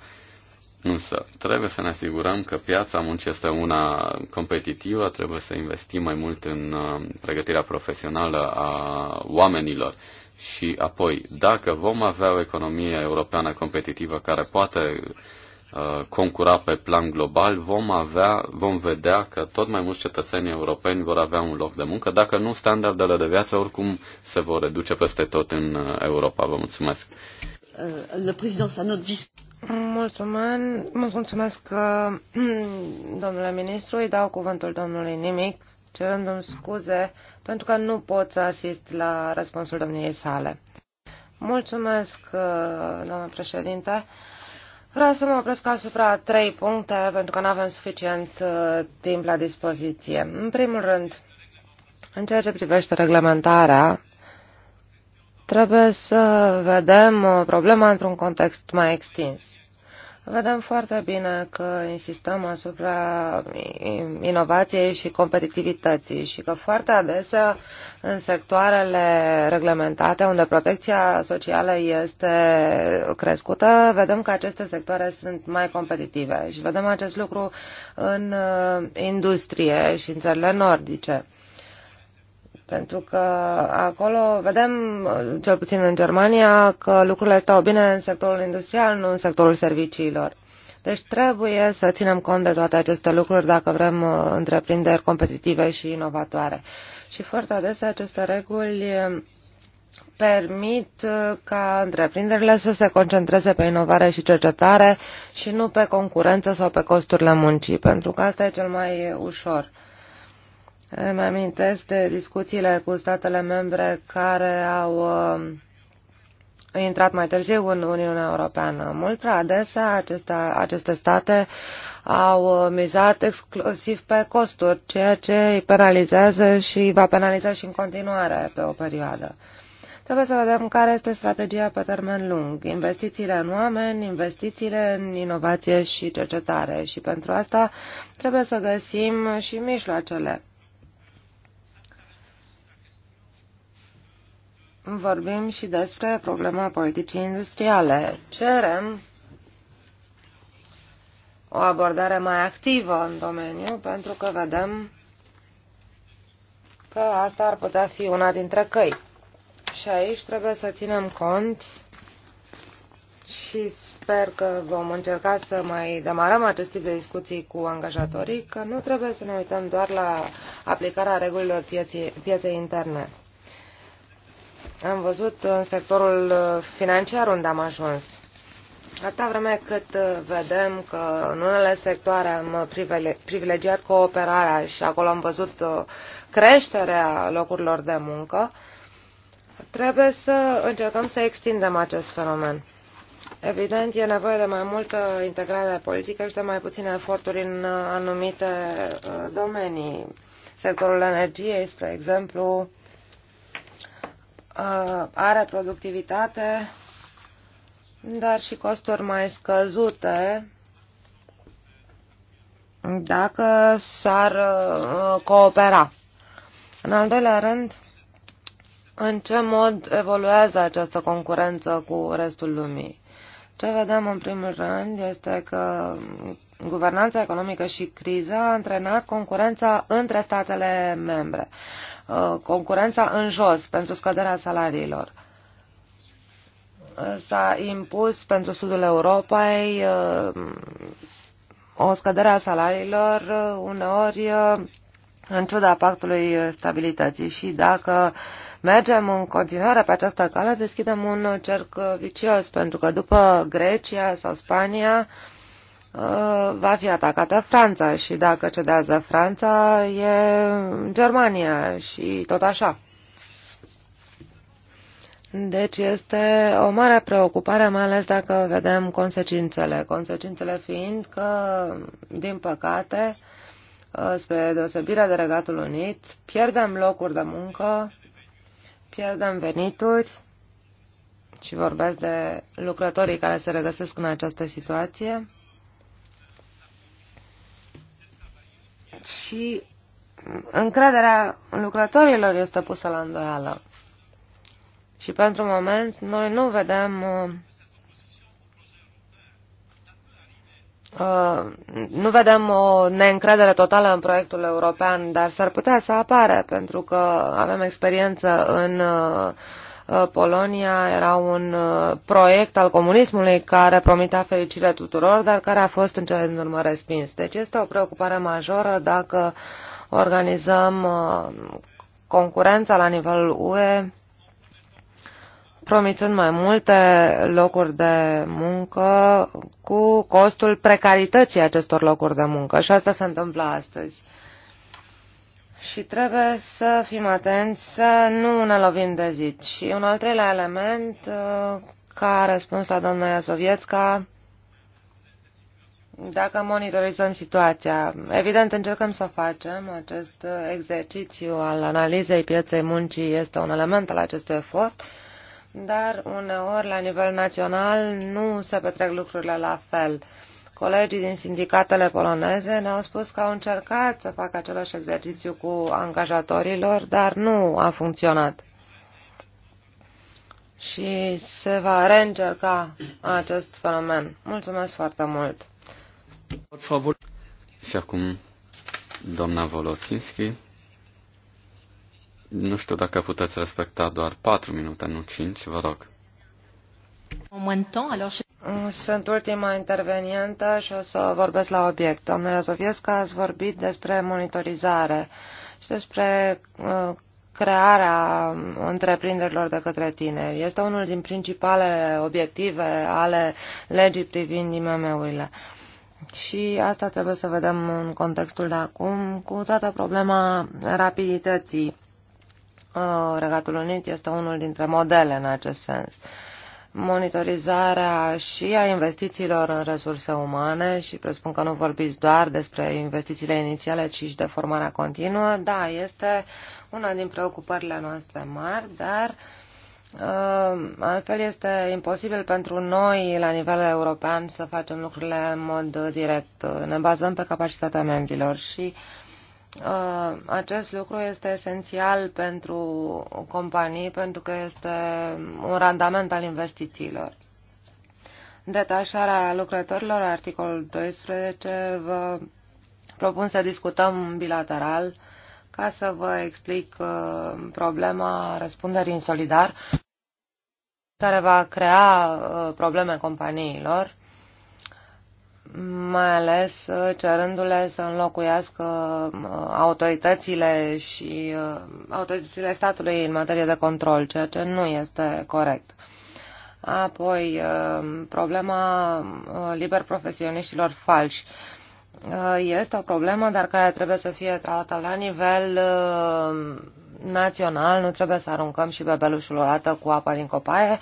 Însă, trebuie să ne asigurăm că piața muncii este una competitivă, trebuie să investim mai mult în uh, pregătirea profesională a oamenilor. Și apoi, dacă vom avea o economie europeană competitivă care poate Uh, concura pe plan global, vom, avea, vom vedea că tot mai mulți cetățeni europeni vor avea un loc de muncă, dacă nu standardele de viață oricum se vor reduce peste tot în uh, Europa. Vă mulțumesc. Uh, le Mulțumesc, mulțumesc [clears throat] domnule ministru. Îi dau cuvântul domnului Nimic, cerându-mi scuze pentru că nu pot să asist la răspunsul domniei sale. Mulțumesc, doamnă președinte. Vreau să mă opresc asupra trei puncte, pentru că nu avem suficient uh, timp la dispoziție. În primul rând, în ceea ce privește reglementarea, trebuie să vedem uh, problema într-un context mai extins. Vedem foarte bine că insistăm asupra inovației și competitivității și că foarte adesea în sectoarele reglementate unde protecția socială este crescută, vedem că aceste sectoare sunt mai competitive și vedem acest lucru în uh, industrie și în țările nordice. Pentru că acolo vedem, cel puțin în Germania, că lucrurile stau bine în sectorul industrial, nu în sectorul serviciilor. Deci trebuie să ținem cont de toate aceste lucruri dacă vrem uh, întreprinderi competitive și inovatoare. Și foarte adesea aceste reguli uh, permit uh, ca întreprinderile să se concentreze pe inovare și cercetare și nu pe concurență sau pe costurile muncii, pentru că asta e cel mai ușor. Îmi amintesc de discuțiile cu statele membre care au uh, intrat mai târziu în Uniunea Europeană. Mult prea adesea aceste, aceste state au uh, mizat exclusiv pe costuri, ceea ce îi penalizează și va penaliza și în continuare pe o perioadă. Trebuie să vedem care este strategia pe termen lung, investițiile în oameni, investițiile în inovație și cercetare și pentru asta trebuie să găsim și mijloacele. vorbim și despre problema politicii industriale. Cerem o abordare mai activă în domeniu pentru că vedem că asta ar putea fi una dintre căi. Și aici trebuie să ținem cont și sper că vom încerca să mai demarăm acest tip de discuții cu angajatorii, că nu trebuie să ne uităm doar la aplicarea regulilor pieței, pieței interne. Am văzut în sectorul uh, financiar unde am ajuns. Atâta vreme cât uh, vedem că în unele sectoare am privilegiat cooperarea și acolo am văzut uh, creșterea locurilor de muncă, trebuie să încercăm să extindem acest fenomen. Evident, e nevoie de mai multă integrare politică și de mai puține eforturi în anumite domenii. Sectorul energiei, spre exemplu, Uh, are productivitate, dar și costuri mai scăzute dacă s-ar uh, coopera. În al doilea rând, în ce mod evoluează această concurență cu restul lumii? Ce vedem în primul rând este că guvernanța economică și criza a antrenat concurența între statele membre. Uh, concurența în jos pentru scăderea salariilor. S-a impus pentru sudul Europei uh, o scădere a salariilor uh, uneori în ciuda pactului stabilității și dacă mergem în continuare pe această cale, deschidem un cerc vicios, pentru că după Grecia sau Spania, Uh, va fi atacată Franța și dacă cedează Franța e Germania și tot așa. Deci este o mare preocupare, mai ales dacă vedem consecințele. Consecințele fiind că, din păcate, uh, spre deosebire de Regatul Unit, pierdem locuri de muncă, pierdem venituri și vorbesc de lucrătorii care se regăsesc în această situație și încrederea în lucrătorilor este pusă la îndoială. Și pentru moment noi nu vedem uh, uh, nu vedem o neîncredere totală în proiectul european, dar s-ar putea să apare, pentru că avem experiență în uh, Uh, Polonia era un uh, proiect al comunismului care promitea fericirea tuturor, dar care a fost în cele din urmă respins. Deci este o preocupare majoră dacă organizăm uh, concurența la nivelul UE, promițând mai multe locuri de muncă cu costul precarității acestor locuri de muncă. Și asta se întâmplă astăzi. Și trebuie să fim atenți să nu ne lovim de zid. Și un al treilea element, uh, ca răspuns la doamna Iasovietska, dacă monitorizăm situația, evident încercăm să o facem, acest exercițiu al analizei pieței muncii este un element al acestui efort, dar uneori la nivel național nu se petrec lucrurile la fel. Colegii din sindicatele poloneze ne-au spus că au încercat să facă același exercițiu cu angajatorilor, dar nu a funcționat. Și se va reîncerca acest fenomen. Mulțumesc foarte mult! Și acum, doamna Volosinski, nu știu dacă puteți respecta doar 4 minute, nu 5, vă rog. Sunt ultima intervenientă și o să vorbesc la obiect. Doamna Iazoviesca, ați vorbit despre monitorizare și despre uh, crearea întreprinderilor de către tineri. Este unul din principalele obiective ale legii privind IMM-urile. Și asta trebuie să vedem în contextul de acum, cu toată problema rapidității. Uh, Regatul Unit este unul dintre modele în acest sens. Uh, monitorizarea și a investițiilor în resurse umane și presupun că nu vorbiți doar despre investițiile inițiale, ci și de formarea continuă. Da, este una din preocupările noastre mari, dar uh, altfel este imposibil pentru noi la nivel european să facem lucrurile în mod direct. Ne bazăm pe capacitatea membrilor și uh, Uh, acest lucru este esențial pentru companii pentru că este un randament al investițiilor. Detașarea lucrătorilor, articolul 12, vă propun să discutăm bilateral ca să vă explic uh, problema răspunderii în solidar care va crea uh, probleme companiilor mai ales uh, cerându-le să înlocuiască uh, autoritățile și uh, autoritățile statului în materie de control, ceea ce nu este corect. Apoi, problema liber profesioniștilor falși. Este o problemă, dar care trebuie să fie tratată la nivel național, nu trebuie să aruncăm și bebelușul odată cu apa din copaie,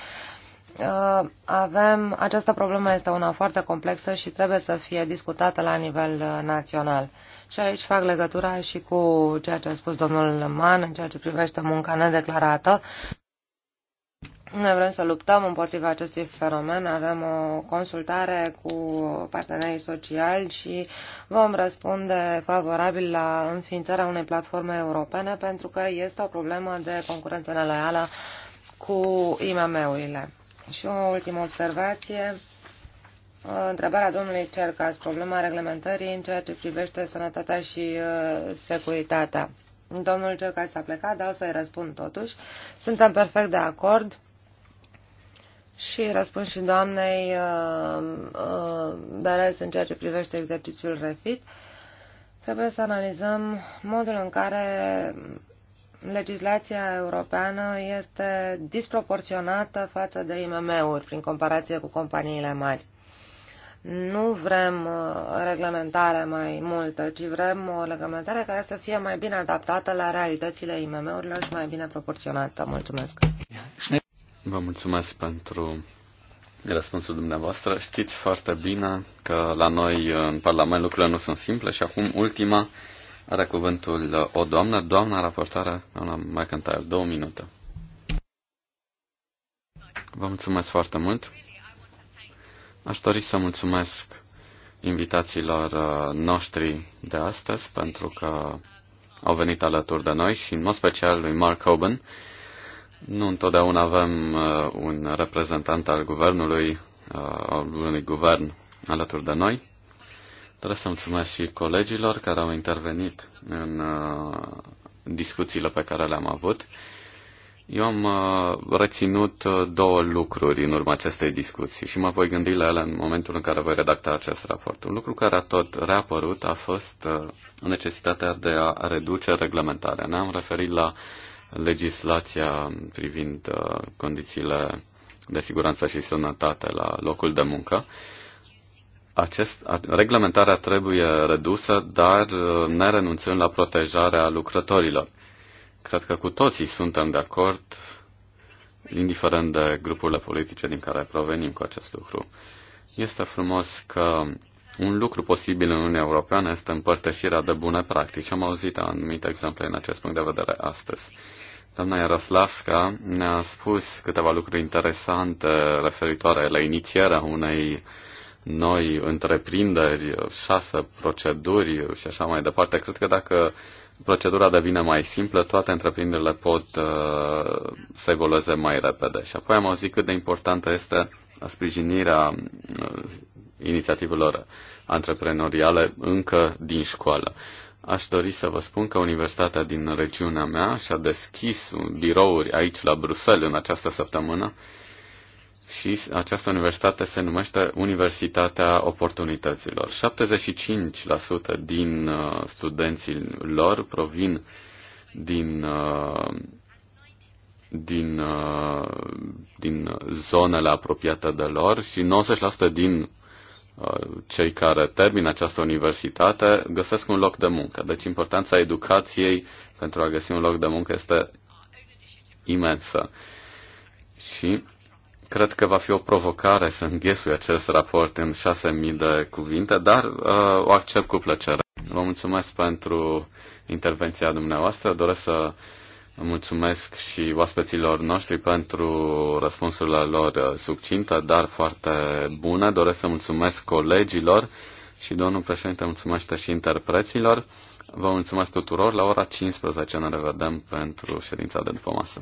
Uh, avem, această problemă este una foarte complexă și trebuie să fie discutată la nivel uh, național. Și aici fac legătura și cu ceea ce a spus domnul Man în ceea ce privește munca nedeclarată. Noi vrem să luptăm împotriva acestui fenomen, avem o consultare cu partenerii sociali și vom răspunde favorabil la înființarea unei platforme europene pentru că este o problemă de concurență neloială cu IMM-urile. Și o ultimă observație. Uh, întrebarea domnului Cercas, problema reglementării în ceea ce privește sănătatea și uh, securitatea. Domnul Cercas a plecat, dar o să-i răspund totuși. Suntem perfect de acord. Și răspund și doamnei uh, uh, Beres în ceea ce privește exercițiul refit. Trebuie să analizăm modul în care legislația europeană este disproporționată față de IMM-uri prin comparație cu companiile mari. Nu vrem uh, reglementare mai multă, ci vrem o reglementare care să fie mai bine adaptată la realitățile IMM-urilor și mai bine proporționată. Mulțumesc! Vă mulțumesc pentru răspunsul dumneavoastră. Știți foarte bine că la noi în Parlament lucrurile nu sunt simple și acum ultima are cuvântul uh, o doamnă, doamna raportară, doamna McIntyre, două minute. Vă mulțumesc foarte mult. Aș dori să mulțumesc invitațiilor uh, noștri de astăzi pentru că au venit alături de noi și în mod special lui Mark Hoban. Nu întotdeauna avem uh, un reprezentant al guvernului, al unui guvern alături de noi. Trebuie să mulțumesc și colegilor care au intervenit în uh, discuțiile pe care le-am avut. Eu am uh, reținut uh, două lucruri în urma acestei discuții și mă voi gândi la ele în momentul în care voi redacta acest raport. Un lucru care a tot reapărut a fost necesitatea de a reduce reglementarea. Ne-am referit la legislația privind condițiile de siguranță și sănătate la locul de muncă acest, reglementarea trebuie redusă, dar uh, ne renunțăm la protejarea lucrătorilor. Cred că cu toții suntem de acord, indiferent de grupurile politice din care provenim cu acest lucru. Este frumos că un lucru posibil în Uniunea Europeană este împărtășirea de bune practici. Am auzit anumite exemple în acest punct de vedere astăzi. Doamna Iaroslavska ne-a spus câteva lucruri interesante referitoare la inițierea unei uh, noi întreprinderi, șase proceduri și așa mai departe. Cred că dacă procedura devine mai simplă, toate întreprinderile pot uh, să evolueze mai repede. Și apoi am auzit cât de importantă este sprijinirea uh, inițiativelor antreprenoriale încă din școală. Aș dori să vă spun că Universitatea din regiunea mea și-a deschis birouri aici la Bruxelles în această săptămână uh, și această universitate se numește Universitatea Oportunităților. 75% din uh, studenții lor provin din, uh, din, uh, din zonele apropiate de lor și 90% din cei care termină această universitate găsesc un loc de muncă. Deci importanța educației pentru a găsi un loc de muncă este imensă. Și Cred că va fi o provocare să înghesui acest raport în 6.000 de cuvinte, dar uh, o accept cu plăcere. Vă mulțumesc pentru intervenția dumneavoastră. Doresc să mulțumesc și oaspeților noștri pentru răspunsurile lor uh, succinte, dar foarte bune. Doresc să mulțumesc colegilor și domnul președinte mulțumește și interpreților. Vă mulțumesc tuturor. La ora 15 ne revedem pentru ședința de după masă.